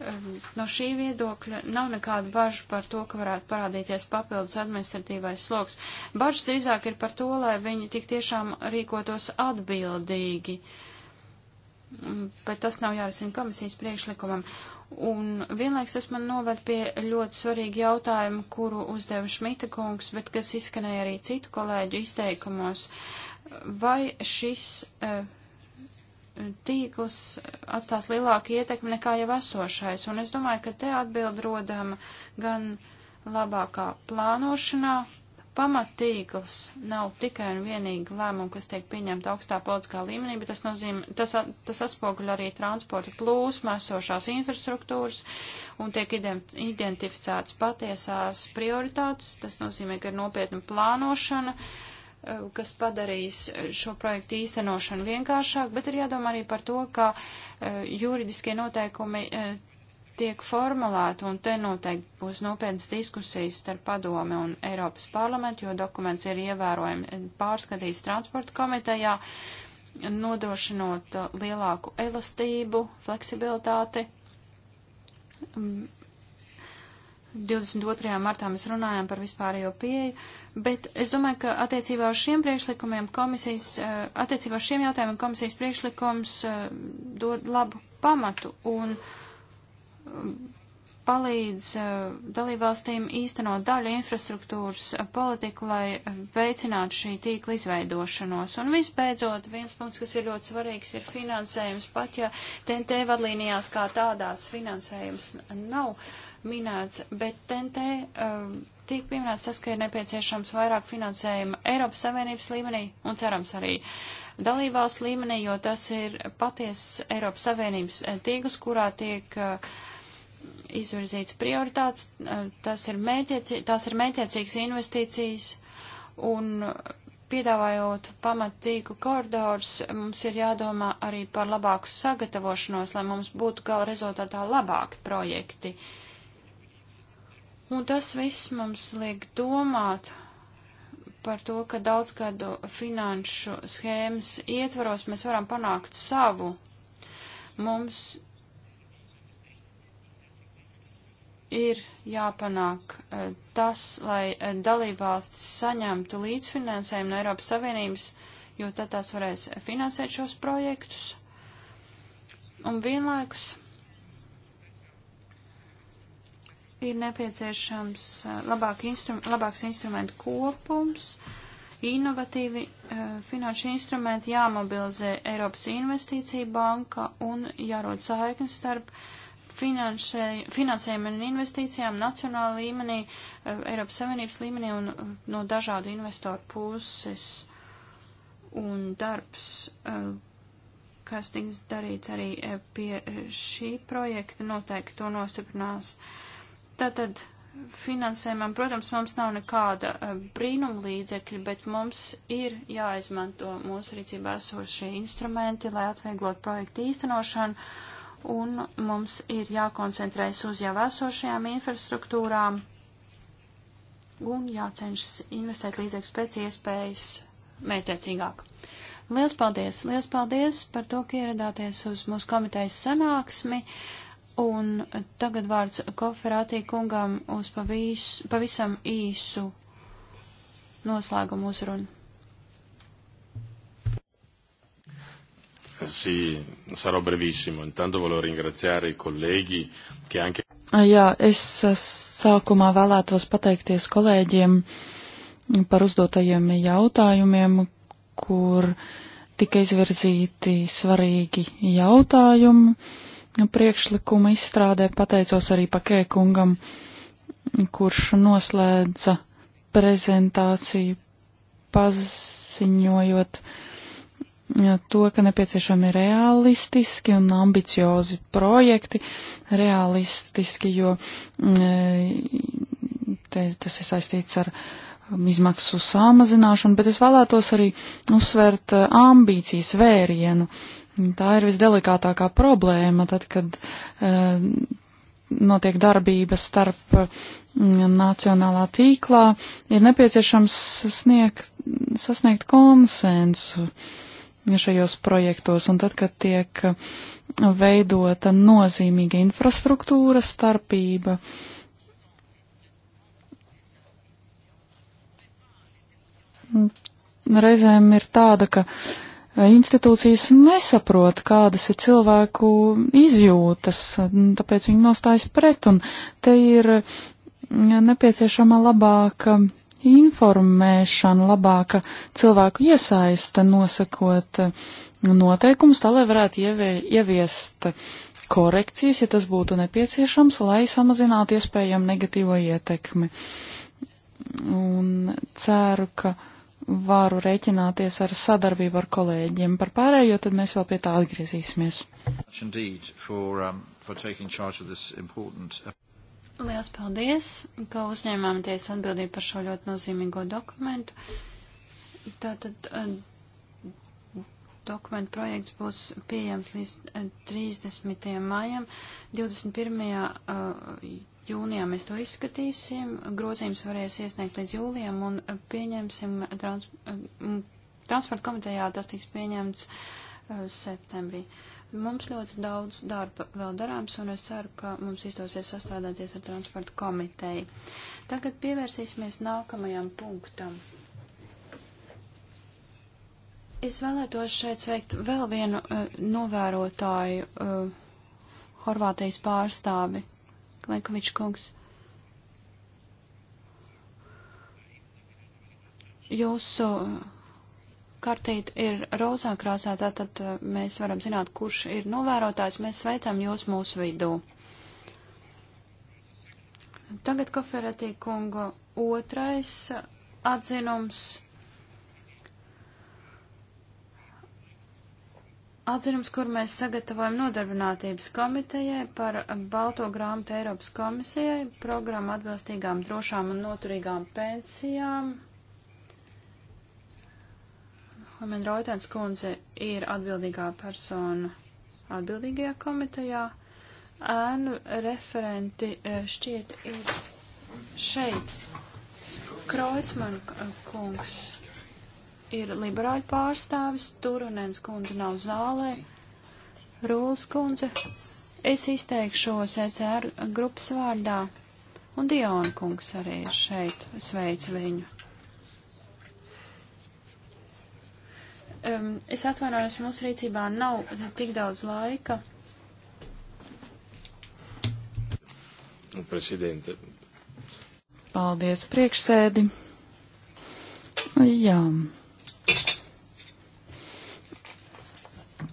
Ehm, no šī viedokļa nav nekāda bažu par to, ka varētu parādīties papildus administratīvais sloks. Bažas drīzāk ir par to, lai viņi tik tiešām rīkotos atbildīgi. Mm, bet tas nav jārisina komisijas priekšlikumam. Un vienlaiks tas man noved pie ļoti svarīga jautājuma, kuru uzdeva Šmita kungs, bet kas izskanēja arī citu kolēģu izteikumos. Vai šis uh, tīkls atstās lielāku ietekmi nekā jau esošais. Un es domāju, ka te atbild rodama gan labākā plānošanā, pamatīgls nav tikai un vienīgi lēmumu, kas tiek pieņemta augstā politiskā līmenī, bet tas nozīmē, tas, tas atspoguļ arī transporta plūsmu, esošās infrastruktūras un tiek identificētas patiesās prioritātes. Tas nozīmē, ka ir nopietna plānošana. Uh, Eh, kas padarīs šo projektu īstenošanu vienkāršāk, bet ir jādomā arī par to, kā eh, juridiskie noteikumi eh, tiek formulēti, un te noteikti būs nopietnas diskusijas starp padome un Eiropas parlamentu, jo dokuments ir ievērojami pārskatīts transporta komitejā, nodrošinot lielāku elastību, fleksibilitāti, mm, 22. martā mēs runājām par vispārējo pieeju, bet es domāju, ka attiecībā uz šiem priekšlikumiem komisijas, eh, attiecībā uz šiem jautājumiem komisijas priekšlikums eh, dod labu pamatu un um, palīdz eh, dalībvalstīm īstenot daļu infrastruktūras politiku, lai veicinātu šī tīkla izveidošanos. Un visbeidzot, viens punkts, kas ir ļoti svarīgs, ir finansējums, pat ja TNT vadlīnijās kā tādās finansējums nav minēts, bet TNT um, tiek pieminēts tas, ka ir nepieciešams vairāk finansējuma Eiropas Savienības līmenī un cerams arī dalībvalsts līmenī, jo tas ir patiesa Eiropas Savienības eh, tīklus, kurā tiek uh, izvirzīts prioritāts, uh, tas ir mētieci, tās ir mētiecīgas investīcijas un piedāvājot pamatīgu koridors, mums ir jādomā arī par labāku sagatavošanos, lai mums būtu gala rezultātā labāki projekti. Uh, Un tas viss mums liek domāt par to, ka daudzgadu finanšu schēmas ietvaros mēs varam panākt savu. Mums ir jāpanāk e, tas, lai e, dalībvalstis saņemtu līdzfinansējumu no Eiropas Savienības, jo tad tās varēs finansēt šos projektus. Un vienlaikus ir nepieciešams eh, labāk instrum, labāks instrumentu kopums, inovatīvi eh, finanšu instrumenti jāmobilizē Eiropas investīcija banka un jārod saiknes starp finansējumu un investīcijām nacionāla līmenī, eh, Eiropas Savienības līmenī un no dažādu investoru puses. Un darbs, kas tiks darīts arī pie šī projekta, noteikti to nostiprinās. Uh, Tātad finansējumam, protams, mums nav nekāda eh, brīnuma līdzekļa, bet mums ir jāizmanto mūsu rīcībā esošie instrumenti, lai atvieglot projektu īstenošanu, un mums ir jākoncentrējas uz jau esošajām infrastruktūrām un jācenšas investēt līdzekļus pēc iespējas mērķiecīgāk. Liels paldies! Liels paldies par to, ka ieradāties uz mūsu komitejas sanāksmi! Uh, Un tagad vārds Koferātī kungam uz pavīs, pavisam īsu noslēgumu uzrunu. Sì, sarò brevissimo. Intanto volevo ringraziare i colleghi che anche. Jā, es eh, sākumā vēlētos pateikties kolēģiem par uzdotajiem jautājumiem, kur tika izvirzīti svarīgi jautājumi priekšlikuma izstrādē pateicos arī Pakē kungam, kurš noslēdza prezentāciju paziņojot to, ka nepieciešami realistiski un ambiciozi projekti, realistiski, jo mm, e, te, tas ir saistīts ar um, izmaksu samazināšanu, bet es vēlētos arī uzsvērt uh, ambīcijas vērienu. Uh, Tā ir visdelikātākā problēma, tad, kad eh, notiek darbības starp mm, nacionālā tīklā, ir nepieciešams sniegt, sasniegt konsensu šajos projektos, un tad, kad tiek veidota nozīmīga infrastruktūra, starpība, reizēm ir tāda, ka uh, institūcijas nesaprot, kādas ir cilvēku izjūtas, tāpēc viņi nostājas pret, un te ir nepieciešama labāka informēšana, labāka cilvēku iesaista, nosakot noteikumus, tā lai varētu ievie, ieviest korekcijas, ja tas būtu nepieciešams, lai samazinātu iespējami negatīvo ietekmi. Un ceru, ka varu rēķināties ar sadarbību ar kolēģiem. Par pārējo tad mēs vēl pie tā atgriezīsimies. Um, Lielas paldies, ka uzņēmāmies atbildību par šo ļoti nozīmīgo dokumentu. Tātad eh, dokumentu projekts būs pieejams līdz 30. Eh, maijam. 21. Jūnijā mēs to izskatīsim, grozījums varēs iesniegt līdz jūlijam un pieņemsim trans transporta komitejā, tas tiks pieņemts eh, septembrī. Mums ļoti daudz darba vēl darāms, un es ceru, ka mums izdosies sastrādāties ar transporta komiteju. Tagad pievērsīsimies nākamajam punktam. Es vēlētos šeit sveikt vēl vienu uh, novērotāju, uh, Horvātijas pārstāvi. Kvaikovičs kungs. Jūsu uh, kartīte ir rozā krāsā, tātad uh, mēs varam zināt, kurš ir novērotājs. Mēs sveicam jūs mūsu vidū. Tagad koferētī kunga otrais atzinums Atzinums, kur mēs sagatavojam nodarbinātības komitejai par balto grāmatu Eiropas komisijai, programmu atbilstīgām drošām un noturīgām pensijām. Homen Roitens kundze ir atbildīgā persona atbildīgajā komitejā. Ēnu referenti eh, šķiet ir šeit. Kreutzmann eh, kungs ir liberāļu pārstāvis, Turunens kundze nav zālē, Rūlas kundze. Es izteikšos ECR grupas vārdā, un Diona kungs arī ir šeit, sveicu viņu. Um, es atvainojos, mūsu rīcībā nav tik daudz laika. Presidente. Paldies, priekšsēdi. Jā.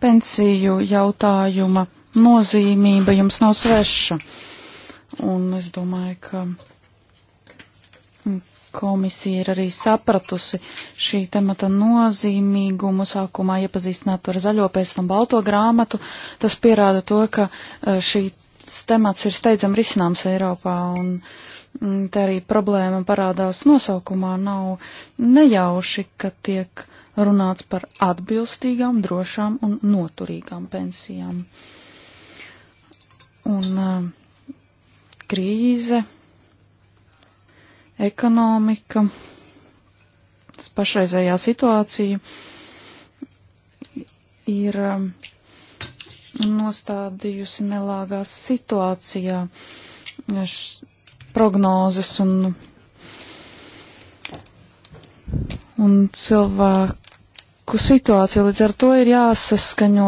Pensiju jautājuma nozīmība jums nav sveša. Un es domāju, ka komisija ir arī sapratusi šī temata nozīmīgumu. Sākumā iepazīstināt ar zaļo pēc tam balto grāmatu. Tas pierāda to, ka eh, šī temats ir steidzam risināms Eiropā. Un, uh, Mm, te arī problēma parādās nosaukumā. Nav nejauši, ka tiek runāts par atbilstīgām, drošām un noturīgām pensijām. Un uh, krīze, ekonomika, pašreizējā situācija ir uh, nostādījusi nelāgā situācijā. Es prognozes un, un cilvēku situāciju. Līdz ar to ir jāsaskaņo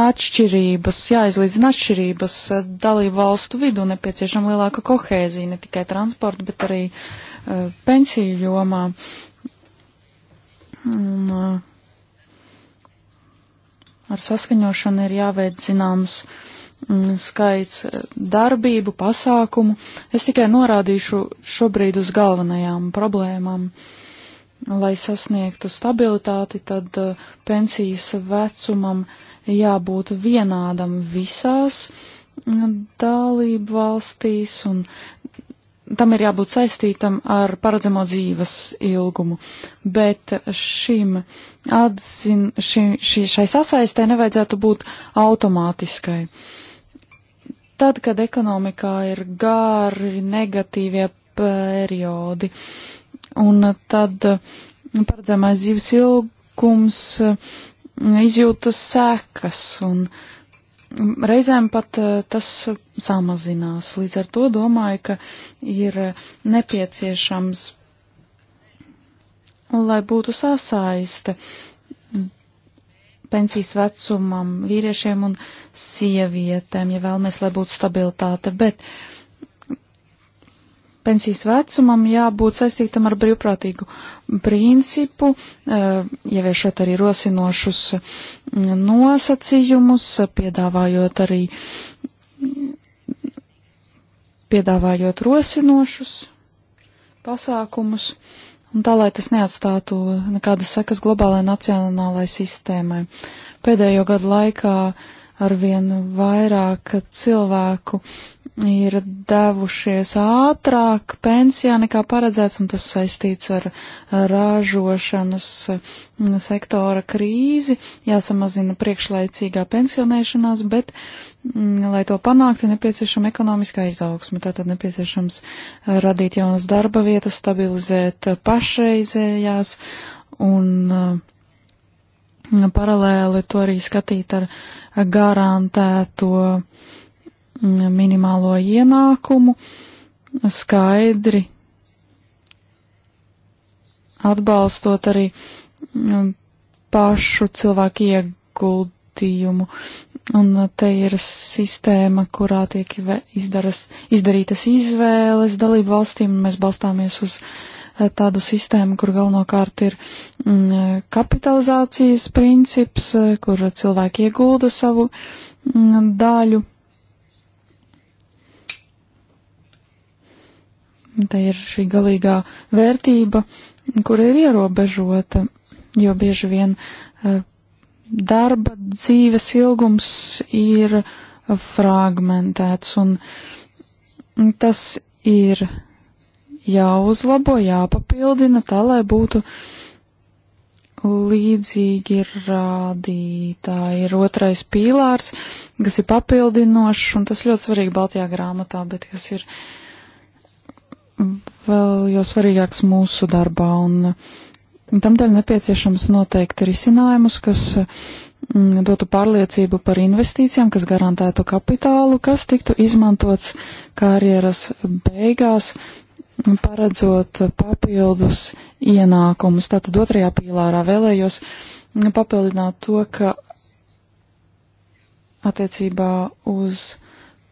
atšķirības, jāizlīdzina atšķirības dalību valstu vidū nepieciešama lielāka kohēzija ne tikai transporta, bet arī uh, pensiju jomā. Un, uh, ar saskaņošanu ir jāveic zināms uh, Mm, skaits eh, darbību, pasākumu. Es tikai norādīšu šobrīd uz galvenajām problēmām. Lai sasniegtu stabilitāti, tad eh, pensijas vecumam jābūt vienādam visās mm, dalību valstīs un tam ir jābūt saistītam ar paredzamo dzīves ilgumu. Bet šim atzin, šim, šī, šai sasaistē nevajadzētu būt automātiskai. Uh, tad, kad ekonomikā ir gari negatīvie periodi. Un tad nu, paredzamais dzīves ilgums mm, izjūtas sekas, un reizēm pat eh, tas samazinās. Līdz ar to domāju, ka ir nepieciešams, lai būtu sasaiste. Uh, pensijas vecumam, vīriešiem un sievietēm, ja vēlamies, lai būtu stabilitāte, bet pensijas vecumam jābūt saistītam ar brīvprātīgu principu, eh, ieviešot arī rosinošus nosacījumus, piedāvājot arī piedāvājot rosinošus pasākumus. Uh, un tā, lai tas neatstātu nekādas sekas globālajai nacionālajai sistēmai. Pēdējo gadu laikā arvien vairāk cilvēku ir devušies ātrāk pensijā nekā paredzēts, un tas saistīts ar ražošanas mm, sektora krīzi, jāsamazina priekšlaicīgā pensionēšanās, bet, mm, lai to panāktu, nepieciešama ekonomiskā izaugsme. Tātad nepieciešams radīt jaunas darba vietas, stabilizēt pašreizējās un mm, paralēli to arī skatīt ar garantēto minimālo ienākumu skaidri atbalstot arī mm, pašu cilvēku ieguldījumu. Un te ir sistēma, kurā tiek izdaras, izdarītas izvēles dalību valstīm, un mēs balstāmies uz eh, tādu sistēmu, kur galvenokārt ir mm, kapitalizācijas princips, eh, kur cilvēki iegulda savu mm, daļu Te ir šī galīgā vērtība, kur ir ierobežota, jo bieži vien eh, darba dzīves ilgums ir fragmentēts, un tas ir jāuzlabo, jāpapildina tā, lai būtu līdzīgi rādītāji. Ir otrais pīlārs, kas ir papildinošs, un tas ļoti svarīgi Baltijā grāmatā, bet kas ir uh, vēl jau svarīgāks mūsu darbā, un mm, tamdēļ nepieciešams noteikti risinājumus, kas mm, dotu pārliecību par investīcijām, kas garantētu kapitālu, kas tiktu izmantots karjeras beigās, paredzot papildus ienākumus. Tātad otrajā pīlārā vēlējos mm, papildināt to, ka attiecībā uz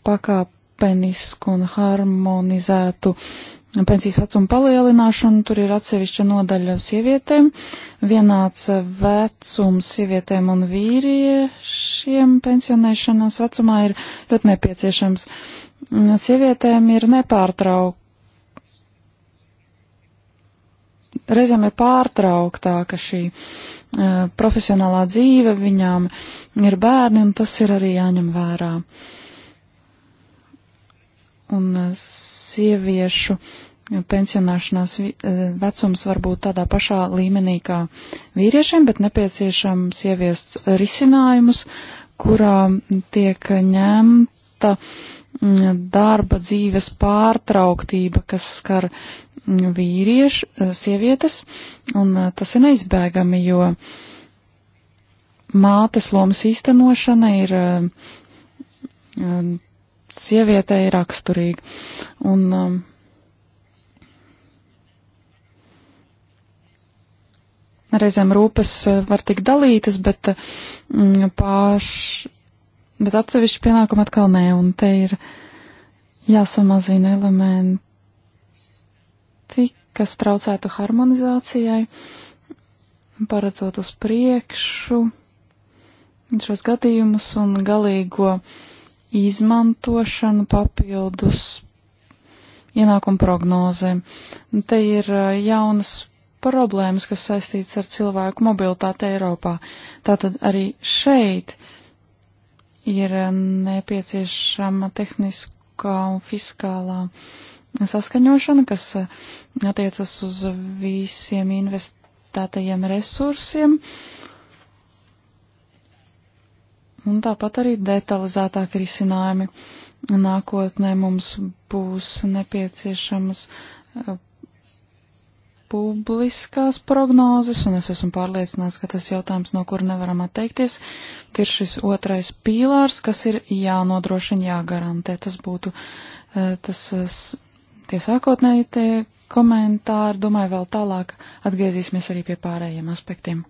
pakāpenisku un harmonizētu uh, pensijas vecuma palielināšanu, tur ir atsevišķa nodaļa sievietēm, vienāds vecums sievietēm un vīriešiem pensionēšanas vecumā ir ļoti nepieciešams. Sievietēm ir nepārtrauk. Reizēm ir pārtrauktāka šī uh, profesionālā dzīve, viņām ir bērni, un tas ir arī jāņem vērā. Uh, un uh, sieviešu pensionēšanās uh, vecums var būt tādā pašā līmenī kā vīriešiem, bet nepieciešams ieviest risinājumus, kurā tiek ņemta mm, darba dzīves pārtrauktība, kas skar mm, vīrieši, uh, sievietes, un tas ir neizbēgami, jo mātes lomas īstenošana ir sievietei raksturīga. Un, um, Reizēm rūpes uh, var tikt dalītas, bet, mm, pārš, bet atsevišķi pienākumi atkal nē, un te ir jāsamazina elementi, kas traucētu harmonizācijai, paredzot uz priekšu šos gadījumus un galīgo uh, izmantošana papildus ienākumu prognozēm. Te ir jaunas problēmas, kas saistīts ar cilvēku mobilitāti Eiropā. Tātad arī šeit ir nepieciešama tehniskā un fiskālā saskaņošana, kas attiecas uz visiem investētajiem resursiem Un tāpat arī detalizētāk risinājumi. Nākotnē mums būs nepieciešamas eh, publiskās prognozes, un es esmu pārliecināts, ka tas jautājums, no kura nevaram atteikties, ir šis otrais pīlārs, kas ir jānodrošina, jāgarantē. Tas būtu eh, tas, tie sākotnēji tie komentāri, domāju, vēl tālāk atgriezīsimies arī pie pārējiem aspektiem.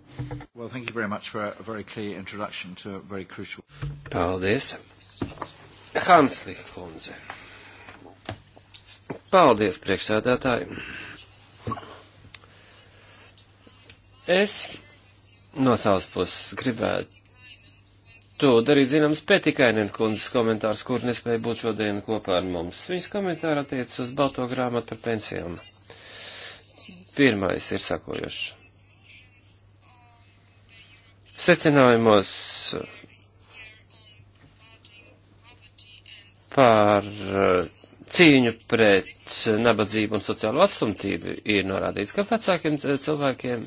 Well, thank you very much for a very clear introduction to a very crucial... Paldies. Hansli kundze. Paldies, priekšsēdētāji. Es no savas puses gribētu to darīt zināms Petikainen kundzes komentārs, kur nespēja būt šodien kopā ar mums. Viņas komentāri attiecas uz balto grāmatu par pensijām. Pirmais ir sakojošs secinājumos par eh, cīņu pret nabadzību un sociālo atstumtību ir norādīts, ka vecākiem cilvēkiem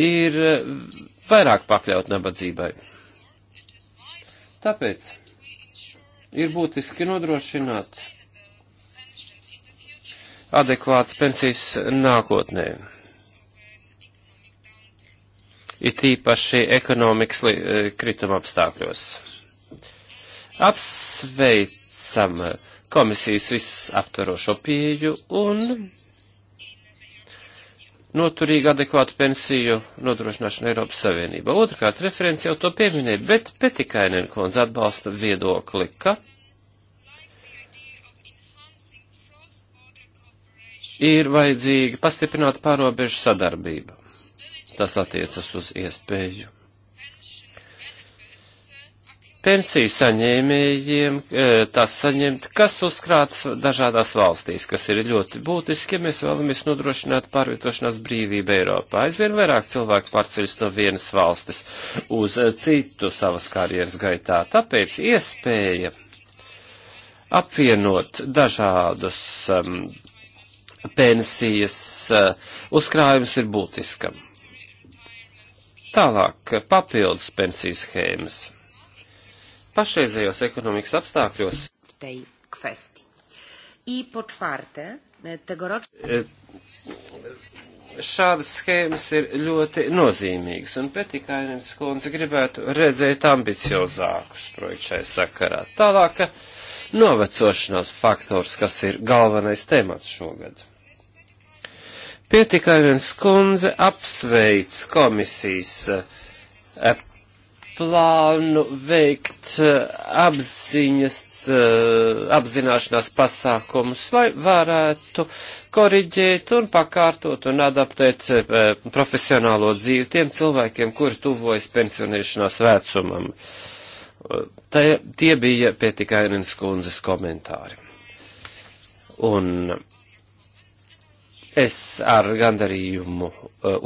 ir eh, vairāk pakļaut nabadzībai. Tāpēc ir būtiski nodrošināt adekvāts pensijas nākotnē it īpaši ekonomikas e, krituma apstākļos. Apsveicam komisijas visaptvarošo pieju un noturīgu adekvātu pensiju nodrošināšanu Eiropas Savienībā. Otrkārt, referents jau to pieminēja, bet Petikainen kundze atbalsta viedokli, ka ir vajadzīga pastiprināta pārobežu sadarbība. Tas attiecas uz iespēju pensiju saņēmējiem, e, tās saņemt, kas uzkrāts dažādās valstīs, kas ir ļoti būtiski, ja mēs vēlamies nodrošināt pārvietošanās brīvību Eiropā. Aizvien vairāk cilvēku pārceļas no vienas valstis uz citu savas karjeras gaitā. Tāpēc iespēja apvienot dažādus um, pensijas uh, uzkrājumus ir būtiskam. Tālāk, papildus pensiju schēmas. Pašreizējos ekonomikas apstākļos. Tej kvesti. I po čvārte, tegoročne. Šādas schēmas ir ļoti nozīmīgas, un Petikainis kundze gribētu redzēt ambiciozākus projekts šai sakarā. Tālāk, novecošanās faktors, kas ir galvenais temats šogad. Pietikaļens kundze apsveic komisijas eh, plānu veikt eh, apziņas, eh, apzināšanās pasākumus, lai varētu koriģēt un pakārtot un adaptēt profesionālo dzīvi tiem cilvēkiem, kuri tuvojas pensionēšanās vecumam. Tie, tie bija pietikaļens kundzes komentāri. Un Es ar gandarījumu uh,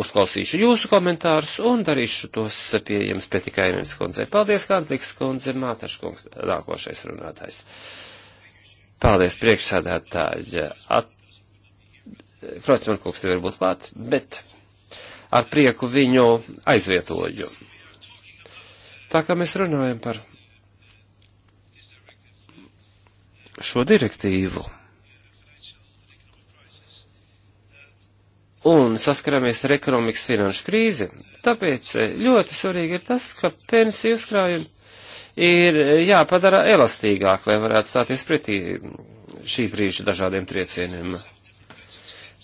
uzklausīšu jūsu komentārus un darīšu tos pieejams Petikainenes kundzei. Paldies, Kānsdīgs kundze, Mātaškungs, nākošais runātājs. Paldies, priekšsādātāji. At... Krocman kungs nevar būt klāt, bet ar prieku viņu aizvietoju. Tā kā mēs runājam par šo direktīvu. un saskaramies ar ekonomikas finanšu krīzi. Tāpēc eh, ļoti svarīgi ir tas, ka pensiju uzkrājumi ir eh, jāpadara elastīgāk, lai varētu stāties pretī mm, šī brīža dažādiem triecieniem.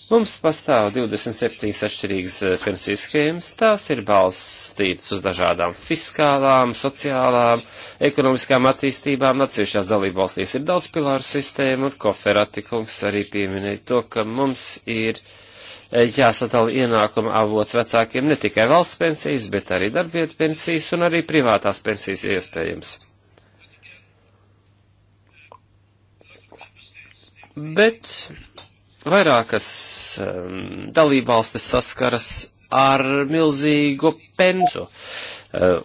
Mums pastāv 27 atšķirīgas eh, pensiju schēmas, tās ir balstītas uz dažādām fiskālām, sociālām, ekonomiskām attīstībām, atsevišķās dalībvalstīs ir daudz pilāru sistēma, un Koferati kungs arī pieminēja to, ka mums ir uh, Eh, jāsadala ienākuma avots vecākiem ne tikai valsts pensijas, bet arī darbietu pensijas un arī privātās pensijas iespējams. Bet vairākas um, dalībvalstis saskaras ar milzīgo pensu. Uh,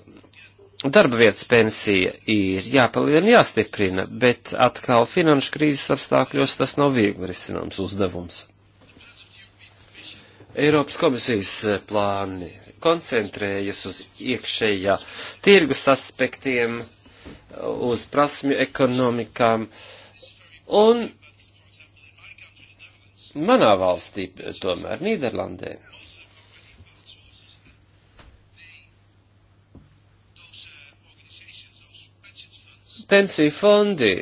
darba vietas pensija ir jāpalielina, jāstiprina, bet atkal finanšu krīzes apstākļos tas nav viegli risināms uzdevums. Eiropas komisijas eh, plāni koncentrējas uz iekšējā tirgus aspektiem, uz prasmju ekonomikām, un manā valstī, tomēr Nīderlandē, pensiju fondi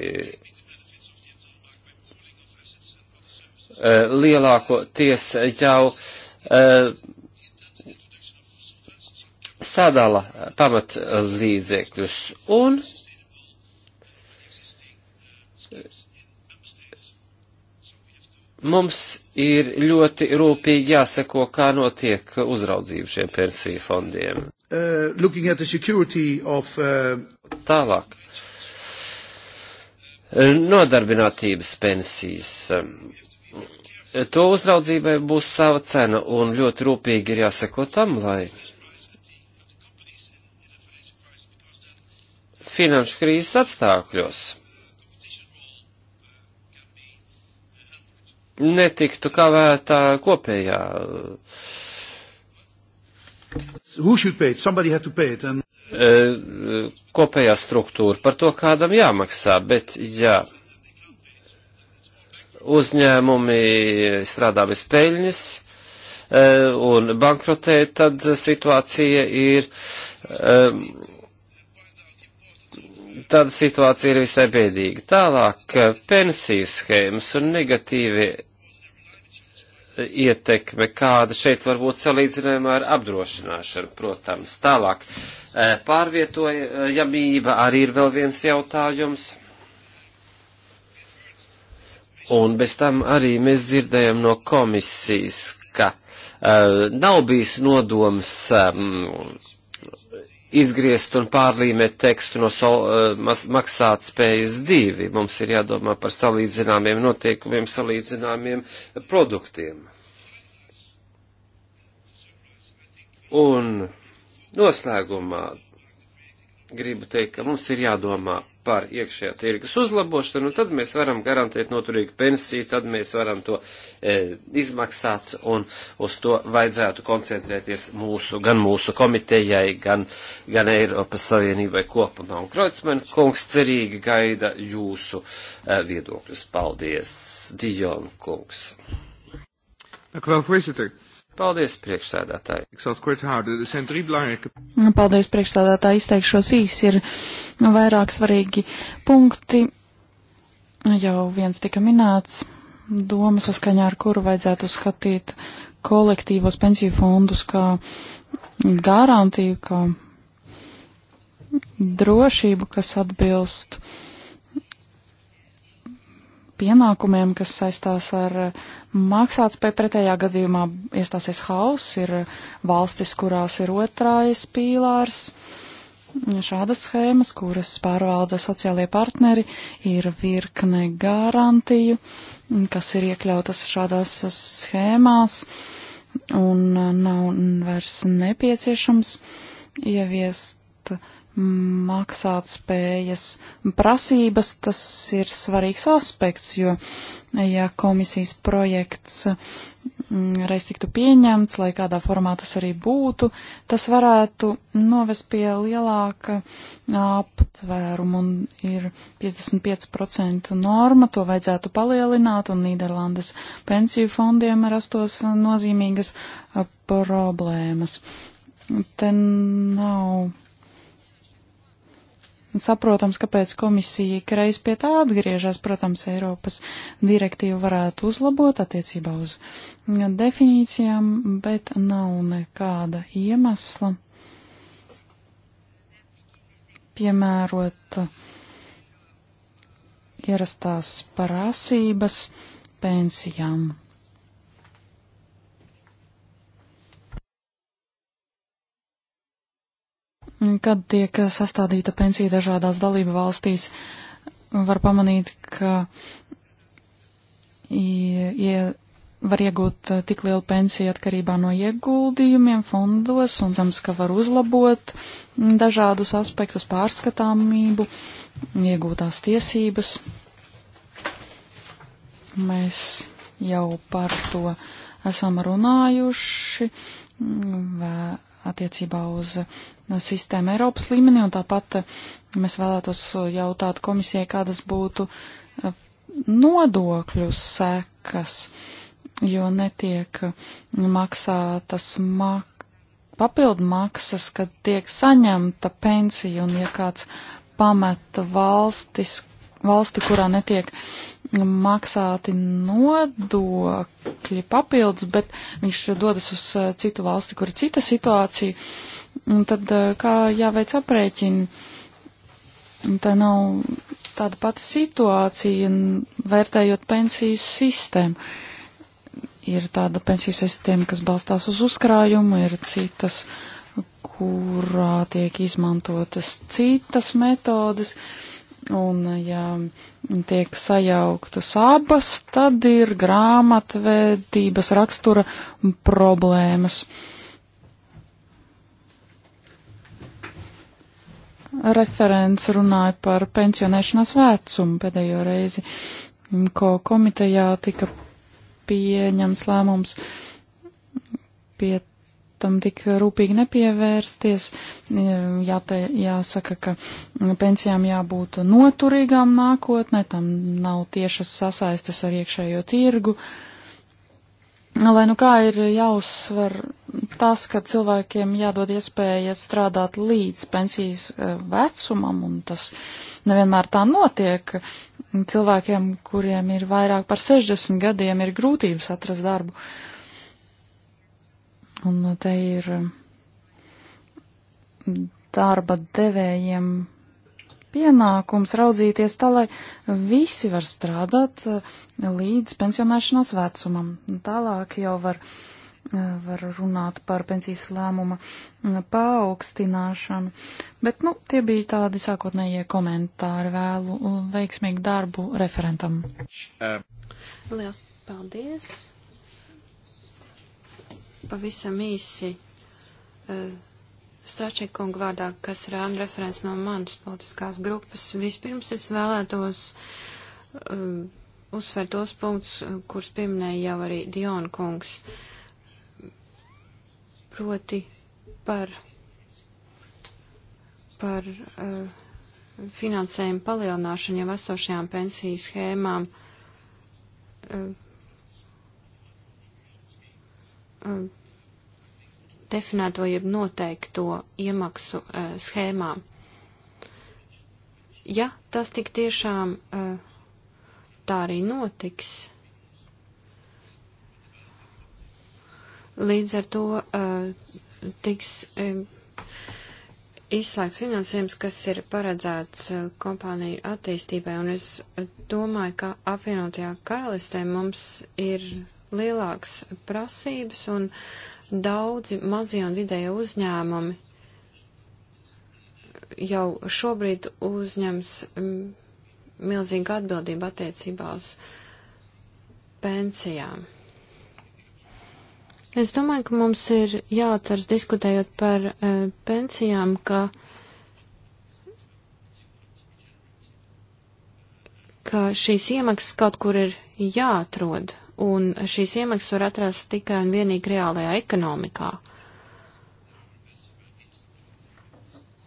Eh, lielāko ties jau eh, sadala pamat līdzekļus un mums ir ļoti rūpīgi jāseko, kā notiek uzraudzību šiem pensiju fondiem. Uh, of, uh... Tālāk. Nodarbinātības pensijas to uzraudzībai būs sava cena, un ļoti rūpīgi ir jāseko tam, lai finanšu krīzes apstākļos netiktu kavētā kopējā. It, and... Eh, kopējā struktūra par to kādam jāmaksā, bet jā. Ja uzņēmumi strādā bez peļņas e, un bankrotē, tad situācija ir, e, tad situācija ir visai bēdīga. Tālāk e, pensiju schēmas un negatīvi ietekme, kāda šeit var būt salīdzinājumā ar apdrošināšanu, protams. Tālāk pārvietojamība arī ir vēl viens jautājums Un bez tam arī mēs dzirdējam no komisijas, ka uh, nav bijis nodoms um, izgriezt un pārlīmēt tekstu no so, uh, eh, maksāt spējas divi. Mums ir jādomā par salīdzināmiem noteikumiem, salīdzināmiem produktiem. Un noslēgumā gribu teikt, ka mums ir jādomā par iekšējā tirgus uzlabošanu, tad mēs varam garantēt noturīgu pensiju, tad mēs varam to e, izmaksāt un uz to vajadzētu koncentrēties mūsu, gan mūsu komitejai, gan, gan Eiropas Savienībai kopumā. Un Kreutzmann kungs cerīgi gaida jūsu e, viedokļus. Paldies, Dijon kungs. Dank u wel, voorzitter. Paldies, priekšsēdētāji. Er Paldies, priekšsēdētāji. Izteikšos īsi. Ir vairāk svarīgi punkti. Jau viens tika minēts. Doma saskaņā ar kuru vajadzētu skatīt kolektīvos pensiju fondus kā garantiju, kā drošību, kas atbilst uh, pienākumiem, kas saistās ar maksātspēju. Pretējā gadījumā iestāsies hauss, ir valstis, kurās ir otrais pīlārs. Šādas schēmas, kuras pārvalda sociālie partneri, ir virkne garantiju, kas ir iekļautas šādās schēmās un nav vairs nepieciešams ieviest maksāt spējas prasības, tas ir svarīgs aspekts, jo, ja komisijas projekts mm, reiz tiktu pieņemts, lai kādā formā tas arī būtu, tas varētu novest pie lielāka aptvērumu un ir 55% norma, to vajadzētu palielināt un Nīderlandes pensiju fondiem rastos nozīmīgas problēmas. Te nav Saprotams, kāpēc komisija ikreiz pie tā atgriežas. Protams, Eiropas direktīva varētu uzlabot attiecībā uz definīcijām, bet nav nekāda iemesla piemērot ierastās prasības pensijām Mm, kad tiek sastādīta pensija dažādās dalību valstīs, var pamanīt, ka ja var iegūt uh, tik lielu pensiju atkarībā no ieguldījumiem fondos, un zams, ka var uzlabot mm, dažādus aspektus, pārskatāmību, iegūtās tiesības. Mēs jau par to esam runājuši. Mm, vē attiecībā uz sistēmu Eiropas līmenī, un tāpat eh, mēs vēlētos jautāt komisijai, kādas būtu eh, nodokļu sekas, jo netiek eh, maksātas mak papildu maksas, kad tiek saņemta pensija, un ja kāds pameta valstis, valsti, kurā netiek maksāti nodokļi papildus, bet viņš dodas uz eh, citu valsti, kur ir cita situācija, un tad eh, kā jāveic aprēķini, tā nav tāda pati situācija, vērtējot pensijas sistēmu. Ir tāda pensijas sistēma, kas balstās uz uzkrājumu, ir citas, kurā tiek izmantotas citas metodas. Uh, Un, ja tiek sajauktas abas, tad ir grāmatvedības rakstura problēmas. Referents runāja par pensionēšanās vecumu pēdējo reizi, ko komitejā tika pieņemts lēmums pie tam tik rūpīgi nepievērsties. Jāte, jāsaka, ka pensijām jābūt noturīgām nākotnē, tam nav tiešas sasaistes ar iekšējo tirgu. Lai nu kā ir jāuzsver tas, ka cilvēkiem jādod iespēja strādāt līdz pensijas e, vecumam, un tas nevienmēr tā notiek. Cilvēkiem, kuriem ir vairāk par 60 gadiem, ir grūtības atrast darbu. Uh, Un te ir darba devējiem pienākums raudzīties tā, lai visi var strādāt eh, līdz pensionēšanās vecumam. Tālāk jau var, eh, var runāt par pensijas lēmuma mm, paaugstināšanu. Bet, nu, tie bija tādi sākotnējie komentāri vēlu veiksmīgu darbu referentam. Liels paldies! pavisam īsi uh, eh, Stračekunga vārdā, kas ir ēna referents no manas politiskās grupas. Vispirms es vēlētos uh, uzsvērt tos punktus, uh, kurus pieminēja jau arī Diona kungs, proti par, par uh, finansējumu palielināšanu jau esošajām pensiju schēmām. Uh, uh, definēto jeb noteikto iemaksu uh, schēmā. Ja tas tik tiešām uh, tā arī notiks, līdz ar to uh, tiks uh, izslēgts finansējums, kas ir paredzēts uh, kompāniju attīstībai, un es domāju, ka apvienotajā karalistē mums ir lielāks prasības un uh, Daudzi mazie un vidēji uzņēmumi jau šobrīd uzņems mm, milzīgu atbildību attiecībā uz pensijām. Es domāju, ka mums ir jāatceras diskutējot par uh, pensijām, ka, ka šīs iemaksas kaut kur ir jāatrod un šīs iemaksas var atrast tikai un vienīgi reālajā ekonomikā.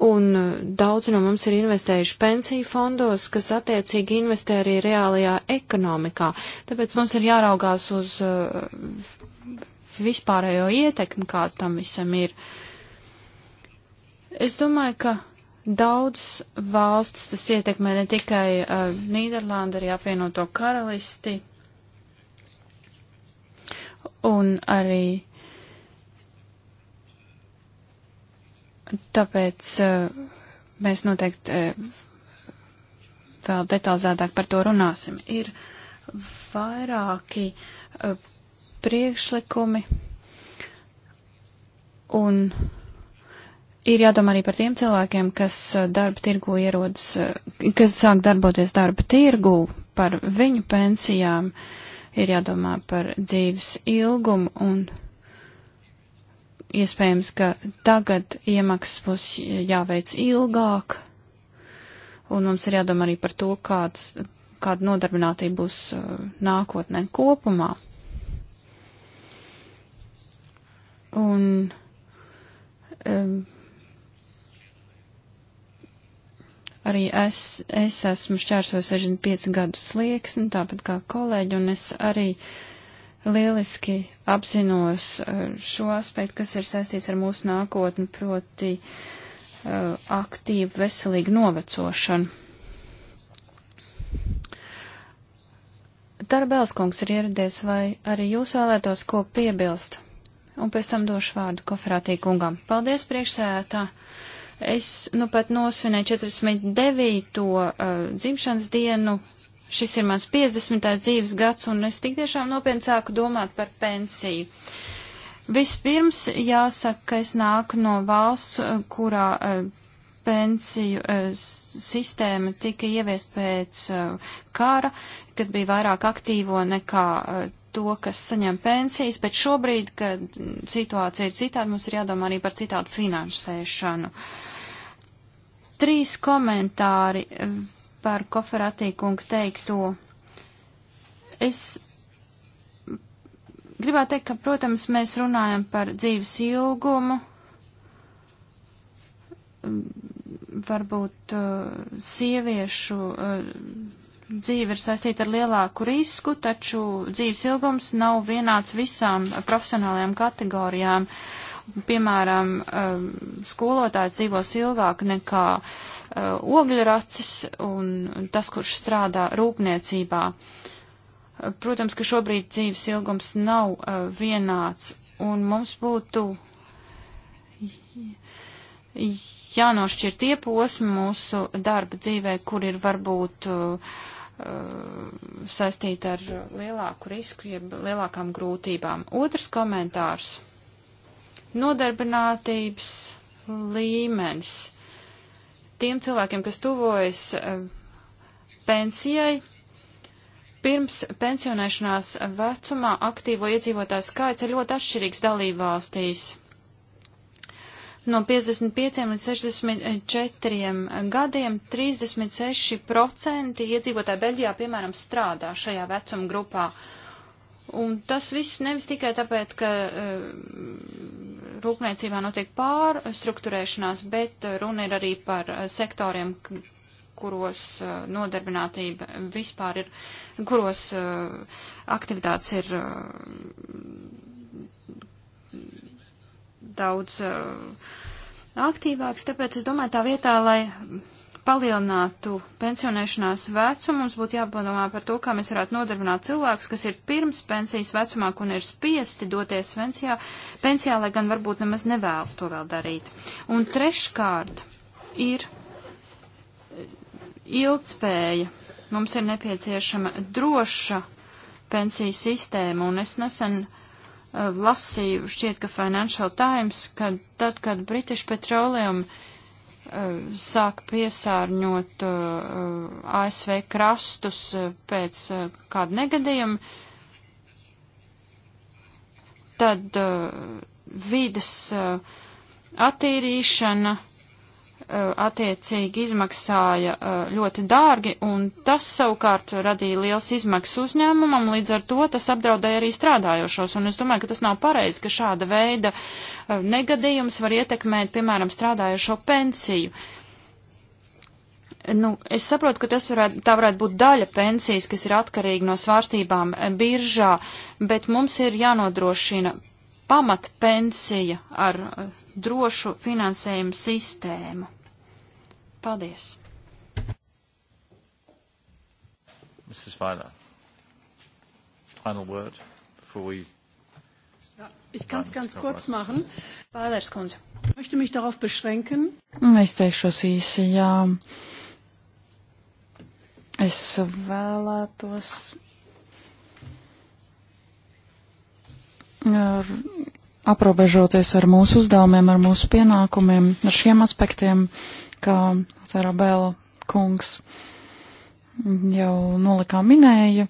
Un uh, daudzi no mums ir investējuši pensiju fondos, kas attiecīgi investē arī reālajā ekonomikā. Tāpēc mums ir jāraugās uz uh, vispārējo ietekmi, kā tam visam ir. Es domāju, ka daudz valsts tas ietekmē ne tikai uh, Nīderlanda, arī apvienoto karalisti, un arī tāpēc eh, mēs noteikti eh, vēl detalizētāk par to runāsim. Ir vairāki eh, priekšlikumi un Ir jādomā arī par tiem cilvēkiem, kas darba tirgu ierodas, kas sāk darboties darba tirgu par viņu pensijām. Uh, ir jādomā par dzīves ilgumu un iespējams, ka tagad iemaksas būs jāveic ilgāk, un mums ir jādomā arī par to, kāds, kāda nodarbinātība būs uh, nākotnē kopumā. Un um, Arī es, es esmu šķērso 65 gadu slieksni, tāpat kā kolēģi, un es arī lieliski apzinos uh, šo aspektu, kas ir saistīts ar mūsu nākotni, proti uh, aktīvu veselīgu novecošanu. Tarbēlskungs ir ieradies, vai arī jūs vēlētos ko piebilst? Un pēc tam došu vārdu koferātī kungam. Paldies priekšsētā! Uh, Es nu pat nosvinēju 49. Uh, dzimšanas dienu, šis ir mans 50. dzīves gads, un es tik tiešām nopietni sāku domāt par pensiju. Vispirms jāsaka, ka es nāku no valsts, uh, kurā uh, pensiju uh, sistēma tika ieviest pēc uh, kara, kad bija vairāk aktīvo nekā uh, to, kas saņem pensijas, bet šobrīd, kad situācija ir citāda, mums ir jādomā arī par citādu finansēšanu. Trīs komentāri par koferatīkungu teikto. Es gribētu teikt, ka, protams, mēs runājam par dzīves ilgumu, varbūt uh, sieviešu uh, dzīve ir saistīta ar lielāku risku, taču dzīves ilgums nav vienāds visām profesionālajām kategorijām. Piemēram, um, skolotājs dzīvos ilgāk nekā uh, ogļracis un tas, kurš strādā rūpniecībā. Uh, protams, ka šobrīd dzīves ilgums nav uh, vienāds, un mums būtu jānošķir tie posmi mūsu darba dzīvē, kur ir varbūt uh, Uh, saistīta ar lielāku risku, jeb lielākām grūtībām. Otrs komentārs - nodarbinātības līmenis. Tiem cilvēkiem, kas tuvojas uh, pensijai, pirms pensionēšanās vecumā aktīvo iedzīvotāju skaits ir ļoti atšķirīgs dalībvalstīs. valstīs no 55 līdz 64 gadiem 36% iedzīvotāji Beļģijā, piemēram, strādā šajā vecuma grupā. Un tas viss nevis tikai tāpēc, ka eh, rūpniecībā notiek pārstruktūrēšanās, bet eh, runa ir arī par eh, sektoriem, kuros nodarbinātība vispār ir, kuros aktivitātes ir daudz uh, aktīvāks, tāpēc es domāju, tā vietā, lai palielinātu pensionēšanās vecumu, mums būtu jāpadomā par to, kā mēs varētu nodarbināt cilvēkus, kas ir pirms pensijas vecumā un ir spiesti doties pensijā, pensijā, lai gan varbūt nemaz nevēlas to vēl darīt. Un treškārt ir ilgspēja. Mums ir nepieciešama droša pensiju sistēma, un es nesen uh, Eh, lasīju, šķiet, ka Financial Times, ka tad, kad British Petroleum uh, eh, sāka piesārņot uh, eh, ASV krastus uh, pēc kāda negadījuma, tad vidas attīrīšana Uh, attiecīgi izmaksāja uh, ļoti dārgi, un tas savukārt radīja liels izmaksas uzņēmumam, līdz ar to tas apdraudēja arī strādājošos, un es domāju, ka tas nav pareizi, ka šāda veida uh, negadījums var ietekmēt, piemēram, strādājošo pensiju. Nu, es saprotu, ka tas varētu, tā varētu būt daļa pensijas, kas ir atkarīga no svārstībām eh, biržā, bet mums ir jānodrošina pamat pensija ar drošu finansējumu sistēmu. Paldies! Mrs. Weiler, final word before we Ich kann es ganz kurz machen. Bādērs kundze. Möchte mich darauf beschränken. Es teikšos īsi, jā. Es vēlētos ar, aprobežoties ar mūsu uzdevumiem, ar mūsu pienākumiem, ar šiem aspektiem. Uh, kā Sarabēla kungs jau nolikā minēja,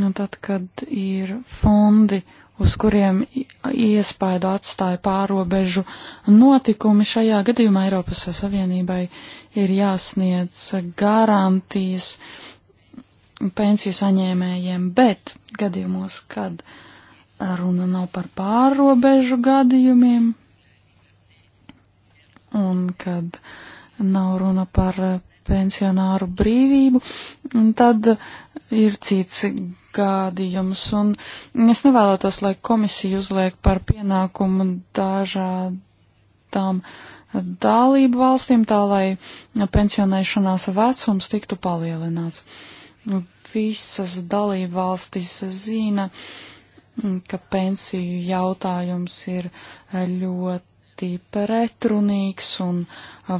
nu, tad, kad ir fondi, uz kuriem iespaidu atstāja pārobežu notikumi, šajā gadījumā Eiropas Savienībai ir jāsniedz garantijas pensiju saņēmējiem, bet gadījumos, kad runa nav par pārobežu gadījumiem, un kad nav runa par pensionāru brīvību, tad ir cits gadījums, un es nevēlētos, lai komisija uzliek par pienākumu dažādām dalību valstīm, tā lai pensionēšanās vecums tiktu palielināts. Visas dalību valstis zina, ka pensiju jautājums ir ļoti ļoti pretrunīgs un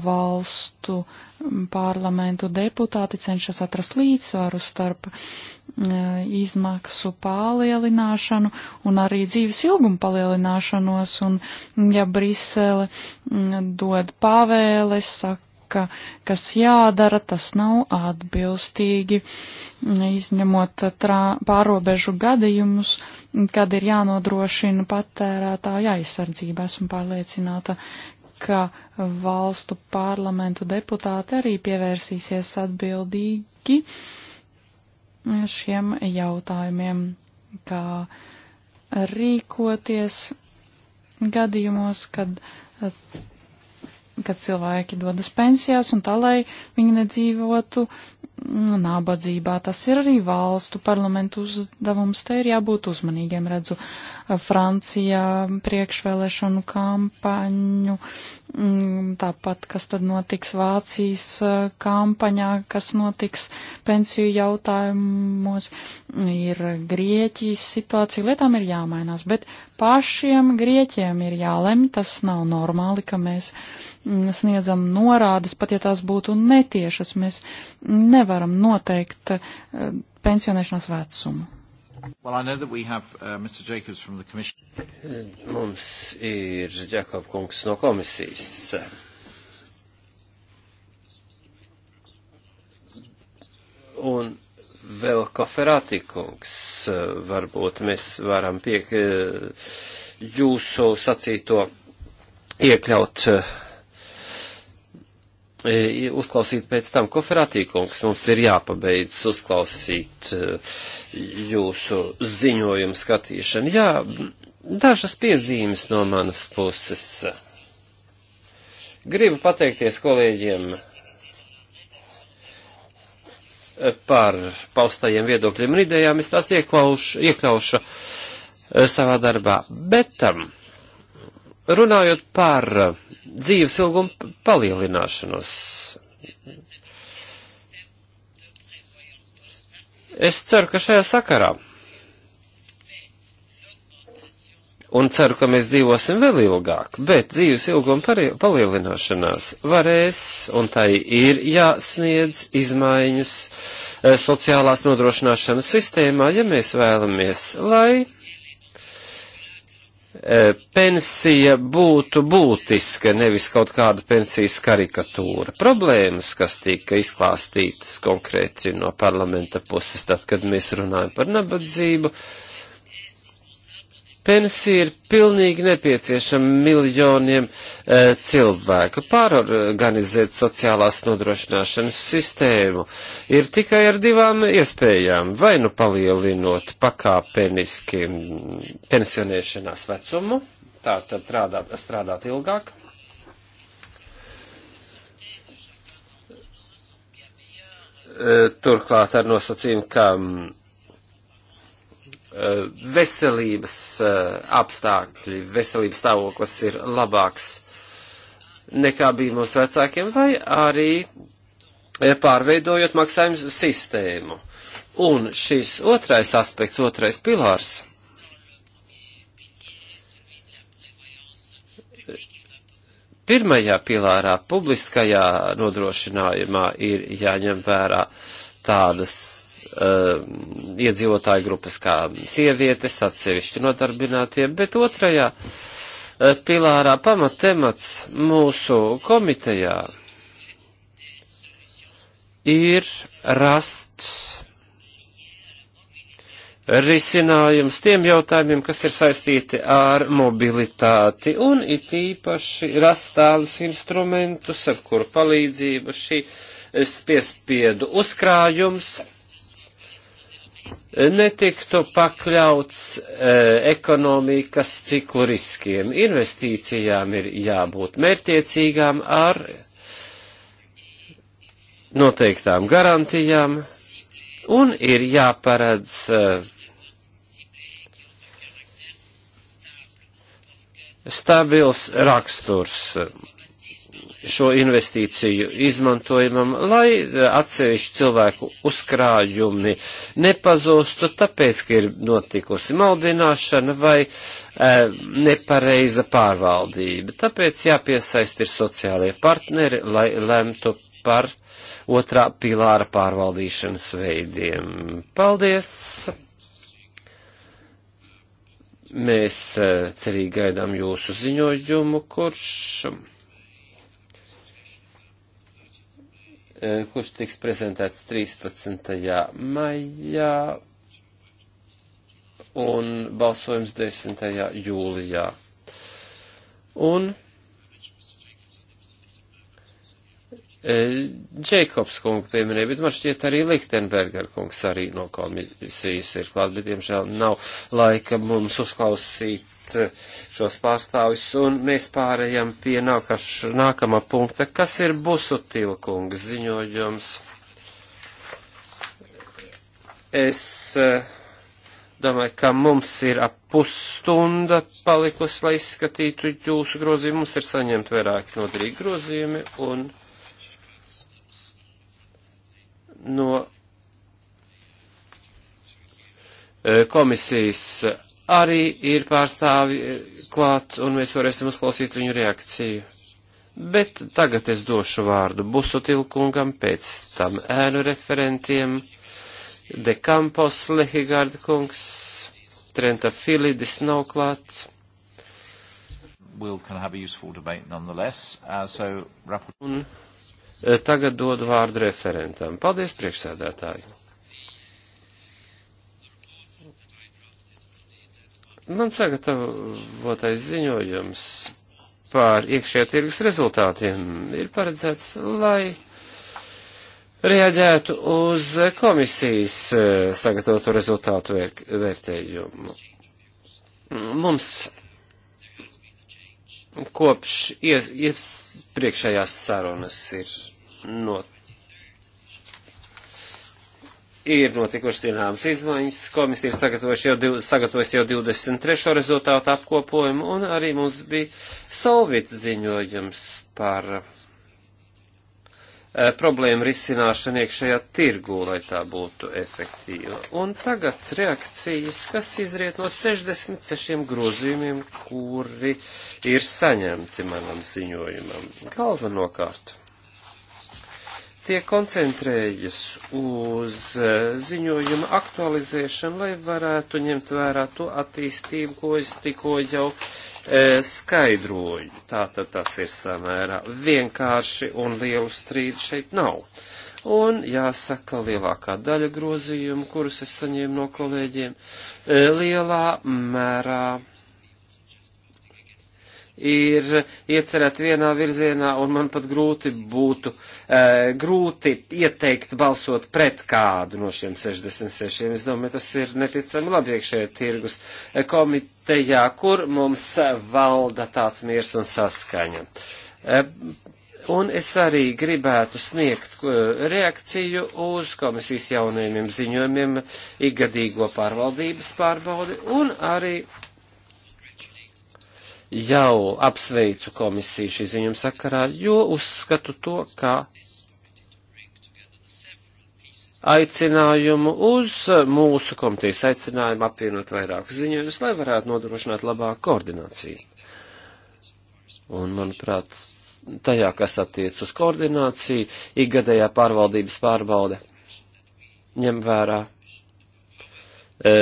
valstu mm, parlamentu deputāti cenšas atrast līdzsvaru starp mm, izmaksu palielināšanu un arī dzīves ilgumu palielināšanos, un mm, ja Brisele dod pavēles, saka, ka kas jādara, tas nav atbilstīgi, izņemot trā, pārobežu gadījumus, kad ir jānodrošina patērētāja aizsardzība. Esmu pārliecināta, ka valstu parlamentu deputāti arī pievērsīsies atbildīgi šiem jautājumiem, kā rīkoties gadījumos, kad kad cilvēki dodas pensijās un tā, lai viņi nedzīvotu Nu, nabadzībā. Tas ir arī valstu parlamentu uzdevums. Te ir jābūt uzmanīgiem. Redzu, Francijā priekšvēlēšanu kampaņu, mm, tāpat kas tad notiks Vācijas e, kampaņā, kas notiks pensiju jautājumos, ir Grieķijas situācija. Lietām ir jāmainās, bet pašiem Grieķiem ir jālemj. Tas nav normāli, ka mēs mm, sniedzam norādes, pat ja tās būtu netiešas. Mēs nevaram varam noteikt eh, pensionēšanās vecumu. Well, I know that we have uh, Mr. Jacobs from the Commission. Mums ir Jakob kungs no komisijas. Un vēl Koferāti kungs, varbūt mēs varam pie eh, jūsu sacīto iekļaut eh, E, uzklausīt pēc tam, ko Ferātīkungs mums ir jāpabeidz uzklausīt e, jūsu ziņojumu skatīšanu. Jā, dažas piezīmes no manas puses. Gribu pateikties kolēģiem par paustajiem viedokļiem un idejām. Es tās ieklauš, iekļaušu e, savā darbā. Bet tam. Um, Runājot par dzīves ilgumu palielināšanos, es ceru, ka šajā sakarā un ceru, ka mēs dzīvosim vēl ilgāk, bet dzīves ilguma palielināšanās varēs, un tai ir jāsniedz izmaiņas eh, sociālās nodrošināšanas sistēmā, ja mēs vēlamies, lai E, pensija būtu būtiska, nevis kaut kāda pensijas karikatūra. Problēmas, kas tika izklāstītas konkrēti no parlamenta puses, tad, kad mēs runājam par nabadzību, uh, Pensija ir pilnīgi nepieciešama miljoniem e, cilvēku. Pārorganizēt sociālās nodrošināšanas sistēmu ir tikai ar divām iespējām. Vai nu palielinot pakāpeniski pensionēšanās vecumu, tā tad strādāt, strādāt ilgāk. E, turklāt ar nosacījumu, ka mm, Eh, veselības eh, apstākļi, veselības stāvoklis ir labāks nekā bija mūsu vecākiem, vai arī eh, pārveidojot maksājumu sistēmu. Un šis otrais aspekts, otrais pilārs, pirmajā pilārā, publiskajā nodrošinājumā ir jāņem vērā tādas uh, iedzīvotāju grupas kā sievietes, atsevišķi nodarbinātie, bet otrajā uh, pilārā pamatemats mūsu komitejā ir rast risinājums tiem jautājumiem, kas ir saistīti ar mobilitāti, un it īpaši rast tādus instrumentus, ar kuru palīdzību šī piespiedu uzkrājums netiktu pakļauts e, ekonomikas ciklu riskiem. Investīcijām ir jābūt mērtiecīgām ar noteiktām garantijām un ir jāparedz e, stabils raksturs šo investīciju izmantojumam, lai e, atsevišķi cilvēku uzkrājumi nepazustu, tāpēc, ka ir notikusi maldināšana vai e, nepareiza pārvaldība. Tāpēc jāpiesaist ir sociālie partneri, lai lemtu par otrā pilāra pārvaldīšanas veidiem. Paldies! Mēs e, cerīgi gaidām jūsu ziņojumu, kurš Eh, kurš tiks prezentēts 13. maijā un balsojums 10. jūlijā. Un eh, Džekobs kungu pieminēja, bet man šķiet arī Lichtenberger kungs arī no komisijas ir klāt, bet diemžēl nav laika mums uzklausīt uzklausīt eh, šos pārstāvis, un mēs pārējām pie nākaš, nākamā punkta, kas ir busutilkungs ziņojums. Es eh, domāju, ka mums ir ap pusstunda palikus, lai izskatītu jūsu grozījumu. Mums ir saņemt vairāk nodrīgi grozījumi, un no eh, komisijas arī ir pārstāvi eh, klāt, un mēs varēsim uzklausīt viņu reakciju. Bet tagad es došu vārdu Busutilkungam, pēc tam ēnu referentiem, De Campos, Lehigārda kungs, Trenta Filidis nav klāts. We'll can have a useful debate nonetheless. Uh, so, rapport... Un eh, tagad dodu vārdu referentam. Paldies, priekšsēdētāji! Man sagatavotais ziņojums par iekšējā tirgus rezultātiem ir paredzēts, lai reaģētu uz komisijas eh, sagatavotu rezultātu vērtējumu. Mums kopš iepriekšējās sarunas ir not ir notikušas zināmas izmaiņas. Komisija ir sagatavojusi jau, div, sagatavojusi jau 23. rezultātu apkopojumu, un arī mums bija Solvit ziņojums par e, problēmu risināšanu iekšējā tirgū, lai tā būtu efektīva. Un tagad reakcijas, kas izriet no 66 grozījumiem, kuri ir saņemti manam ziņojumam. Galvenokārt tie koncentrējas uz eh, ziņojuma aktualizēšanu, lai varētu ņemt vērā to attīstību, ko es tikko jau e, skaidroju. Tātad tas ir samērā vienkārši un lielu strīdu šeit nav. Un jāsaka, lielākā daļa grozījumu, kurus es saņēmu no kolēģiem, e, lielā mērā ir iecerēti vienā virzienā, un man pat grūti būtu, e, grūti ieteikt balsot pret kādu no šiem 66. Es domāju, tas ir neticami labi iekšējā tirgus eh, komitejā, kur mums valda tāds miers un saskaņa. E, Un es arī gribētu sniegt reakciju uz komisijas jaunajiem ziņojumiem, ikgadīgo pārvaldības pārbaudi un arī jau apsveicu komisiju šī ziņuma sakarā, jo uzskatu to kā aicinājumu uz mūsu komitejas aicinājumu apvienot vairākus ziņojumus, lai varētu nodrošināt labāku koordināciju. Un, manuprāt, tajā, kas attiec uz koordināciju, ikgadējā pārvaldības pārbaude ņem vērā e,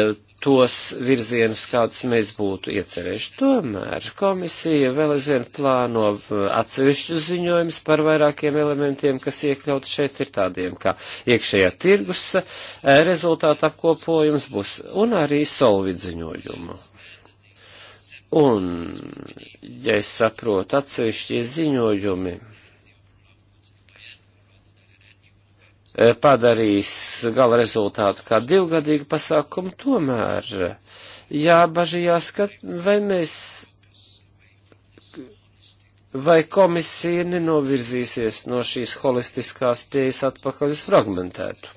tos virzienus, kādus mēs būtu iecerējuši. Tomēr komisija vēl aizvien plāno uh, atsevišķus ziņojumus par vairākiem elementiem, kas iekļaut šeit ir tādiem, kā iekšējā tirgus uh, rezultāta apkopojums būs un arī solvid ziņojumu. Un, ja es saprotu, atsevišķie ziņojumi E, padarīs gala rezultātu kā divgadīgu pasākumu, tomēr jābažījās, ka vai mēs, vai komisija nenovirzīsies no šīs holistiskās pieejas atpakaļ uz fragmentētu.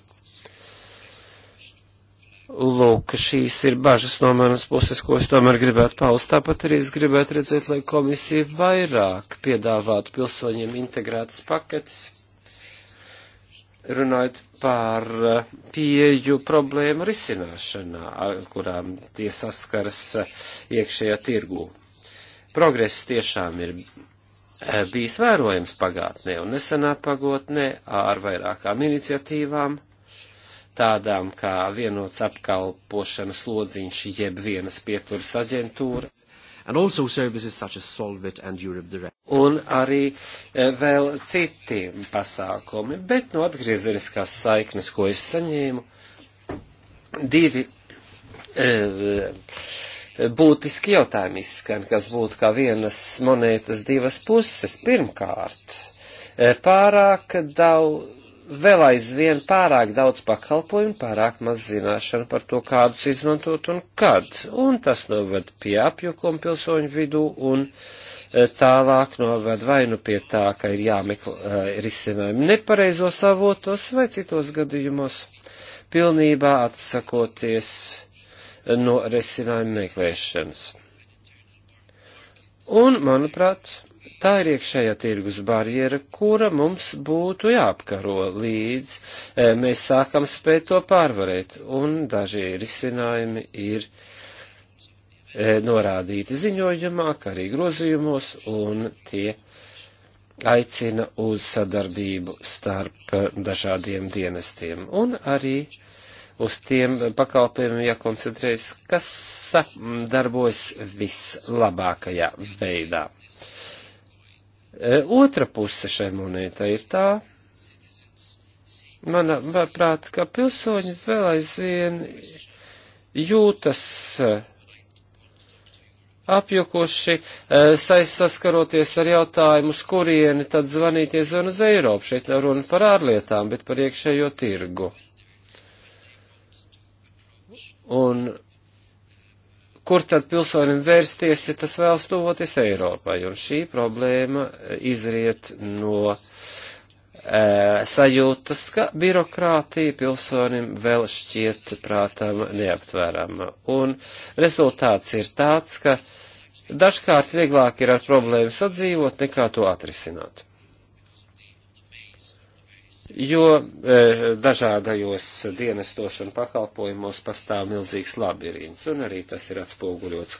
Lūk, šīs ir bažas no manas puses, ko es tomēr gribētu paust. Tāpat arī es gribētu redzēt, lai komisija vairāk piedāvātu pilsoņiem integrētas paketes runājot par eh, pieeju problēmu risināšanā, ar kurām tie saskaras eh, iekšējā tirgū. Progress tiešām ir eh, bijis vērojams pagātnē un nesenā pagotnē ar vairākām iniciatīvām, tādām kā vienots apkalpošanas lodziņš jeb vienas pieturas aģentūra, and also services such as Solvit and Europe Direct. Un arī eh, vēl citiem pasākumi, bet no atgriezeniskās saiknes, ko es saņēmu, divi eh, būtiski jautājumi izskan, kas būtu kā vienas monētas divas puses. Pirmkārt, eh, pārāk daudz vēl aizvien pārāk daudz pakalpojumu, pārāk maz zināšanu par to, kādus izmantot un kad. Un tas noved pie apjukuma pilsoņu vidū un e, tālāk noved vainu pie tā, ka ir jāmeklē e, risinājumi nepareizos avotos vai citos gadījumos, pilnībā atsakoties e, no risinājumu meklēšanas. Un, manuprāt, Tā ir iekšējā tirgus barjera, kura mums būtu jāapkaro līdz e, mēs sākam spēt to pārvarēt, un daži risinājumi ir e, norādīti ziņojumā, kā arī grozījumos, un tie aicina uz sadarbību starp dažādiem dienestiem, un arī uz tiem pakalpojumiem jākoncentrējas, kas darbojas vislabākajā veidā. E, otra puse šai monētai ir tā, manuprāt, ka pilsoņi vēl aizvien jūtas e, apjukuši, e, saistaskaroties ar jautājumu, uz kurieni tad zvanīties un uz Eiropu. Šeit nav runa par ārlietām, bet par iekšējo tirgu. Un kur tad pilsonim vērsties, ja tas vēlas tuvoties Eiropai? Un šī problēma eh, izriet no e, sajūtas, ka birokrātija pilsonim vēl šķiet prātām neaptvērama. Un rezultāts ir tāds, ka dažkārt vieglāk ir ar problēmu sadzīvot, nekā to atrisināt jo e, dažādajos dienestos un pakalpojumos pastāv milzīgs labirins, un arī tas ir atspoguļots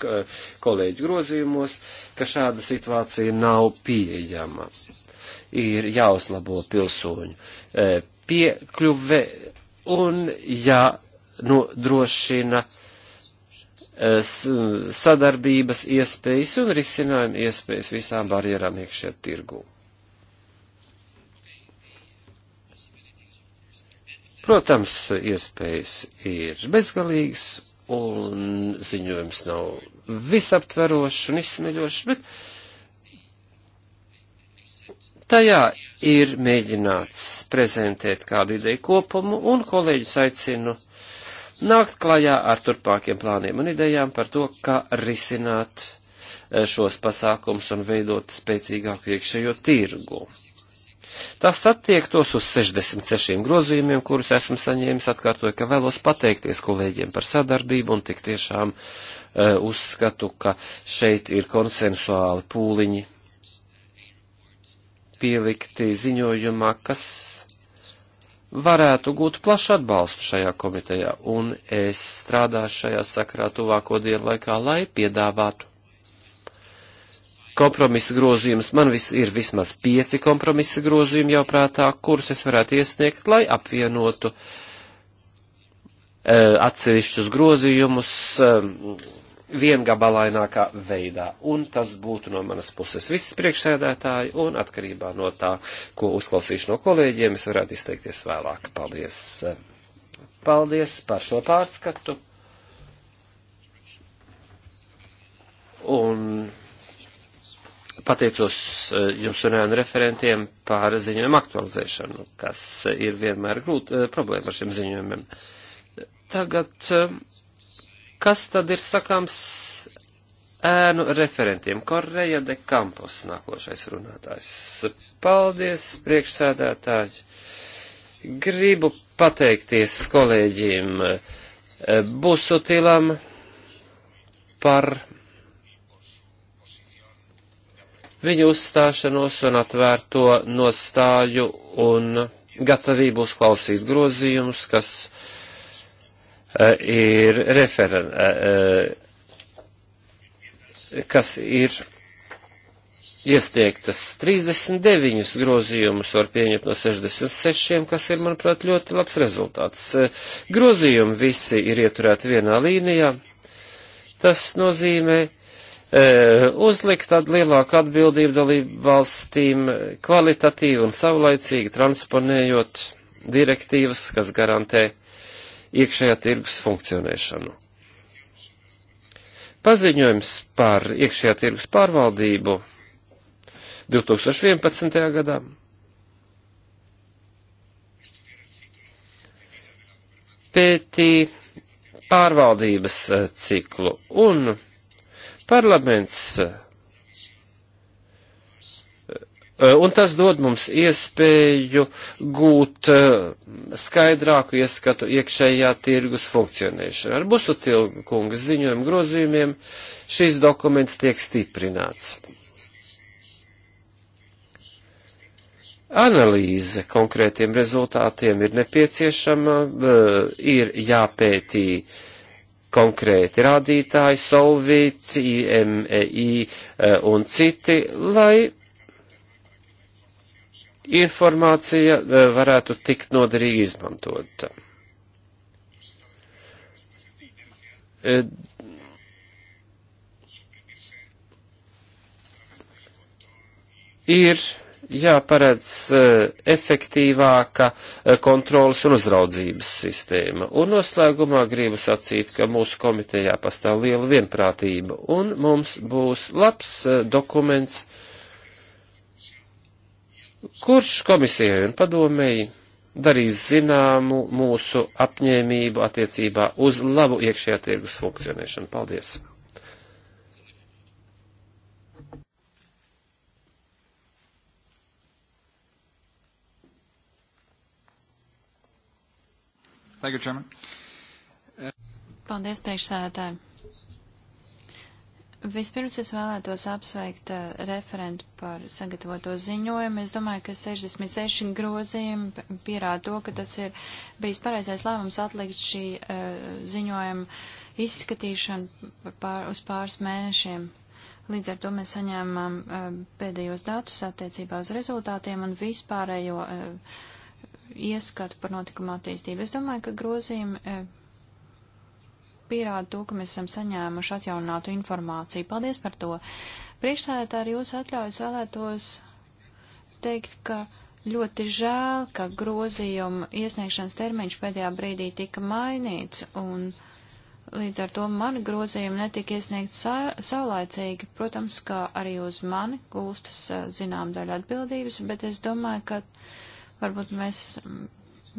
kolēģu grozījumos, ka šāda situācija nav pieejama. Ir jāuzlabo pilsoņu e, piekļuve un jānodrošina e, sadarbības iespējas un risinājuma iespējas visām barjerām iekšē tirgū. Protams, iespējas ir bezgalīgas un ziņojums nav visaptverošs un izsmeļošs, bet tajā ir mēģināts prezentēt kādu ideju kopumu un kolēģus aicinu nākt klajā ar turpākiem plāniem un idejām par to, kā risināt eh, šos pasākums un veidot spēcīgāku iekšējo tirgu. Tas attiektos uz 66 grozījumiem, kurus esmu saņēmis, atkārtoju, ka vēlos pateikties kolēģiem par sadarbību un tik tiešām uh, uzskatu, ka šeit ir konsensuāli pūliņi pielikti ziņojumā, kas varētu gūt plašu atbalstu šajā komitejā, un es strādāšu šajā sakrā tuvāko dienu laikā, lai piedāvātu kompromisa grozījumus. Man vis, ir vismaz pieci kompromisa grozījumi jau prātā, kurus es varētu iesniegt, lai apvienotu e, atsevišķus grozījumus e, viengabalainākā veidā. Un tas būtu no manas puses viss priekšsēdētāji, un atkarībā no tā, ko uzklausīšu no kolēģiem, es varētu izteikties vēlāk. Paldies! Eh, paldies par šo pārskatu! Un pateicos eh, jums un ēnu referentiem par ziņojumu aktualizēšanu, kas ir vienmēr grūta eh, problēma ar šiem ziņojumiem. Tagad, eh, kas tad ir sakāms ēnu referentiem? Koreja de Campos nākošais runātājs. Paldies, priekšsēdētāji. Gribu pateikties kolēģiem Busutilam par viņu uzstāšanos un atvērto nostāju un gatavību uzklausīt grozījumus, kas uh, ir referen, uh, e, kas ir iesniegtas 39 grozījumus var pieņemt no 66, kas ir, manuprāt, ļoti labs rezultāts. E, grozījumi visi ir ieturēti vienā līnijā. Tas nozīmē, E, uzlikt tādu lielāku atbildību dalību valstīm kvalitatīvi un savlaicīgi transponējot direktīvas, kas garantē iekšējā tirgus funkcionēšanu. Paziņojums par iekšējā tirgus pārvaldību 2011. gadā pētī pārvaldības e, ciklu un Parlaments. Eh, un tas dod mums iespēju gūt eh, skaidrāku ieskatu iekšējā tirgus funkcionēšanā. Ar Busutilgu kungas ziņojumu grozījumiem šis dokuments tiek stiprināts. analīze konkrētiem rezultātiem ir nepieciešama, eh, ir jāpētī konkrēti rādītāji, Solvit, e IMEI un citi, lai informācija e, varētu tikt noderīgi izmantota. E, ir jāparedz eh, efektīvāka eh, kontrolas un uzraudzības sistēma. Un noslēgumā gribu sacīt, ka mūsu komitejā pastāv liela vienprātība, un mums būs labs eh, dokuments, kurš komisijai un padomēji darīs zināmu mūsu apņēmību attiecībā uz labu iekšējā tirgus funkcionēšanu. Paldies! Thank you, Chairman. Paldies, priekšsēdētāji. Vispirms es vēlētos apsveikt uh, referentu par sagatavoto ziņojumu. Es domāju, ka 66 grozījumi pierāda to, ka tas ir bijis pareizais lēmums atlikt šī uh, ziņojuma izskatīšanu pār, uz pāris mēnešiem. Līdz ar to mēs saņēmām uh, pēdējos datus attiecībā uz rezultātiem un vispārējo. Uh, ieskatu par notikumu attīstību. Es domāju, ka grozījumi eh, pierāda to, ka mēs esam saņēmuši atjauninātu informāciju. Paldies par to. Priekšsēdētā ar jūsu atļaujas vēlētos teikt, ka ļoti žēl, ka grozījuma iesniegšanas termiņš pēdējā brīdī tika mainīts un līdz ar to mani grozījumi netika iesniegti sa saulaicīgi. Protams, ka arī uz mani gūstas eh, zinām daļa atbildības, bet es domāju, ka Varbūt mēs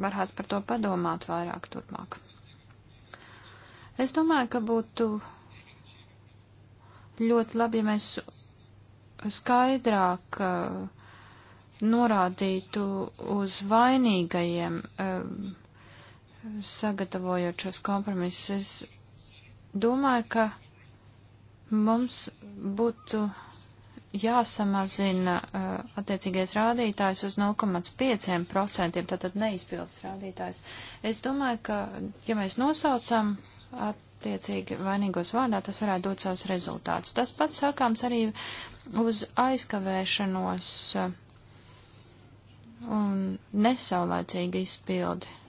varētu par to padomāt vairāk turpmāk. Es domāju, ka būtu ļoti labi, ja mēs skaidrāk uh, norādītu uz vainīgajiem, uh, sagatavojot šos kompromisus. Es domāju, ka mums būtu jāsamazina uh, attiecīgais rādītājs uz 0,5%, tātad neizpildes rādītājs. Es domāju, ka, ja mēs nosaucam attiecīgi vainīgos vārdā, tas varētu dot savus rezultātus. Tas pats sākāms arī uz aizkavēšanos uh, un nesaulēcīgu izpildi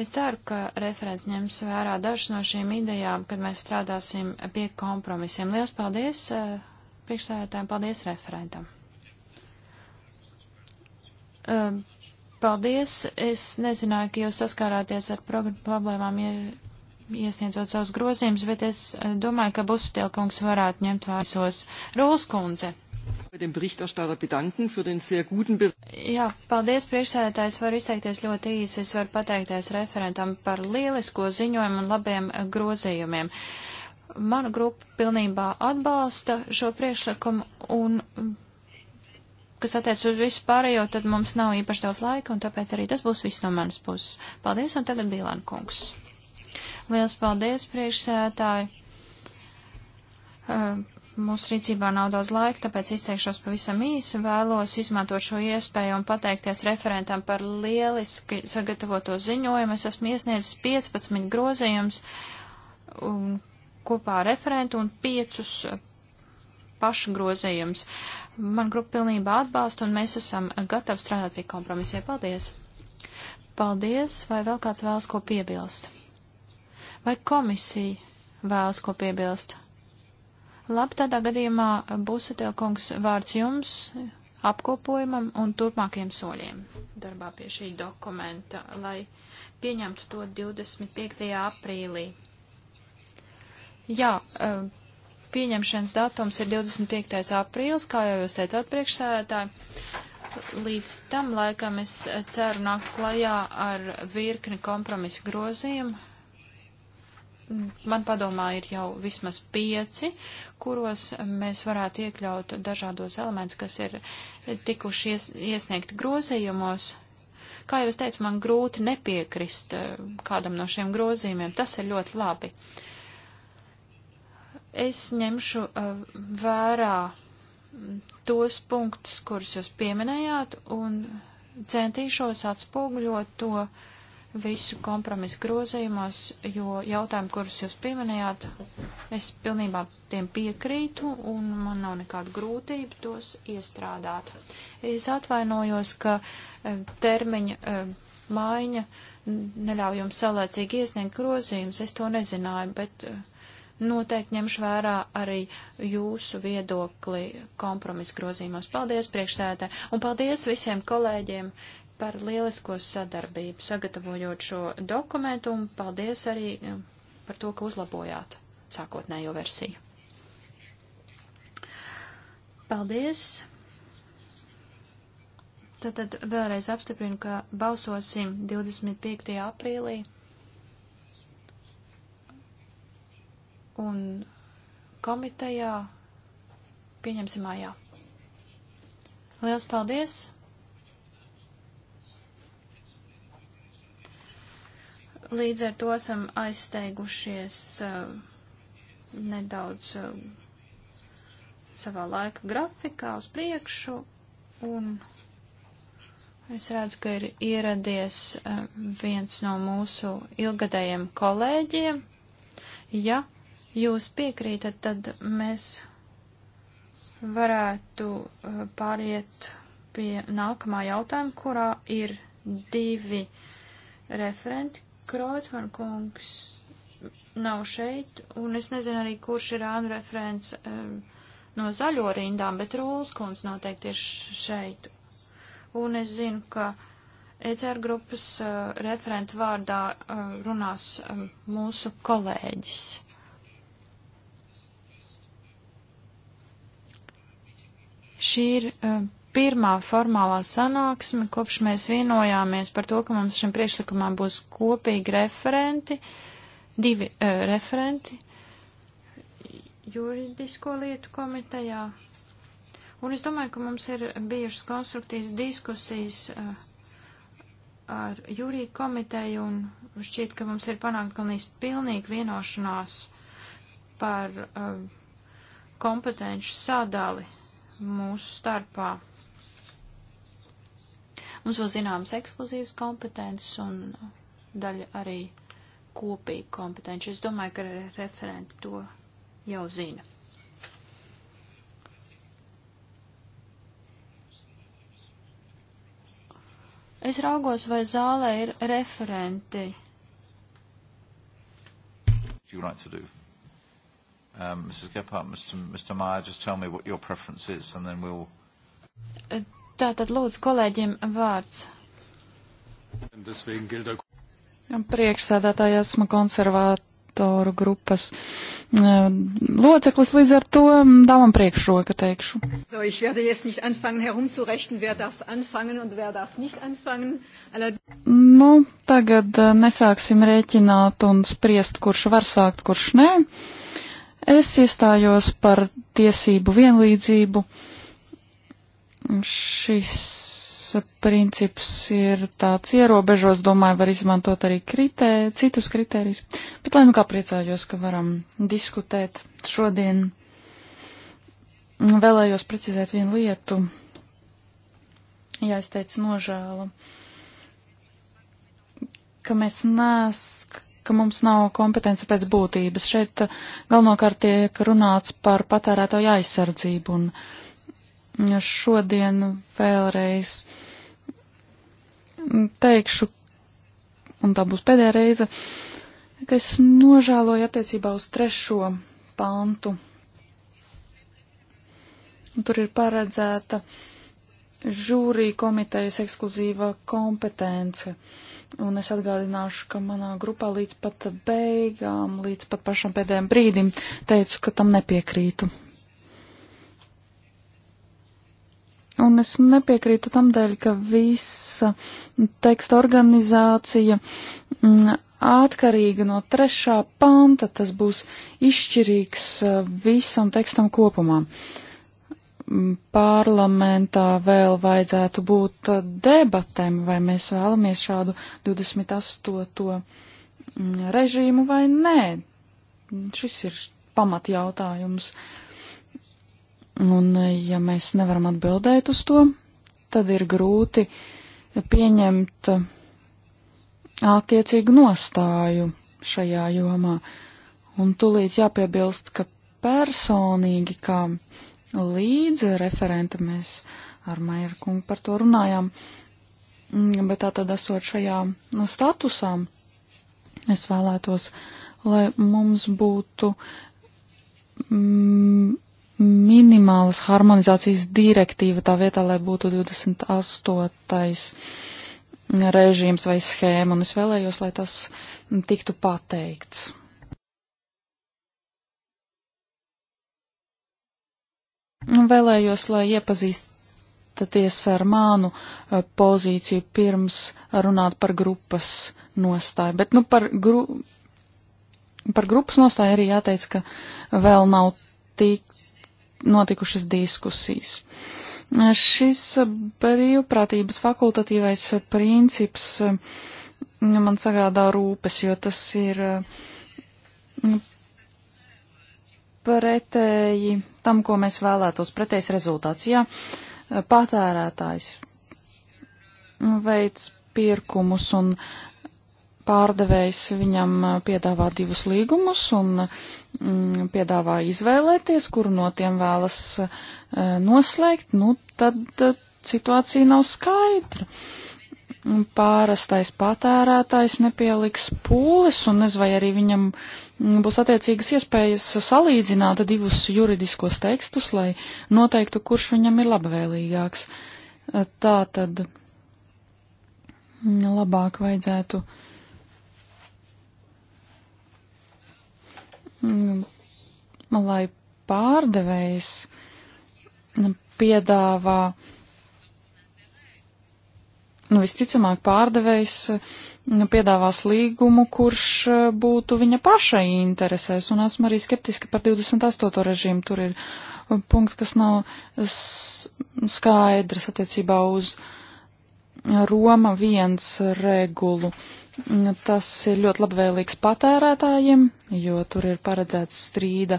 Es ceru, ka referents ņems vērā dažas no šīm idejām, kad mēs strādāsim pie kompromisiem. Lielas paldies eh, priekšstādātājiem, paldies referentam. Eh, paldies, es nezināju, ka jūs saskārāties ar problēmām ie, iesniedzot savus grozījumus, bet es eh, domāju, ka Busutilkungs varētu ņemt vārsos Rūskundze. Jā, paldies priekšsēdētājs, var izteikties ļoti īsi. Es varu pateikties referentam par lielisko ziņojumu un labiem eh, grozījumiem. Mana grupa pilnībā atbalsta šo priekšlikumu un, mm, kas attiec uz visu pārējo, tad mums nav īpaši daudz laika un tāpēc arī tas būs viss no manas puses. Paldies un tagad Bīlēna kungs. Liels paldies priekšsēdētāji. Uh, Mūsu rīcībā nav daudz laika, tāpēc izteikšos pavisam īsi. Vēlos izmantot šo iespēju un pateikties referentam par lieliski sagatavoto ziņojumu. Es esmu iesniedzis 15 grozījums un, kopā ar referentu un 5 pašu grozījums. Man grupa pilnībā atbalsta un mēs esam gatavi strādāt pie kompromisiem. Paldies! Paldies! Vai vēl kāds vēlas ko piebilst? Vai komisija vēlas ko piebilst? Labi, tādā gadījumā Busatilkungs eh, vārds jums apkopojumam un turpmākiem soļiem darbā pie šī dokumenta, lai pieņemtu to 25. aprīlī. Jā, eh, pieņemšanas datums ir 25. aprīlis, kā jau jūs teicāt priekšsēdētāji. Līdz tam laikam es ceru nākt klajā ar virkni kompromisu grozījumu. Man padomā ir jau vismaz pieci, kuros mēs varētu iekļaut dažādos elementus, kas ir tikuši ies, iesniegti grozījumos. Kā jau es teicu, man grūti nepiekrist eh, kādam no šiem grozījumiem. Tas ir ļoti labi. Es ņemšu eh, vērā tos punktus, kurus jūs pieminējāt, un centīšos atspoguļot to uh, visu kompromisu grozījumos, jo jautājumi, kurus jūs pieminējāt, es pilnībā tiem piekrītu un man nav nekāda grūtība tos iestrādāt. Es atvainojos, ka e, termiņa e, maiņa neļauj jums saulēcīgi iesniegt grozījumus, es to nezināju, bet e, noteikti ņemšu vērā arī jūsu viedokli kompromisu grozījumos. Paldies priekšsēdē un paldies visiem kolēģiem, par lielisko sadarbību, sagatavojot šo dokumentu, un paldies arī um, par to, ka uzlabojāt sākotnējo versiju. Paldies! Tad, tad vēlreiz apstiprinu, ka balsosim 25. aprīlī. Un komitejā pieņemsim mājā. Liels paldies! līdz ar to esam aizsteigušies uh, eh, nedaudz uh, savā laika grafikā uz priekšu, un es redzu, ka ir ieradies uh, viens no mūsu ilgadējiem kolēģiem. Ja jūs piekrītat, tad mēs varētu uh, pāriet pie nākamā jautājuma, kurā ir divi referenti, Kreutzmann kungs nav šeit, un es nezinu arī, kurš ir ānu referents um, no zaļo rindām, bet Rūls kungs noteikti ir šeit. Un es zinu, ka ECR grupas uh, referenta vārdā uh, runās um, mūsu kolēģis. Šī ir uh, pirmā formālā sanāksme, kopš mēs vienojāmies par to, ka mums šim priekšlikumam būs kopīgi referenti, divi uh, referenti juridisko lietu komitejā. Un es domāju, ka mums ir bijušas konstruktīvas diskusijas uh, ar jūriju komiteju un šķiet, ka mums ir panākt galvenīs pilnīgi vienošanās par uh, kompetenci sadali mūsu starpā. Mums vēl zināmas ekskluzīvas kompetences un daļa arī kopīga kompetenci. Es domāju, ka referenti to jau zina. Es raugos, vai zālē ir referenti. If you would like to do. Um, Mrs. Gephardt, Mr. Mr. Meyer, just tell me what your preference is, and then we'll. Uh, Tātad lūdzu kolēģim vārds. Priekšsēdētāji esmu konservatoru grupas eh, loceklis, līdz ar to mm, dāvam priekšroka teikšu. So, anfangen, nu, tagad eh, nesāksim rēķināt un spriest, kurš var sākt, kurš nē. Es iestājos par tiesību vienlīdzību Šis princips ir tāds ierobežots, domāju, var izmantot arī kritē, citus kritērijus. Bet lai nu kā priecājos, ka varam diskutēt šodien. Vēlējos precizēt vienu lietu. Jā, es teicu nožēlu, ka mēs nes, ka mums nav kompetence pēc būtības. Šeit galvenokārt tiek runāts par patērētāju aizsardzību un uh, šodien vēlreiz teikšu, un tā būs pēdējā reize, ka es nožēloju attiecībā uz trešo pantu. Tur ir paredzēta žūrī komitejas ekskluzīva kompetence. Un es atgādināšu, ka manā grupā līdz pat beigām, līdz pat pašam pēdējiem brīdim teicu, ka tam nepiekrītu. Un es nepiekrītu tam dēļ, ka visa teksta organizācija mm, atkarīga no trešā panta, tas būs izšķirīgs eh, visam tekstam kopumā. Mm, parlamentā vēl vajadzētu būt eh, debatēm, vai mēs vēlamies šādu 28. Mm, režīmu vai nē. Šis ir pamatjautājums. jautājums Un e, ja mēs nevaram atbildēt uz to, tad ir grūti pieņemt e, attiecīgu nostāju šajā jomā. Un tūlīt jāpiebilst, ka personīgi, kā līdzi referenta, mēs ar Maija kungu par to runājām, mm, bet tā tad esot šajā statusā, es vēlētos, lai mums būtu. Mm, minimālas harmonizācijas direktīva tā vietā, lai būtu 28. režīms vai schēma, un es vēlējos, lai tas tiktu pateikts. Vēlējos, lai iepazīstaties ar mānu eh, pozīciju pirms runāt par grupas nostāju, bet, nu, par, gru par grupas nostāju arī jāteic, ka vēl nav tik notikušas diskusijas. Šis brīvprātības fakultatīvais princips nu, man sagādā rūpes, jo tas ir nu, pretēji tam, ko mēs vēlētos, pretējs rezultāts. Ja patērētājs veids pirkumus un uh, pārdevējs viņam piedāvā divus līgumus un mm, piedāvā izvēlēties, kuru no tiem vēlas e, noslēgt, nu tad situācija nav skaidra. Pārastais patērētājs nepieliks pūles un nezvai arī viņam mm, būs attiecīgas iespējas salīdzināt divus juridiskos tekstus, lai noteiktu, kurš viņam ir labvēlīgāks. Tā tad mm, labāk vajadzētu uh, Mm, lai pārdevējs nu, piedāvā, nu, visticamāk, pārdevējs nu, piedāvās līgumu, kurš eh, būtu viņa paša interesēs, un esmu arī skeptiski par 28. režīmu. Tur ir uh, punkts, kas nav skaidrs attiecībā uz Roma viens regulu. Uh, Tas ir ļoti labvēlīgs patērētājiem, jo tur ir paredzēts strīda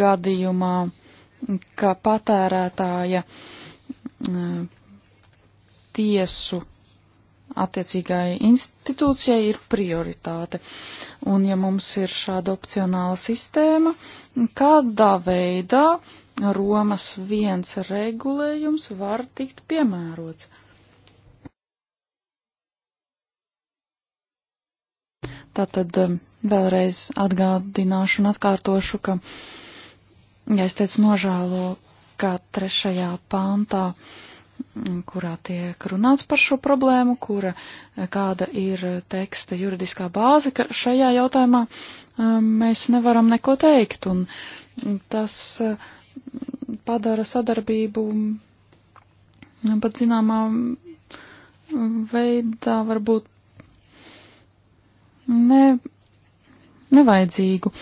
gadījumā, ka patērētāja tiesu attiecīgai institūcijai ir prioritāte. Un ja mums ir šāda opcionāla sistēma, kādā veidā Romas viens regulējums var tikt piemērots? Tātad um, vēlreiz atgādināšu un atkārtošu, ka, ja es teicu nožēlo, ka trešajā pāntā, mm, kurā tiek runāts par šo problēmu, kura eh, kāda ir teksta juridiskā bāze, ka šajā jautājumā um, mēs nevaram neko teikt, un mm, tas eh, padara sadarbību mm, pat zināmā veidā varbūt ne, nevajadzīgu.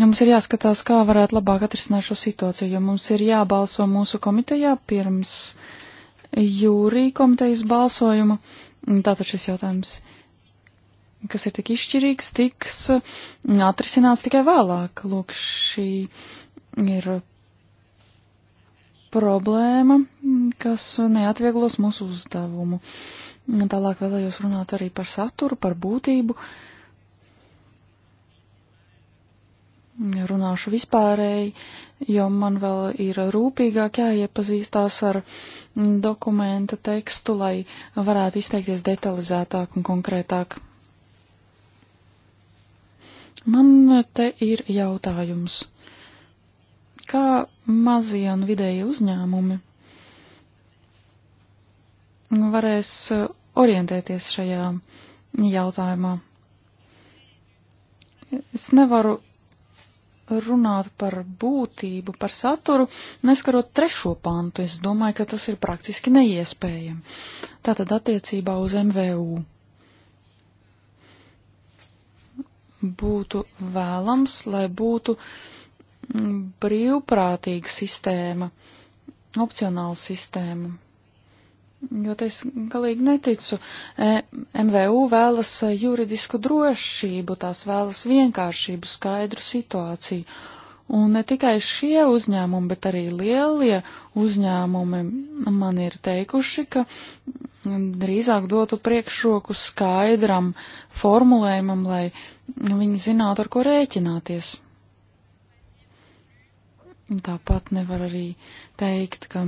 Ja mums ir jāskatās, kā varētu labāk atrisināt šo situāciju, jo mums ir jābalso mūsu komitejā pirms jūrī komitejas balsojuma. Tātad šis jautājums, kas ir tik izšķirīgs, tiks mm, atrisināts tikai vēlāk. Lūk, šī ir problēma, kas neatvieglos mūsu uzdevumu. Tālāk vēlējos runāt arī par saturu, par būtību. Runāšu vispārēji, jo man vēl ir rūpīgāk jāiepazīstās ar dokumenta tekstu, lai varētu izteikties detalizētāk un konkrētāk. Man te ir jautājums. Kā mazie un vidēji uzņēmumi Nu, varēs eh, orientēties šajā jautājumā. Es nevaru runāt par būtību, par saturu, neskarot trešo pantu. Es domāju, ka tas ir praktiski neiespējami. Tātad attiecībā uz MVU būtu vēlams, lai būtu mm, brīvprātīga sistēma, opcionāla sistēma, jo es galīgi neticu. E, MVU vēlas e, juridisku drošību, tās vēlas vienkāršību, skaidru situāciju. Un ne tikai šie uzņēmumi, bet arī lielie uzņēmumi man ir teikuši, ka drīzāk dotu priekšroku skaidram formulējumam, lai viņi zinātu, ar ko rēķināties. Tāpat nevar arī teikt, ka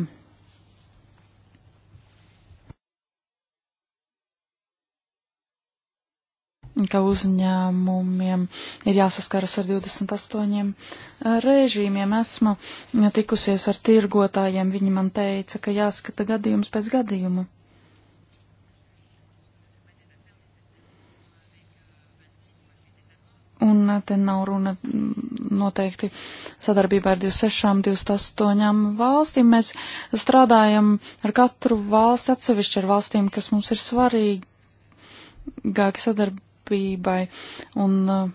ka uzņēmumiem ir jāsaskaras ar 28 režīmiem. Esmu tikusies ar tirgotājiem, viņi man teica, ka jāskata gadījums pēc gadījuma. Un te nav runa noteikti sadarbībā ar 26, 28 valstīm. Mēs strādājam ar katru valsti atsevišķi, ar valstīm, kas mums ir svarīgi ilgāka sadarbība taupībai. Un uh,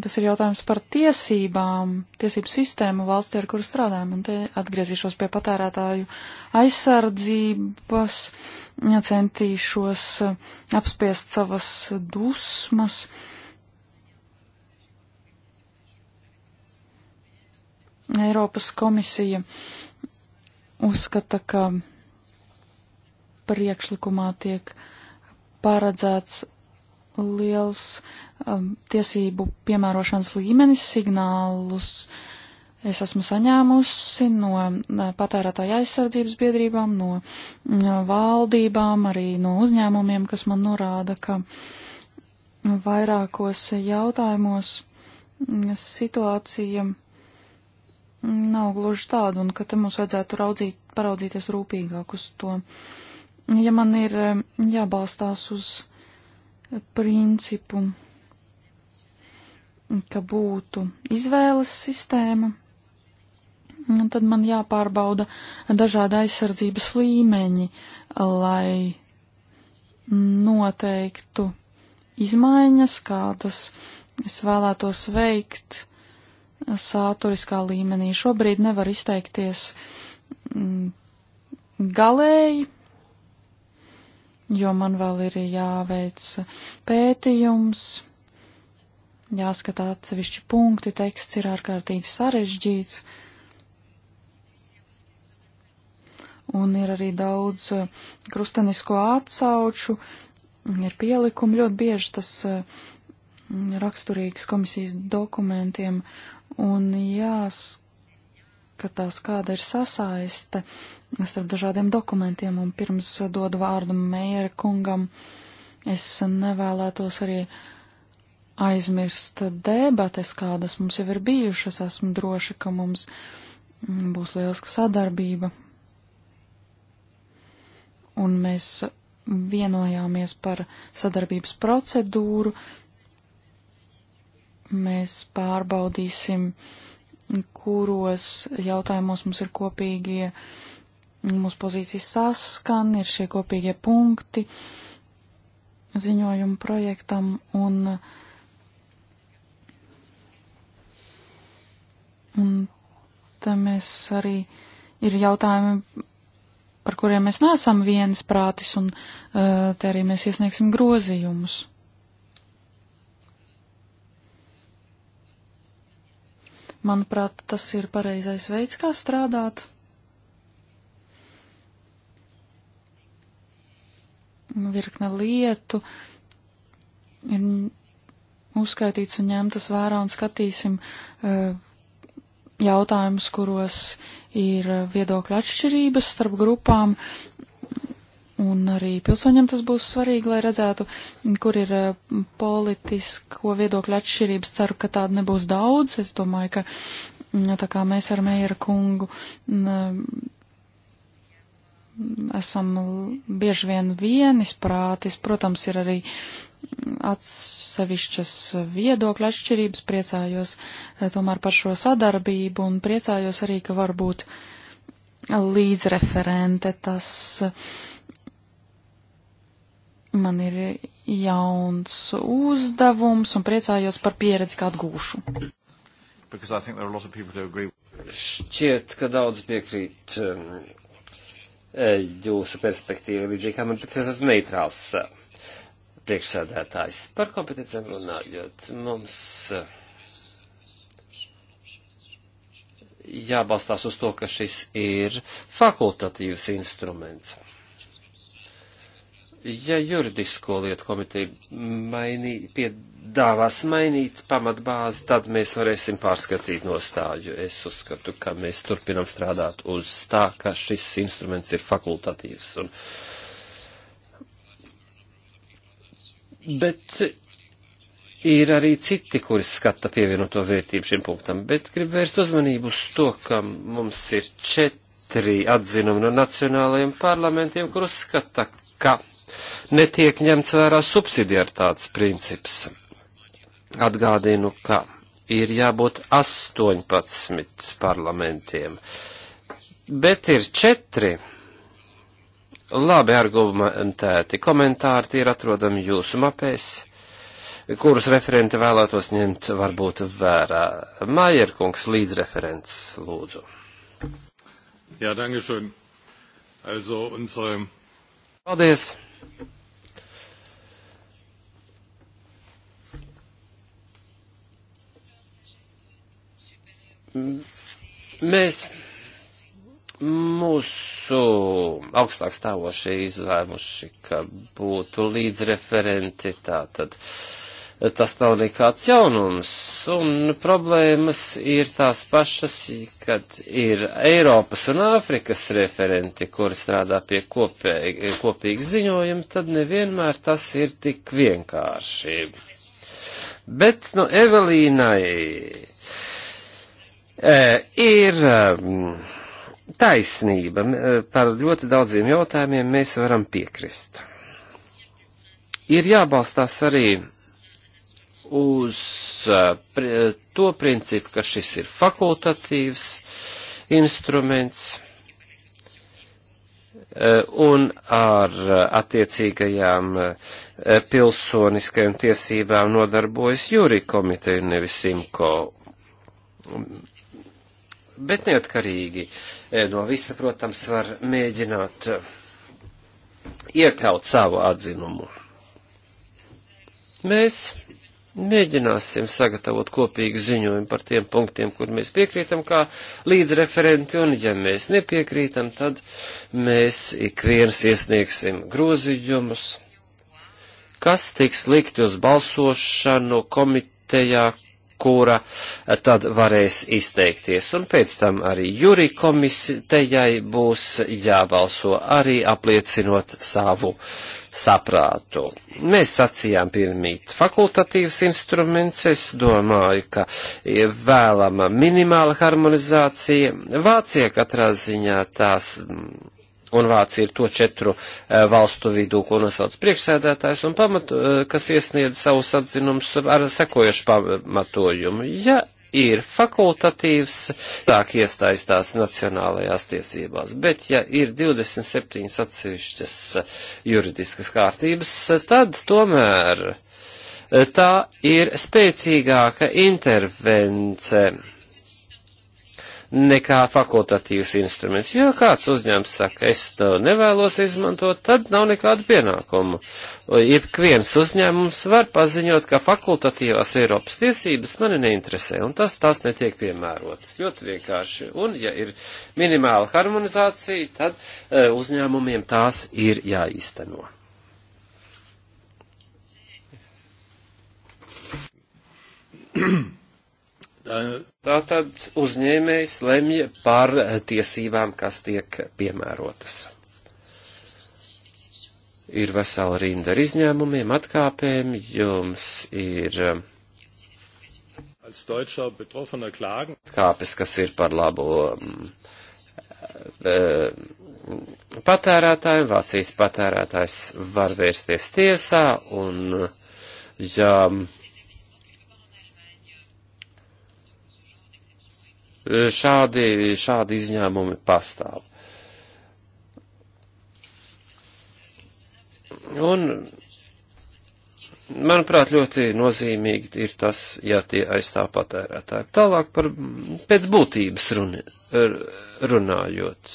tas ir jautājums par tiesībām, tiesību sistēmu valstī, ar kuru strādājam. Un te atgriezīšos pie patērētāju aizsardzības, centīšos uh, apspiest savas dusmas. Eiropas komisija uzskata, ka priekšlikumā tiek uh, paredzēts liels um, tiesību piemērošanas līmenis signālus. Es esmu saņēmusi no uh, patērētāja aizsardzības biedrībām, no, no mm, valdībām, arī no uzņēmumiem, kas man norāda, ka vairākos jautājumos mm, situācija nav gluži tāda, un ka te mums vajadzētu raudzīt, paraudzīties rūpīgāk uz to. Uh, ja man ir jābalstās uz principu, ka būtu izvēles sistēma, tad man jāpārbauda dažādi aizsardzības līmeņi, lai noteiktu izmaiņas, kādas es vēlētos veikt sāturiskā līmenī. Šobrīd nevar izteikties galēji jo man vēl ir jāveic pētījums, jāskatā atsevišķi punkti, teksts ir ārkārtīgi sarežģīts. Un ir arī daudz eh, krustenisko atsauču, ir pielikumi, ļoti bieži tas eh, raksturīgs komisijas dokumentiem, un jāskatās jāskatās, kāda ir sasaiste starp dažādiem dokumentiem, un pirms dodu vārdu mēra kungam, es nevēlētos arī aizmirst debates, kādas mums jau ir bijušas, esmu droši, ka mums būs lieliska sadarbība. Un mēs vienojāmies par sadarbības procedūru, mēs pārbaudīsim kuros jautājumos mums ir kopīgie, mūsu pozīcijas saskan, ir šie kopīgie punkti ziņojumu projektam un, un te mēs arī ir jautājumi, par kuriem mēs neesam viens prātis un eh, te arī mēs iesniegsim grozījumus. Manuprāt, tas ir pareizais veids, kā strādāt. Virkne lietu ir uzskaitīts un ņemtas vērā un skatīsim e, jautājumus, kuros ir viedokļu atšķirības starp grupām Un arī pilsoņiem tas būs svarīgi, lai redzētu, kur ir eh, politisko viedokļu atšķirības. Ceru, ka tāda nebūs daudz. Es domāju, ka mm, tā kā mēs ar Meijera kungu mm, mm, esam bieži vien vienisprātis, protams, ir arī atsevišķas viedokļa atšķirības, priecājos eh, tomēr par šo sadarbību un priecājos arī, ka varbūt līdzreferente tas uh, Man ir jauns uzdevums un priecājos par pieredzi, kādu gūšu. Šķiet, ka daudz piekrīt um, e, jūsu perspektīva līdzīgi kā man, bet es esmu neitrāls e, priekšsēdētājs. Par kompetencijām runājot, mums e, jābalstās uz to, ka šis ir fakultatīvs instruments. Ja juridisko lietu komiteja mainī, piedāvās mainīt pamatbāzi, tad mēs varēsim pārskatīt nostāju. Es uzskatu, ka mēs turpinam strādāt uz tā, ka šis instruments ir fakultatīvs. Un... Bet ir arī citi, kuri skata pievienoto vērtību šim punktam, bet grib vērst uzmanību uz to, ka mums ir četri atzinumi no nacionālajiem parlamentiem, kur uzskata, ka netiek ņemts vērā subsidiartāts princips. Atgādinu, ka ir jābūt 18 parlamentiem, bet ir 4 labi argumentēti komentāri, tie ir atrodami jūsu mapēs, kurus referenti vēlētos ņemt varbūt vērā. Mājerkungs līdzreferents, lūdzu. Jā, dankeschön. Also, unsere... Paldies. Mēs mūsu augstāk stāvošie izlēmuši, ka būtu līdzreferenti tātad. Uh, tas nav nekāds jaunums, un problēmas ir tās pašas, kad ir Eiropas un Āfrikas referenti, kuri strādā pie kopēji, kopīgas ziņojuma, tad nevienmēr tas ir tik vienkārši. Bet, nu, Evelīnai e, ir. Um, taisnība. E, par ļoti daudziem jautājumiem mēs varam piekrist. Ir jābalstās arī uz to principu, ka šis ir fakultatīvs instruments un ar attiecīgajām pilsoniskajām tiesībām nodarbojas jūri komiteja, nevis simko. Bet neatkarīgi no visa, protams, var mēģināt iekļaut savu atzinumu. Mēs Mēģināsim sagatavot kopīgu ziņojumu par tiem punktiem, kur mēs piekrītam kā līdzreferenti, un ja mēs nepiekrītam, tad mēs ik viens iesniegsim grozījumus, kas tiks likti uz balsošanu komitejā, kura tad varēs izteikties. Un pēc tam arī juri komitejai būs jābalso arī apliecinot savu saprātu. Mēs sacījām pirmīt fakultatīvs instruments, es domāju, ka vēlama minimāla harmonizācija. Vācija katrā ziņā tās, un Vācija ir to četru eh, valstu vidū, ko nosauc priekšsēdētājs, un pamatu, eh, kas iesniedz savus atzinumus ar sekojušu pamatojumu. Ja ir fakultatīvs, tāk iesaistās nacionālajās tiesībās. Bet, ja ir 27 atsevišķas juridiskas kārtības, tad tomēr tā ir spēcīgāka intervence nekā fakultatīvs instruments. Jo kāds uzņēmums saka, es to nevēlos izmantot, tad nav nekādu pienākumu. Ikviens uzņēmums var paziņot, ka fakultatīvās Eiropas tiesības mani neinteresē, un tas tas netiek piemērots. Ļoti vienkārši. Un, ja ir minimāla harmonizācija, tad e, uzņēmumiem tās ir jāīsteno. Mm-hmm. <coughs> <coughs> <coughs> Tātad uzņēmējs lemj par tiesībām, kas tiek piemērotas. Ir vesela rinda ar izņēmumiem, atkāpēm, jums ir atkāpes, kas ir par labu mm, eh, patērētājiem, Vācijas patērētājs var vērsties tiesā un, ja mm, šādi, šādi izņēmumi pastāv. Un, manuprāt, ļoti nozīmīgi ir tas, ja tie aizstāv patērētāji. Tālāk par pēc būtības runi, runājot.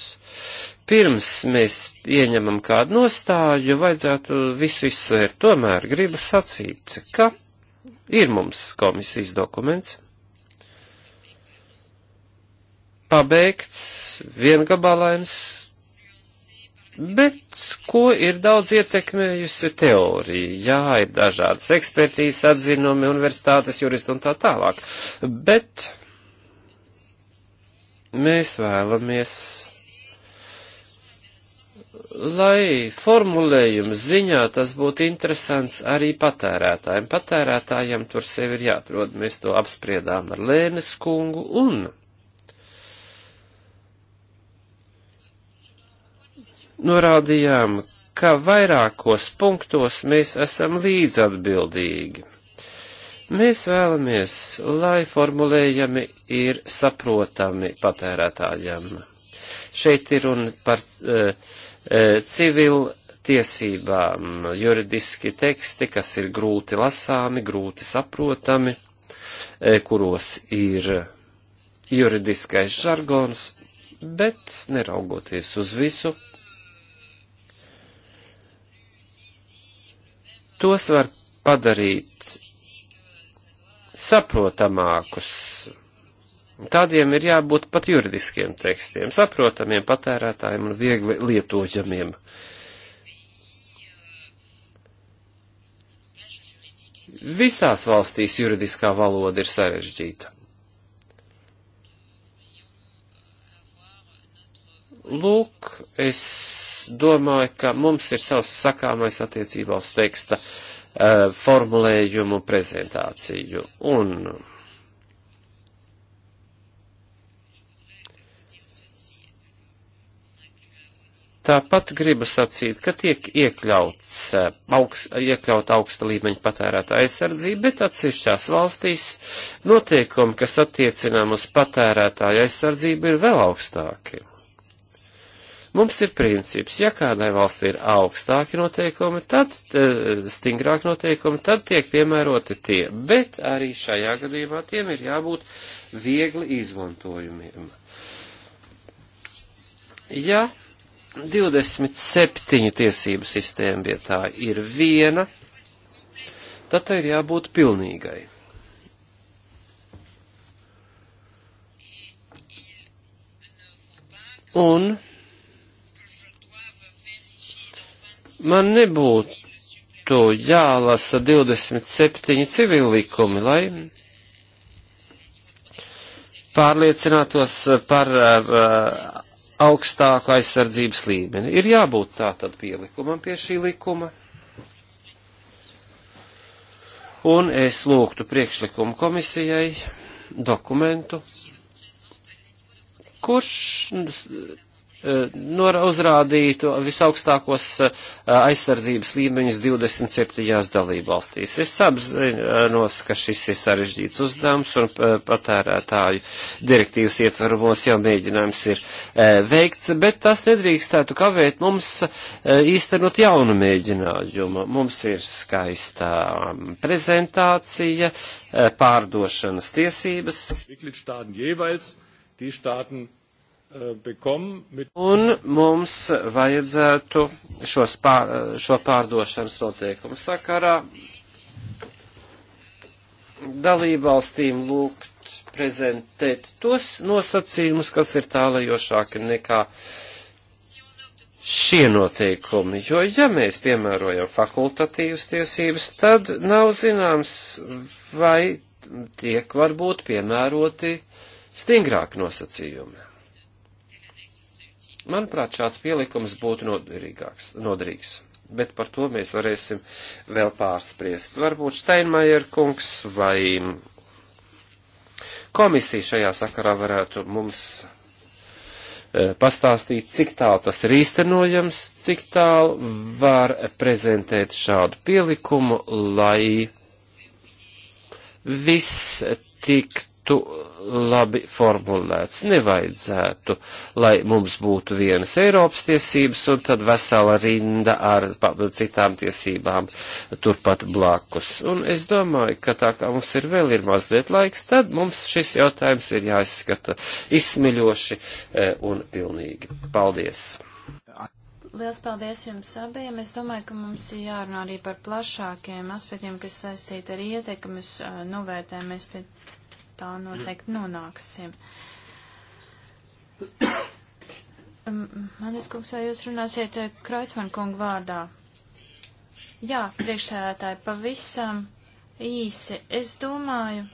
Pirms mēs pieņemam kādu nostāju, vajadzētu visu izsvērt. Tomēr gribu sacīt, ka ir mums komisijas dokuments, pabeigts, viengabalains, bet ko ir daudz ietekmējusi teorija. Jā, ir dažādas ekspertīzes, atzinumi, universitātes, juristi un tā tālāk. Bet mēs vēlamies lai formulējuma ziņā tas būtu interesants arī patērētājiem. Patērētājiem tur sevi ir jāatrod, mēs to apspriedām ar Lēnes kungu un norādījām, ka vairākos punktos mēs esam līdzatbildīgi. Mēs vēlamies, lai formulējami ir saprotami patērētājiem. Šeit ir runa par e, e, civilu tiesībām, juridiski teksti, kas ir grūti lasāmi, grūti saprotami, e, kuros ir juridiskais žargons, bet neraugoties uz visu, Tos var padarīt saprotamākus. Tādiem ir jābūt pat juridiskiem tekstiem, saprotamiem patērētājiem un viegli lietojamiem. Visās valstīs juridiskā valoda ir sarežģīta. Lūk, es domāju, ka mums ir savs sakāmais attiecībā uz teksta uh, formulējumu prezentāciju. Un Tāpat gribu sacīt, ka tiek iekļauts, eh, augst, iekļaut augsta līmeņa patērētā aizsardzība, bet atsevišķās valstīs noteikumi, kas attiecinām uz patērētāju aizsardzību, ir vēl augstāki. Mums ir princips, ja kādai valstī ir augstāki noteikumi, tad eh, stingrāki noteikumi, tad tiek piemēroti tie, bet arī šajā gadījumā tiem ir jābūt viegli izmantojumiem. Ja 27 tiesību sistēma vietā ir viena, tad tai ir jābūt pilnīgai. Un man nebūtu jālasa 27 civillikumi, lai pārliecinātos par uh, augstāku aizsardzības līmeni. Ir jābūt tātad pielikumam pie šī likuma. Un es lūgtu priekšlikumu komisijai dokumentu, kurš uzrādītu visaugstākos eh, aizsardzības līmeņus 27 dalībvalstīs. Es apzinos, ka šis ir sarežģīts uzdevums un eh, patērētāju direktīvas ietvarumos jau mēģinājums ir eh, veikts, bet tas nedrīkstētu kavēt mums īstenot jaunu mēģinājumu. Mums ir skaistā prezentācija, pārdošanas tiesības. Die Staaten Äh, Un mums vajadzētu šos pār, šo pārdošanas noteikumu sakarā dalībvalstīm lūgt prezentēt tos nosacījumus, kas ir tālajošāki nekā šie noteikumi, jo ja mēs piemērojam fakultatīvas tiesības, tad nav zināms, vai tiek varbūt piemēroti stingrāki nosacījumi. Manuprāt, šāds pielikums būtu noderīgāks, noderīgs, bet par to mēs varēsim vēl pārspriest. Varbūt Steinmaier kungs vai komisija šajā sakarā varētu mums e, pastāstīt, cik tālu tas ir īstenojams, cik tālu var prezentēt šādu pielikumu, lai viss tiktu labi formulēts. Nevajadzētu, lai mums būtu vienas Eiropas tiesības un tad vesela rinda ar citām tiesībām turpat blakus. Un es domāju, ka tā kā mums ir vēl ir mazliet laiks, tad mums šis jautājums ir jāizskata izsmiļoši e, un pilnīgi. Paldies! Liels paldies jums abiem. Es domāju, ka mums ir jārunā arī par plašākiem aspektiem, kas saistīti ar ietekmes e, novērtējumu. Mēs pie tā noteikti nonāksim. Manis kungs, vai jūs runāsiet eh, Kreutzmann kungu vārdā? Jā, priekšsēdētāji, pavisam īsi. Es domāju,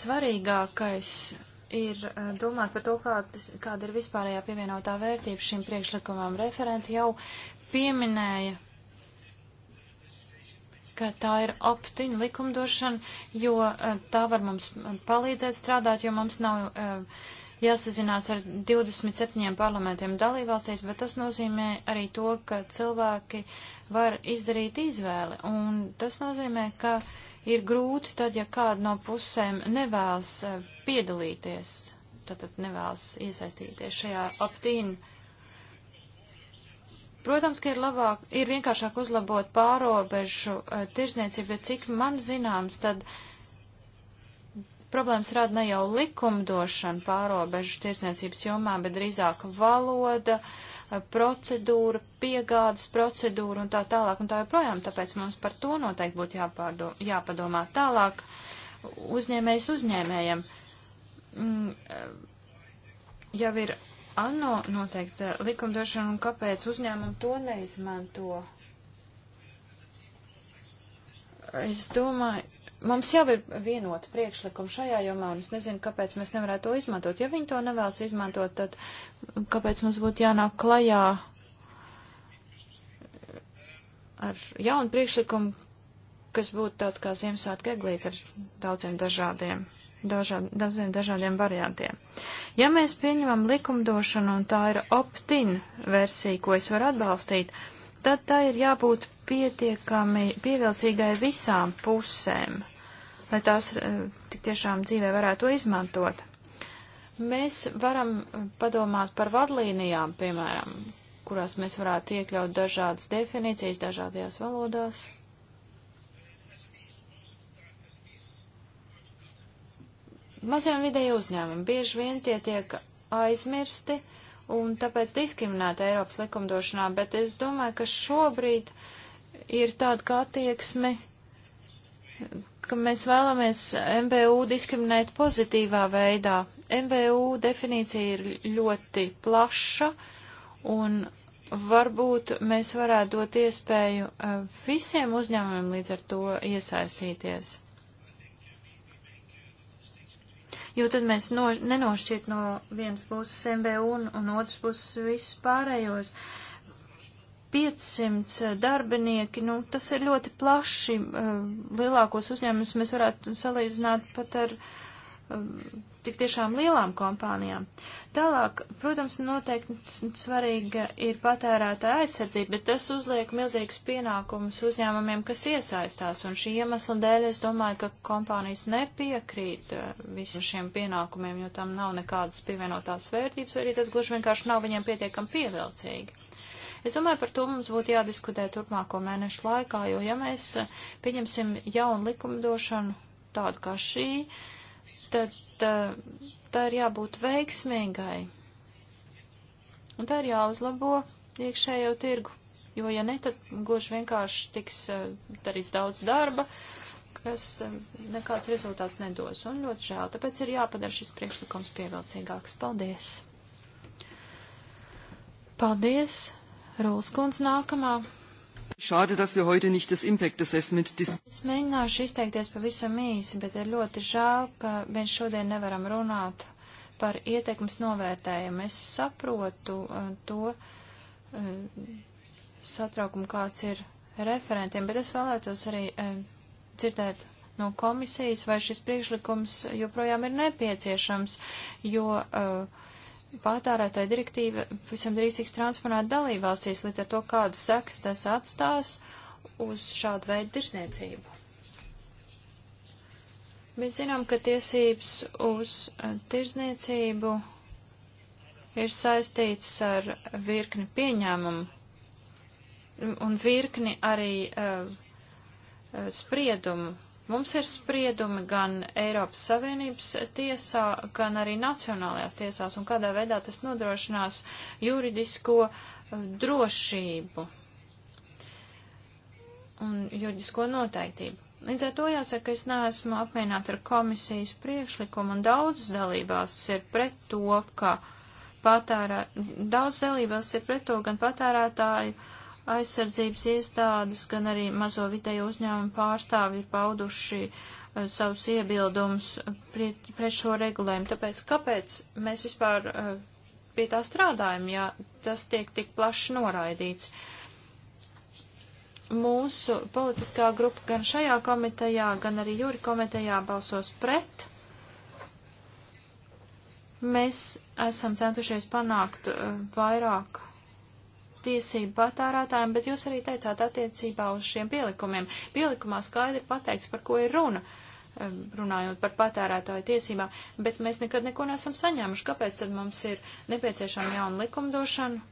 svarīgākais ir eh, domāt par to, kāda, kāda ir vispārējā pievienotā vērtība šim priekšlikumam. Referenti jau pieminēja ka tā ir optiņa likumdošana, jo e, tā var mums palīdzēt strādāt, jo mums nav e, jāsazinās ar 27 parlamentiem dalībvalstīs, bet tas nozīmē arī to, ka cilvēki var izdarīt izvēli. Un tas nozīmē, ka ir grūti tad, ja kāda no pusēm nevēlas e, piedalīties, tad nevēlas iesaistīties šajā optīnu Protams, ka ir labāk, ir vienkāršāk uzlabot pārobežu uh, tirzniecību, bet cik man zināms, tad problēmas rada ne jau likumdošana pārobežu tirzniecības jomā, bet drīzāk valoda, uh, procedūra, piegādes procedūra un tā tālāk un tā joprojām. Tāpēc mums par to noteikti būtu jāpārdo, jāpadomā tālāk uzņēmējs uzņēmējiem. Mm, eh, jau ir ANO noteikta likumdošana un kāpēc uzņēmumi to neizmanto? Es domāju, mums jau ir vienota priekšlikuma šajā jomā, un es nezinu, kāpēc mēs nevarētu to izmantot. Ja viņi to nevēlas izmantot, tad kāpēc mums būtu jānāk klajā ar jaunu priekšlikumu, kas būtu tāds kā Ziemassvētku eglīte ar daudziem dažādiem dažād, daudziem dažādiem variantiem. Ja mēs pieņemam likumdošanu un tā ir opt-in versija, ko es varu atbalstīt, tad tā ir jābūt pietiekami pievilcīgai visām pusēm, lai tās eh, tik tiešām dzīvē varētu izmantot. Mēs varam padomāt par vadlīnijām, piemēram, kurās mēs varētu iekļaut dažādas definīcijas dažādajās valodās. Mazie un vidēji uzņēmumi bieži vien tie tiek aizmirsti un tāpēc diskriminēta Eiropas likumdošanā, bet es domāju, ka šobrīd ir tāda kā attieksme, ka mēs vēlamies MBU diskriminēt pozitīvā veidā. MBU definīcija ir ļoti plaša un varbūt mēs varētu dot iespēju eh, visiem uzņēmumiem līdz ar to iesaistīties jo tad mēs no, nenošķiet no vienas puses MBU un, un otras puses visus pārējos. 500 eh, darbinieki, nu, tas ir ļoti plaši. Eh, lielākos uzņēmumus mēs varētu salīdzināt pat ar eh, tik tiešām lielām kompānijām. Tālāk, protams, noteikti svarīga ir patērētāja aizsardzība, bet tas uzliek milzīgus pienākumus uzņēmumiem, kas iesaistās, un šī iemesla dēļ es domāju, ka kompānijas nepiekrīt eh, visiem šiem pienākumiem, jo tam nav nekādas pievienotās vērtības, vai arī tas gluži vienkārši nav viņiem pietiekami pievilcīgi. Es domāju, par to mums būtu jādiskutē turpmāko mēnešu laikā, jo ja mēs eh, pieņemsim jaunu likumdošanu tādu kā šī, uh, tad tā ir jābūt veiksmīgai. Un tā ir jāuzlabo iekšējo tirgu, jo, ja ne, tad gluži vienkārši tiks eh, darīts daudz darba, kas eh, nekāds rezultāts nedos. Un ļoti žēl, tāpēc ir jāpadara šis priekšlikums pievilcīgāks. Paldies! Paldies! Rūskunds nākamā. Šādi, tas jau heute nicht das impact assessment. Es mēģināšu izteikties pavisam īsi, bet ir ļoti žēl, ka mēs šodien nevaram runāt par ietekmes novērtējumu. Es saprotu uh, to uh, satraukumu, kāds ir referentiem, bet es vēlētos arī uh, dzirdēt no komisijas, vai šis priekšlikums joprojām ir nepieciešams, jo uh, patērētāja direktīva visam drīz tiks transponēta dalībvalstīs, līdz ar to kādas sekas tas atstās uz šādu veidu tirsniecību. Mēs zinām, ka tiesības uz eh, tirsniecību ir saistīts ar virkni pieņēmumu un virkni arī uh, spriedumu Mums ir spriedumi gan Eiropas Savienības tiesā, gan arī nacionālajās tiesās, un kādā veidā tas nodrošinās juridisko eh, drošību un juridisko noteiktību. Līdz ar to jāsaka, es neesmu apmierināta ar komisijas priekšlikumu, un daudzas dalībās ir pret to, ka patērā, daudz dalībās ir pret to gan patērētāju, uh, aizsardzības iestādes, gan arī mazo vidēju uzņēmumu pārstāvi ir pauduši uh, savus iebildumus pret, pret šo regulējumu. Tāpēc kāpēc mēs vispār uh, pie tā strādājam, ja tas tiek tik plaši noraidīts? Mūsu politiskā grupa gan šajā komitejā, gan arī jūri komitejā balsos pret. Mēs esam centušies panākt uh, vairāk tiesību patērētājiem, bet jūs arī teicāt attiecībā uz šiem pielikumiem. Pielikumā skaidri pateikts, par ko ir runa, runājot par patērētāju tiesībām, bet mēs nekad neko nesam saņēmuši. Kāpēc tad mums ir nepieciešama jauna likumdošana?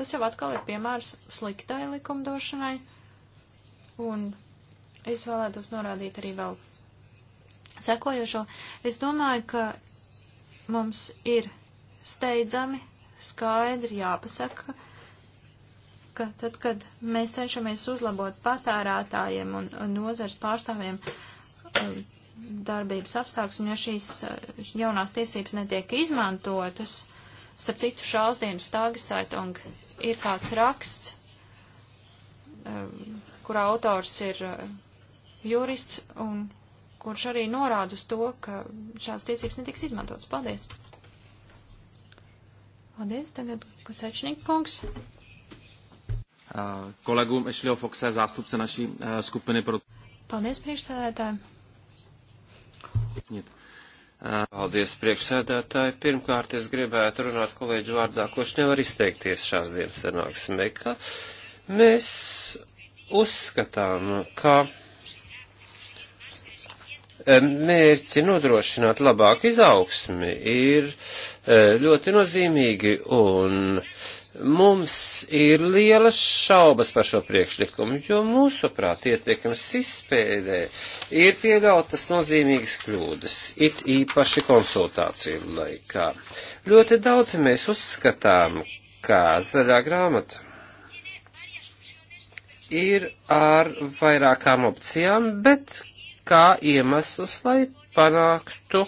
Tas jau atkal ir piemērs sliktai likumdošanai. Un es vēlētos norādīt arī vēl sekojošo. Es domāju, ka mums ir steidzami, skaidri jāpasaka, ka tad, kad mēs cenšamies uzlabot patērētājiem un, un nozars pārstāvjiem um, darbības apstākļus, un ja šīs uh, jaunās tiesības netiek izmantotas, starp citu šāsdienas tāgasaitung ir kāds raksts, um, kurā autors ir uh, jurists un kurš arī norāda uz to, ka šāds tiesības netiks izmantotas. Paldies! Paldies, tagad Kusečnīk kungs kolegům Ešlio Foxe, zástupce naší eh, skupiny pro... Paldies, priekšsēdētāji. Eh, Paldies, priekšsēdētāji. Pirmkārt, es gribētu runāt kolēģu vārdā, kurš nevar izteikties šās dienas sanāksmē, ka mēs uzskatām, ka eh, mērķi nodrošināt labāku izaugsmi ir ļoti nozīmīgi un Mums ir lielas šaubas par šo priekšlikumu, jo mūsuprāt ietekmes izspēdē ir pieļautas nozīmīgas kļūdas, it īpaši konsultāciju laikā. Ļoti daudz mēs uzskatām, kā zaļā grāmata ir ar vairākām opcijām, bet kā iemesls, lai panāktu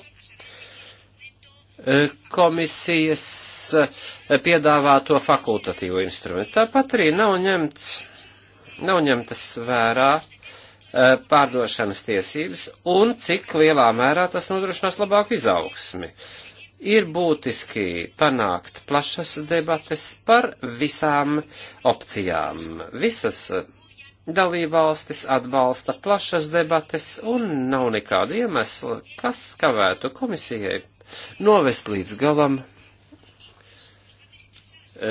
komisijas eh, piedāvāto fakultatīvo instrumentu. Tāpat arī nav, ņemts, nav ņemtas vērā eh, pārdošanas tiesības un cik lielā mērā tas nodrošinās labāku izaugsmi. Ir būtiski panākt plašas debates par visām opcijām. Visas eh, dalībvalstis atbalsta plašas debates un nav nekāda iemesla, kas kavētu komisijai novest līdz galam eh,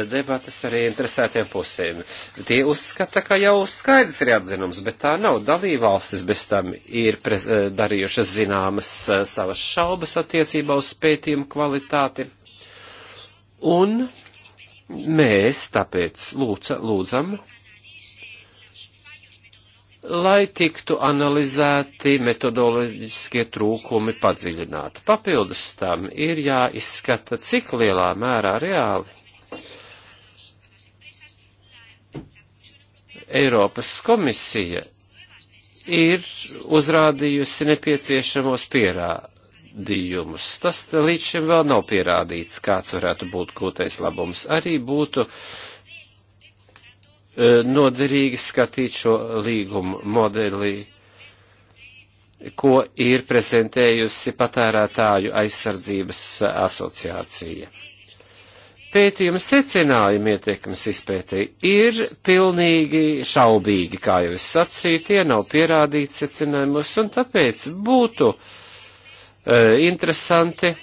debatas arī interesētiem pusēm. Tie uzskata, ka jau skaidrs ir atzinums, bet tā nav. Dalībvalstis bez tam ir prez, eh, darījušas zināmas eh, savas šaubas attiecībā uz pētījumu kvalitāti. Un mēs tāpēc lūca, lūdzam lai tiktu analizēti metodoloģiskie trūkumi padziļināti. Papildus tam ir jāizskata, cik lielā mērā reāli Eiropas komisija ir uzrādījusi nepieciešamos pierādījumus. Tas līdz šim vēl nav pierādīts, kāds varētu būt gūtais labums. Arī būtu uh, E, noderīgi skatīt šo līgumu modeli, ko ir prezentējusi patērētāju aizsardzības asociācija. Pētījuma secinājumi ietekmes izpētē ir pilnīgi šaubīgi, kā jau es sacīju, tie nav pierādīti secinājumus, un tāpēc būtu uh, interesanti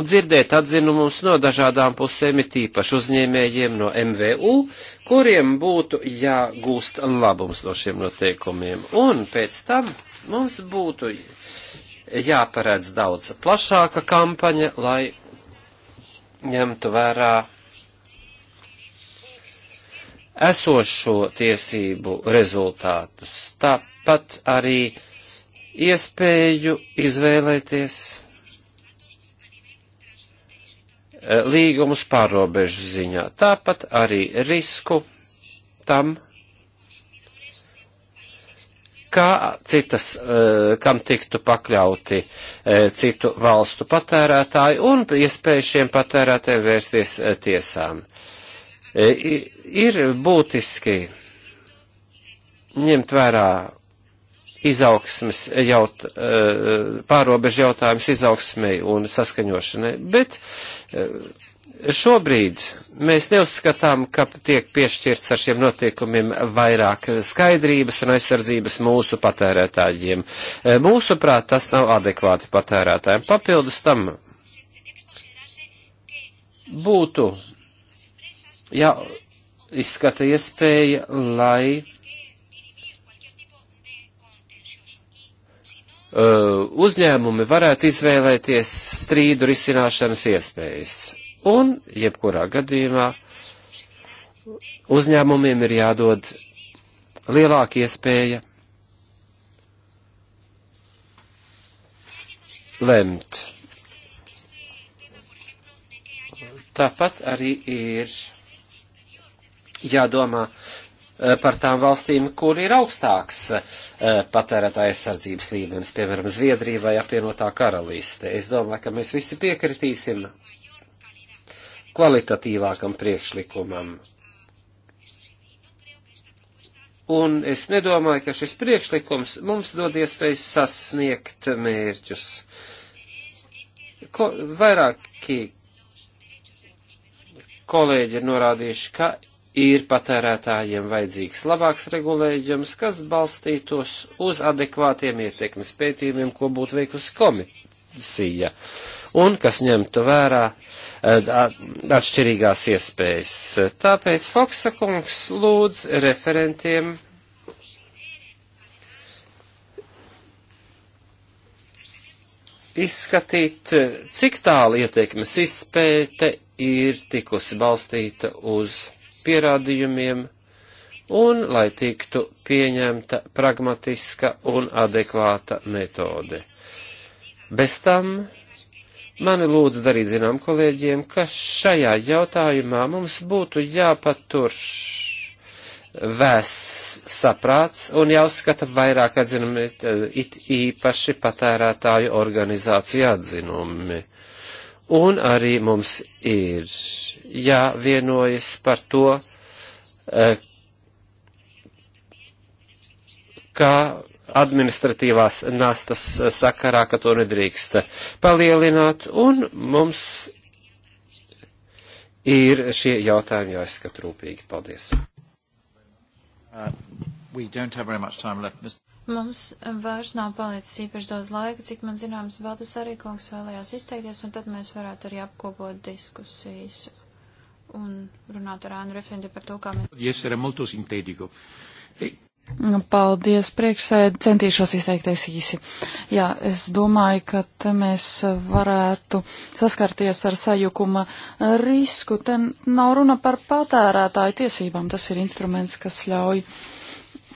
dzirdēt atzinumus no dažādām pusēm, it īpaši uzņēmējiem no MVU, kuriem būtu jāgūst labums no šiem noteikumiem. Un pēc tam mums būtu jāparedz daudz plašāka kampaņa, lai ņemtu vērā esošo tiesību rezultātus, tāpat arī iespēju izvēlēties Eh, līgumus pārrobežu ziņā. Tāpat arī risku tam, kā citas, eh, kam tiktu pakļauti eh, citu valstu patērētāji un iespēju šiem patērētājiem vērsties tiesām. Ir būtiski ņemt vērā izaugsmes jaut, eh, pārobežu jautājums izaugsmei un saskaņošanai, bet eh, šobrīd mēs neuzskatām, ka tiek piešķirts ar šiem notiekumiem vairāk skaidrības un aizsardzības mūsu patērētājiem. Eh, mūsuprāt, tas nav adekvāti patērētājiem. Papildus tam būtu jāizskata iespēja, lai Uh, uzņēmumi varētu izvēlēties strīdu risināšanas iespējas. Un, jebkurā gadījumā, uzņēmumiem ir jādod lielāka iespēja lemt. Tāpat arī ir jādomā Eh, par tām valstīm, kur ir augstāks eh, patērētāja aizsardzības līmenis, piemēram, Zviedrija vai apvienotā karalīste. Es domāju, ka mēs visi piekritīsim kvalitatīvākam priekšlikumam. Un es nedomāju, ka šis priekšlikums mums dod iespēju sasniegt mērķus. Ko, vairāki kolēģi ir norādījuši, ka ir patērētājiem vajadzīgs labāks regulējums, kas balstītos uz adekvātiem ietekmes pētījumiem, ko būtu veikusi komisija, un kas ņemtu vērā eh, atšķirīgās iespējas. Tāpēc Foksa kungs lūdz referentiem izskatīt, cik tālu ietekmes izpēte ir tikusi balstīta uz pierādījumiem un lai tiktu pieņemta pragmatiska un adekvāta metode. Bez tam mani lūdz darīt zinām kolēģiem, ka šajā jautājumā mums būtu jāpatur vēss saprāts un jāuzskata vairāk atzinumi, eh, it īpaši patērētāju organizāciju atzinumi. Un arī mums ir jāvienojas par to, eh, kā administratīvās nastas sakarā, ka to nedrīkst palielināt, un mums ir šie jautājumi jāizskat rūpīgi. Paldies. Uh, Mums vairs nav palicis īpaši daudz laika, cik man zināms, Baltas arī kungs vēlējās izteikties, un tad mēs varētu arī apkopot diskusijas un runāt ar Ānu Referendi par to, kā mēs. Yes, molto sintētico. E- nu, paldies, priekšsēd, centīšos izteikties īsi. Jā, es domāju, ka te mēs varētu saskarties ar sajukuma risku. Te nav runa par patērētāju tiesībām, tas ir instruments, kas ļauj uh,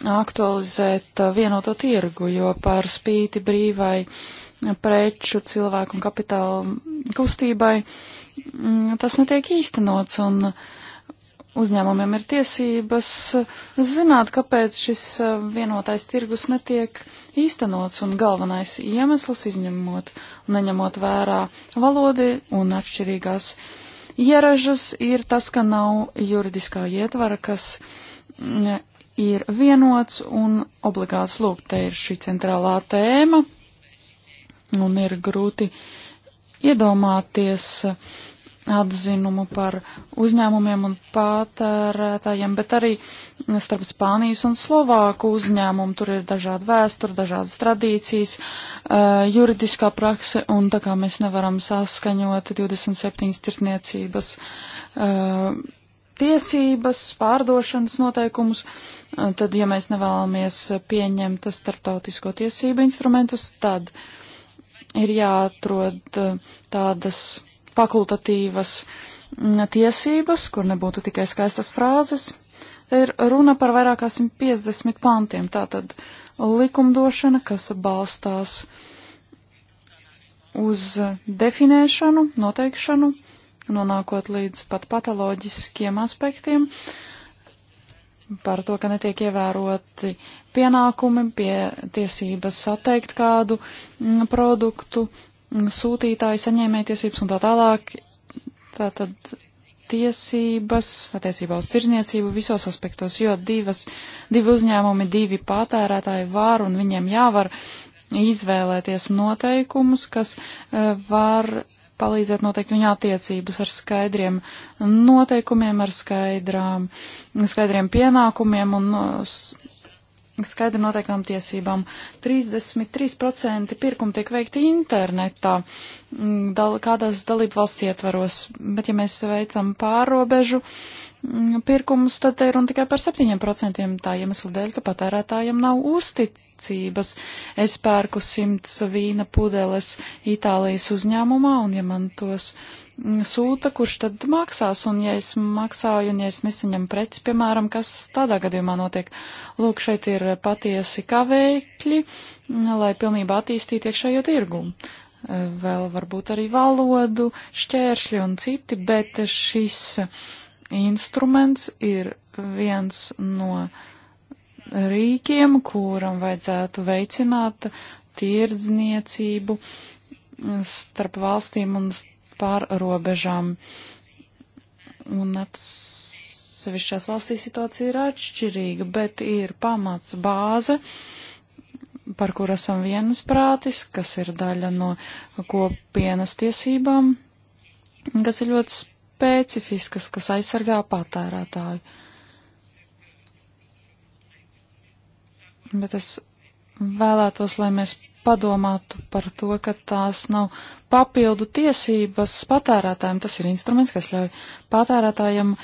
aktualizēt uh, vienoto tirgu, jo par spīti brīvai preču, cilvēku un kapitāla kustībai mm, tas netiek īstenots. Un, Uzņēmumiem ir tiesības zināt, kāpēc šis uh, vienotais tirgus netiek īstenots, un galvenais iemesls izņemot, neņemot vērā valodi un atšķirīgās ieražas, ir tas, ka nav juridiskā ietvara, kas mm, ir vienots un obligāts lūgt. Te ir šī centrālā tēma un ir grūti iedomāties atzinumu par uzņēmumiem un pātērētājiem, bet arī starp Spānijas un Slovāku uzņēmumu. Tur ir dažāda vēstura, dažādas tradīcijas, juridiskā prakse, un tā kā mēs nevaram saskaņot 27 tirsniecības tiesības, pārdošanas noteikumus, eh, tad, ja mēs nevēlamies pieņemt starptautisko tiesību instrumentus, tad ir jāatrod eh, tādas fakultatīvas mm, tiesības, kur nebūtu tikai skaistas frāzes. Te ir runa par vairāk kā 150 pantiem, tātad likumdošana, kas balstās uz definēšanu, noteikšanu, nonākot līdz pat patoloģiskiem aspektiem par to, ka netiek ievēroti pienākumi pie tiesības atteikt kādu mm, produktu, mm, sūtītāju saņēmēja tiesības un tā tālāk. Tātad tiesības attiecībā uz tirzniecību visos aspektos, jo divas, divi uzņēmumi, divi patērētāji var un viņiem jāvar izvēlēties noteikumus, kas eh, var palīdzēt noteikt viņa attiecības ar skaidriem noteikumiem, ar skaidrām, skaidriem pienākumiem un skaidri noteiktām tiesībām. 33% pirkumu tiek veikti internetā, mm, dal, kādās dalību valsts ietvaros, bet ja mēs veicam pārobežu mm, pirkumus, tad te ir un tikai par 7% tā iemesla dēļ, ka patērētājiem nav uztic, rīcības. Es pērku simts vīna pudeles Itālijas uzņēmumā, un ja man tos mm, sūta, kurš tad maksās, un ja es maksāju, un ja es nesaņemu preci, piemēram, kas tādā gadījumā notiek. Lūk, šeit ir patiesi kavēkļi, lai pilnībā attīstītu iekšējo tirgu. Eh, vēl varbūt arī valodu, šķēršļi un citi, bet šis instruments ir viens no uh, rīkiem, kuram vajadzētu veicināt tirdzniecību starp valstīm un pār robežām. Un atsevišķās valstīs situācija ir atšķirīga, bet ir pamats bāze, par kur esam viensprātis, kas ir daļa no kopienas tiesībām, kas ir ļoti specifiskas, kas aizsargā patērētāju. bet es vēlētos, lai mēs padomātu par to, ka tās nav papildu tiesības patērētājiem. Tas ir instruments, kas ļauj patērētājiem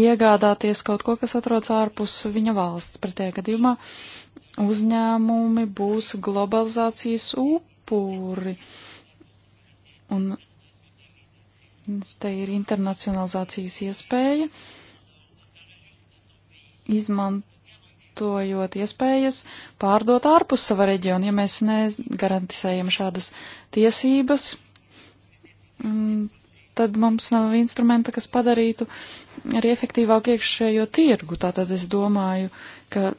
iegādāties kaut ko, kas atrodas ārpus viņa valsts. Pretējā gadījumā uzņēmumi būs globalizācijas upuri. Un te ir internacionalizācijas iespēja izmantot izmantojot iespējas pārdot ārpus sava reģiona, ja mēs negarantizējam šādas tiesības. Tad mums nav instrumenta, kas padarītu arī efektīvāku iekšējo tirgu. Tātad es domāju, ka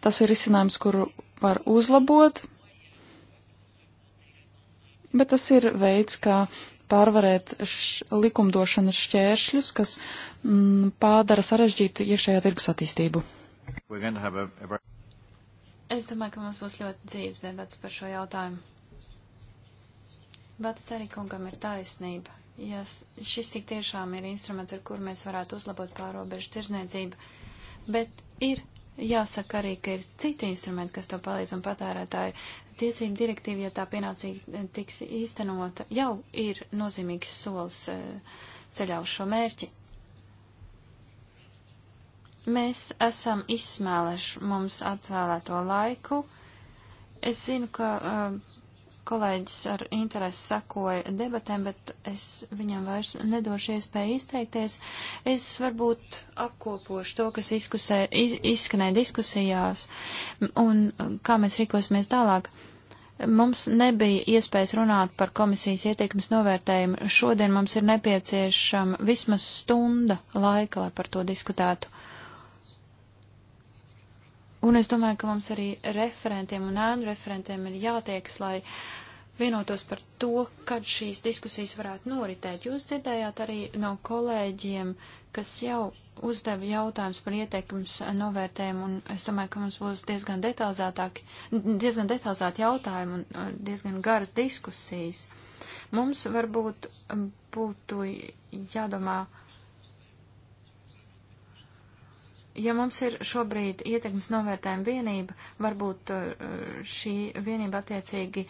tas ir risinājums, kuru var uzlabot, bet tas ir veids, kā pārvarēt š, likumdošanas šķēršļus, kas Mm, pādara sarežģītu iekšējā tirgus attīstību. Es domāju, ka mums būs ļoti dzīves debats par šo jautājumu. Bet es arī kungam ir taisnība. Ja šis tik tiešām ir instruments, ar kur mēs varētu uzlabot pārobežu tirzniecību, bet ir jāsaka arī, ka ir citi instrumenti, kas to palīdz un patērētāju tiesību direktīva, ja tā pienācīgi tiks īstenota, jau ir nozīmīgs solis eh, ceļā uz šo mērķi. Mēs esam izsmēluši mums atvēlēto laiku. Es zinu, ka uh, kolēģis ar interesi sakoja debatēm, bet es viņam vairs nedošu iespēju izteikties. Es varbūt apkopošu to, kas izkusē, iz, izskanēja diskusijās un kā mēs rīkosimies tālāk. Mums nebija iespējas runāt par komisijas ieteikums novērtējumu. Šodien mums ir nepieciešama vismaz stunda laika, lai par to diskutētu. Un es domāju, ka mums arī referentiem un ēnu referentiem ir jātieks, lai vienotos par to, kad šīs diskusijas varētu noritēt. Jūs dzirdējāt arī no kolēģiem, kas jau uzdeva jautājums par ieteikums novērtējumu, un es domāju, ka mums būs diezgan detalizētāki, diezgan detalizēti jautājumi un diezgan garas diskusijas. Mums varbūt būtu jādomā ja mums ir šobrīd ietekmes novērtējuma vienība, varbūt eh, šī vienība attiecīgi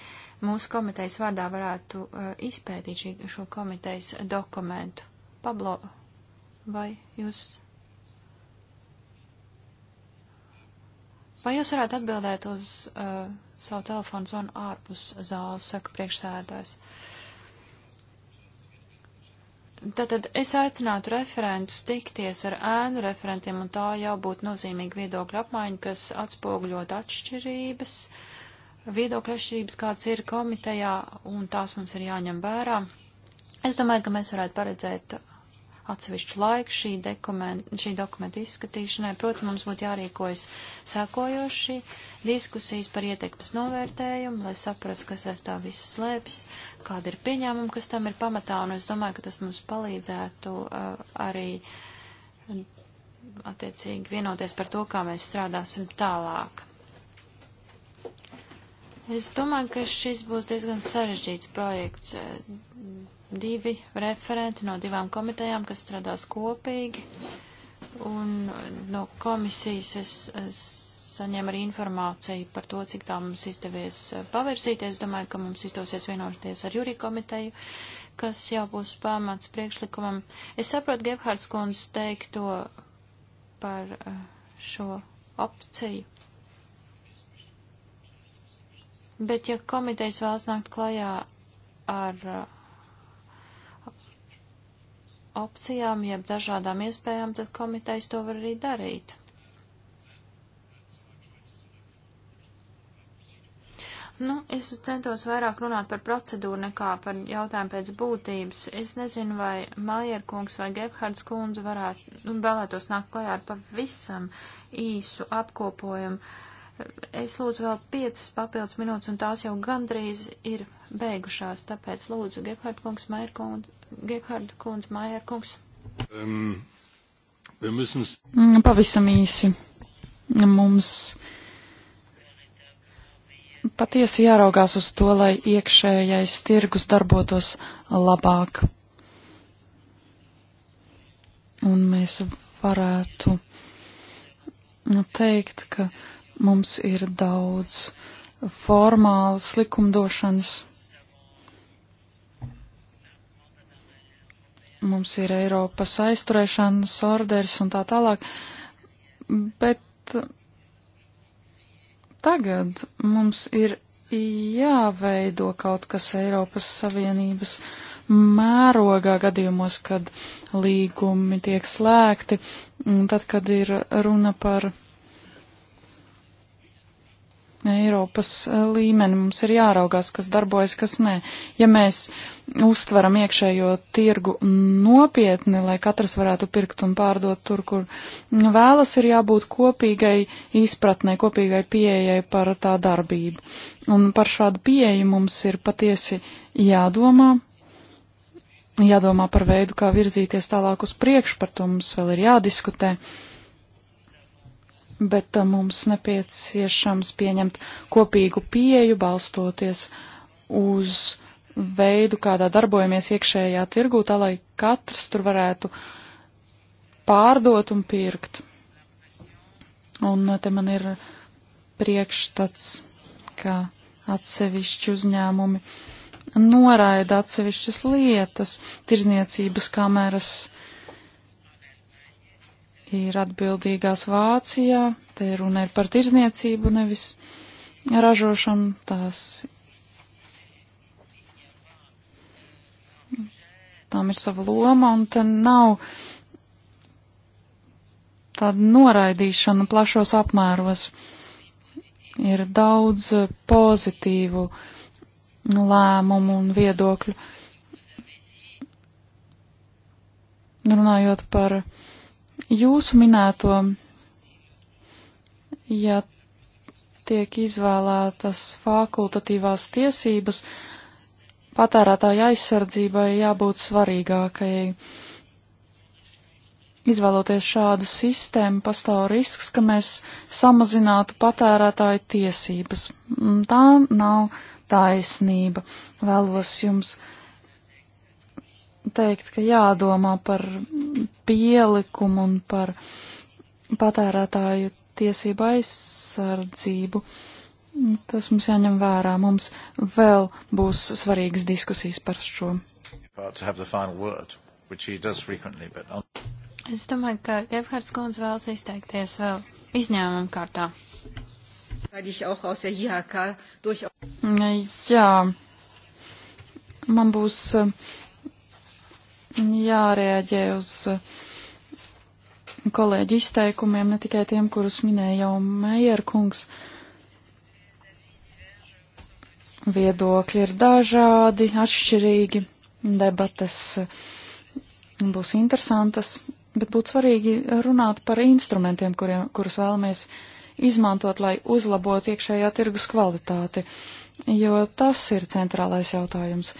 mūsu komitejas vārdā varētu eh, izpētīt šī, šo komitejas dokumentu. Pablo, vai jūs. Vai jūs varētu atbildēt uz uh, savu telefonu zvanu ārpus zāles, saka priekšsēdājs? Uh, Tātad es aicinātu referentus tikties ar ēnu referentiem, un tā jau būtu nozīmīga viedokļa apmaiņa, kas atspogļot atšķirības, viedokļa atšķirības, kāds ir komitejā, un tās mums ir jāņem vērā. Es domāju, ka mēs varētu paredzēt atsevišķu laiku šī, dokumenta, šī dokumenta izskatīšanai. Protams, mums būtu jārīkojas sekojoši diskusijas par ietekmes novērtējumu, lai saprastu, kas aiz tā viss slēpjas, kāda ir pieņēmuma, kas tam ir pamatā, un es domāju, ka tas mums palīdzētu uh, arī attiecīgi vienoties par to, kā mēs strādāsim tālāk. Es domāju, ka šis būs diezgan sarežģīts projekts. Uh, divi referenti no divām komitejām, kas strādās kopīgi. Un no komisijas es, es saņēmu arī informāciju par to, cik tā mums izdevies eh, pavirzīties. Domāju, ka mums izdosies vienoties ar jūrī komiteju, kas jau būs pamats priekšlikumam. Es saprotu Gebhards kundz teikto par eh, šo opciju. Bet ja komitejas vēlas nākt klajā ar eh, opcijām, jeb dažādām iespējām, tad komitejas to var arī darīt. Nu, es centos vairāk runāt par procedūru nekā par jautājumu pēc būtības. Es nezinu, vai Maier kungs vai Gebhards kundze varētu, nu, vēlētos nākt klajā ar pavisam īsu apkopojumu. Es lūdzu vēl piecas papildus minūtes, un tās jau gandrīz ir beigušās, tāpēc lūdzu Gebhard kungs, Maier kundze, Gebharda kundze, Mājā kungs. Um, müssen... Mm, pavisam īsi. Mums patiesi jāraugās uz to, lai iekšējais tirgus darbotos labāk. Un mēs varētu teikt, ka mums ir daudz formālas likumdošanas mums ir Eiropas aizturēšanas orders un tā tālāk, bet tagad mums ir jāveido kaut kas Eiropas Savienības mērogā gadījumos, kad līgumi tiek slēgti, un tad, kad ir runa par Eiropas e, līmeni mums ir jāraugās, kas darbojas, kas nē. Ja mēs uztveram iekšējo tirgu nopietni, lai katrs varētu pirkt un pārdot tur, kur nu, vēlas, ir jābūt kopīgai izpratnē, kopīgai pieejai par tā darbību. Un par šādu pieeju mums ir patiesi jādomā, jādomā par veidu, kā virzīties tālāk uz priekšu, par to mums vēl ir jādiskutē. Uh, bet uh, mums nepieciešams pieņemt kopīgu pieju, balstoties uz veidu, kādā darbojamies iekšējā tirgū, tā lai katrs tur varētu pārdot un pirkt. Un uh, te man ir priekšstats, ka atsevišķi uzņēmumi noraida atsevišķas lietas, tirzniecības kameras, uh, ir atbildīgās Vācijā, te runa ir par tirzniecību, nevis ražošanu. Tās, tām ir sava loma, un te nav tāda noraidīšana plašos apmēros. Ir daudz pozitīvu lēmumu un viedokļu. Runājot par uh, Jūsu minēto, ja tiek izvēlētas fakultatīvās tiesības, patērētāja aizsardzībai jābūt svarīgākajai. Izvēloties šādu sistēmu, pastāv risks, ka mēs samazinātu patērētāju tiesības. Mm, tā nav taisnība. Vēlos jums teikt, ka jādomā par pielikumu un par patērētāju tiesību aizsardzību. Tas mums jāņem vērā. Mums vēl būs svarīgas diskusijas par šo. Es domāju, ka Gebhards Kunz vēlas izteikties vēl izņēmuma kārtā. Jā, man būs uh, jārēģē uz uh, kolēģi izteikumiem, ne tikai tiem, kurus minēja jau Meierkungs. Viedokļi ir dažādi, atšķirīgi, debates uh, būs interesantas, bet būtu svarīgi runāt par instrumentiem, kuriem, kurus vēlamies izmantot, lai uzlabotu iekšējā tirgus kvalitāti, jo tas ir centrālais jautājums.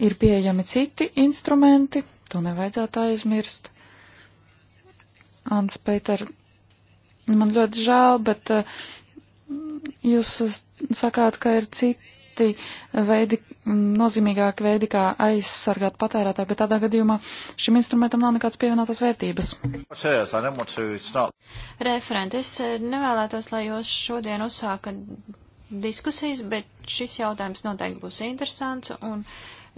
Ir pieejami citi instrumenti, To nevajadzētu aizmirst. Ants Peter, man ļoti žēl, bet eh, jūs sakāt, ka ir citi veidi, mm, nozīmīgāki veidi, kā aizsargāt patērētāju, bet tādā gadījumā šim instrumentam nav nekāds pievienotās vērtības. Referent, es eh, nevēlētos, lai jūs šodien uzsākat diskusijas, bet šis jautājums noteikti būs interesants, un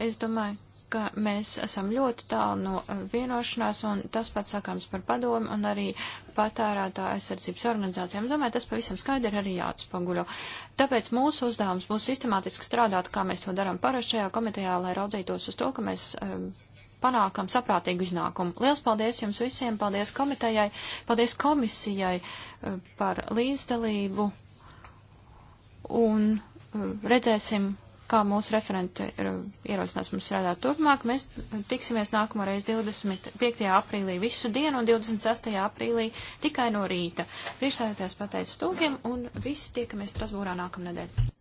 es domāju, ka mēs esam ļoti tālu no eh, vienošanās, un tas pats sakāms par padomu un arī patērētā aizsardzības organizācijām. Domāju, tas pavisam skaidri ir arī jāatspoguļo. Tāpēc mūsu uzdevums būs sistemātiski strādāt, kā mēs to darām parašajā komitejā, lai raudzītos uz to, ka mēs um, panākam saprātīgu iznākumu. Liels paldies jums visiem, paldies komitejai, paldies komisijai um, par līdzdalību, un um, redzēsim, kā mūsu referenti ierosinās mums strādāt turpmāk. Mēs tiksimies nākamreiz 25. aprīlī visu dienu un 26. aprīlī tikai no rīta. Priekšsēdētājs pateica stūkiem un visi tiekamies Strasbūrā nākamnedēļ.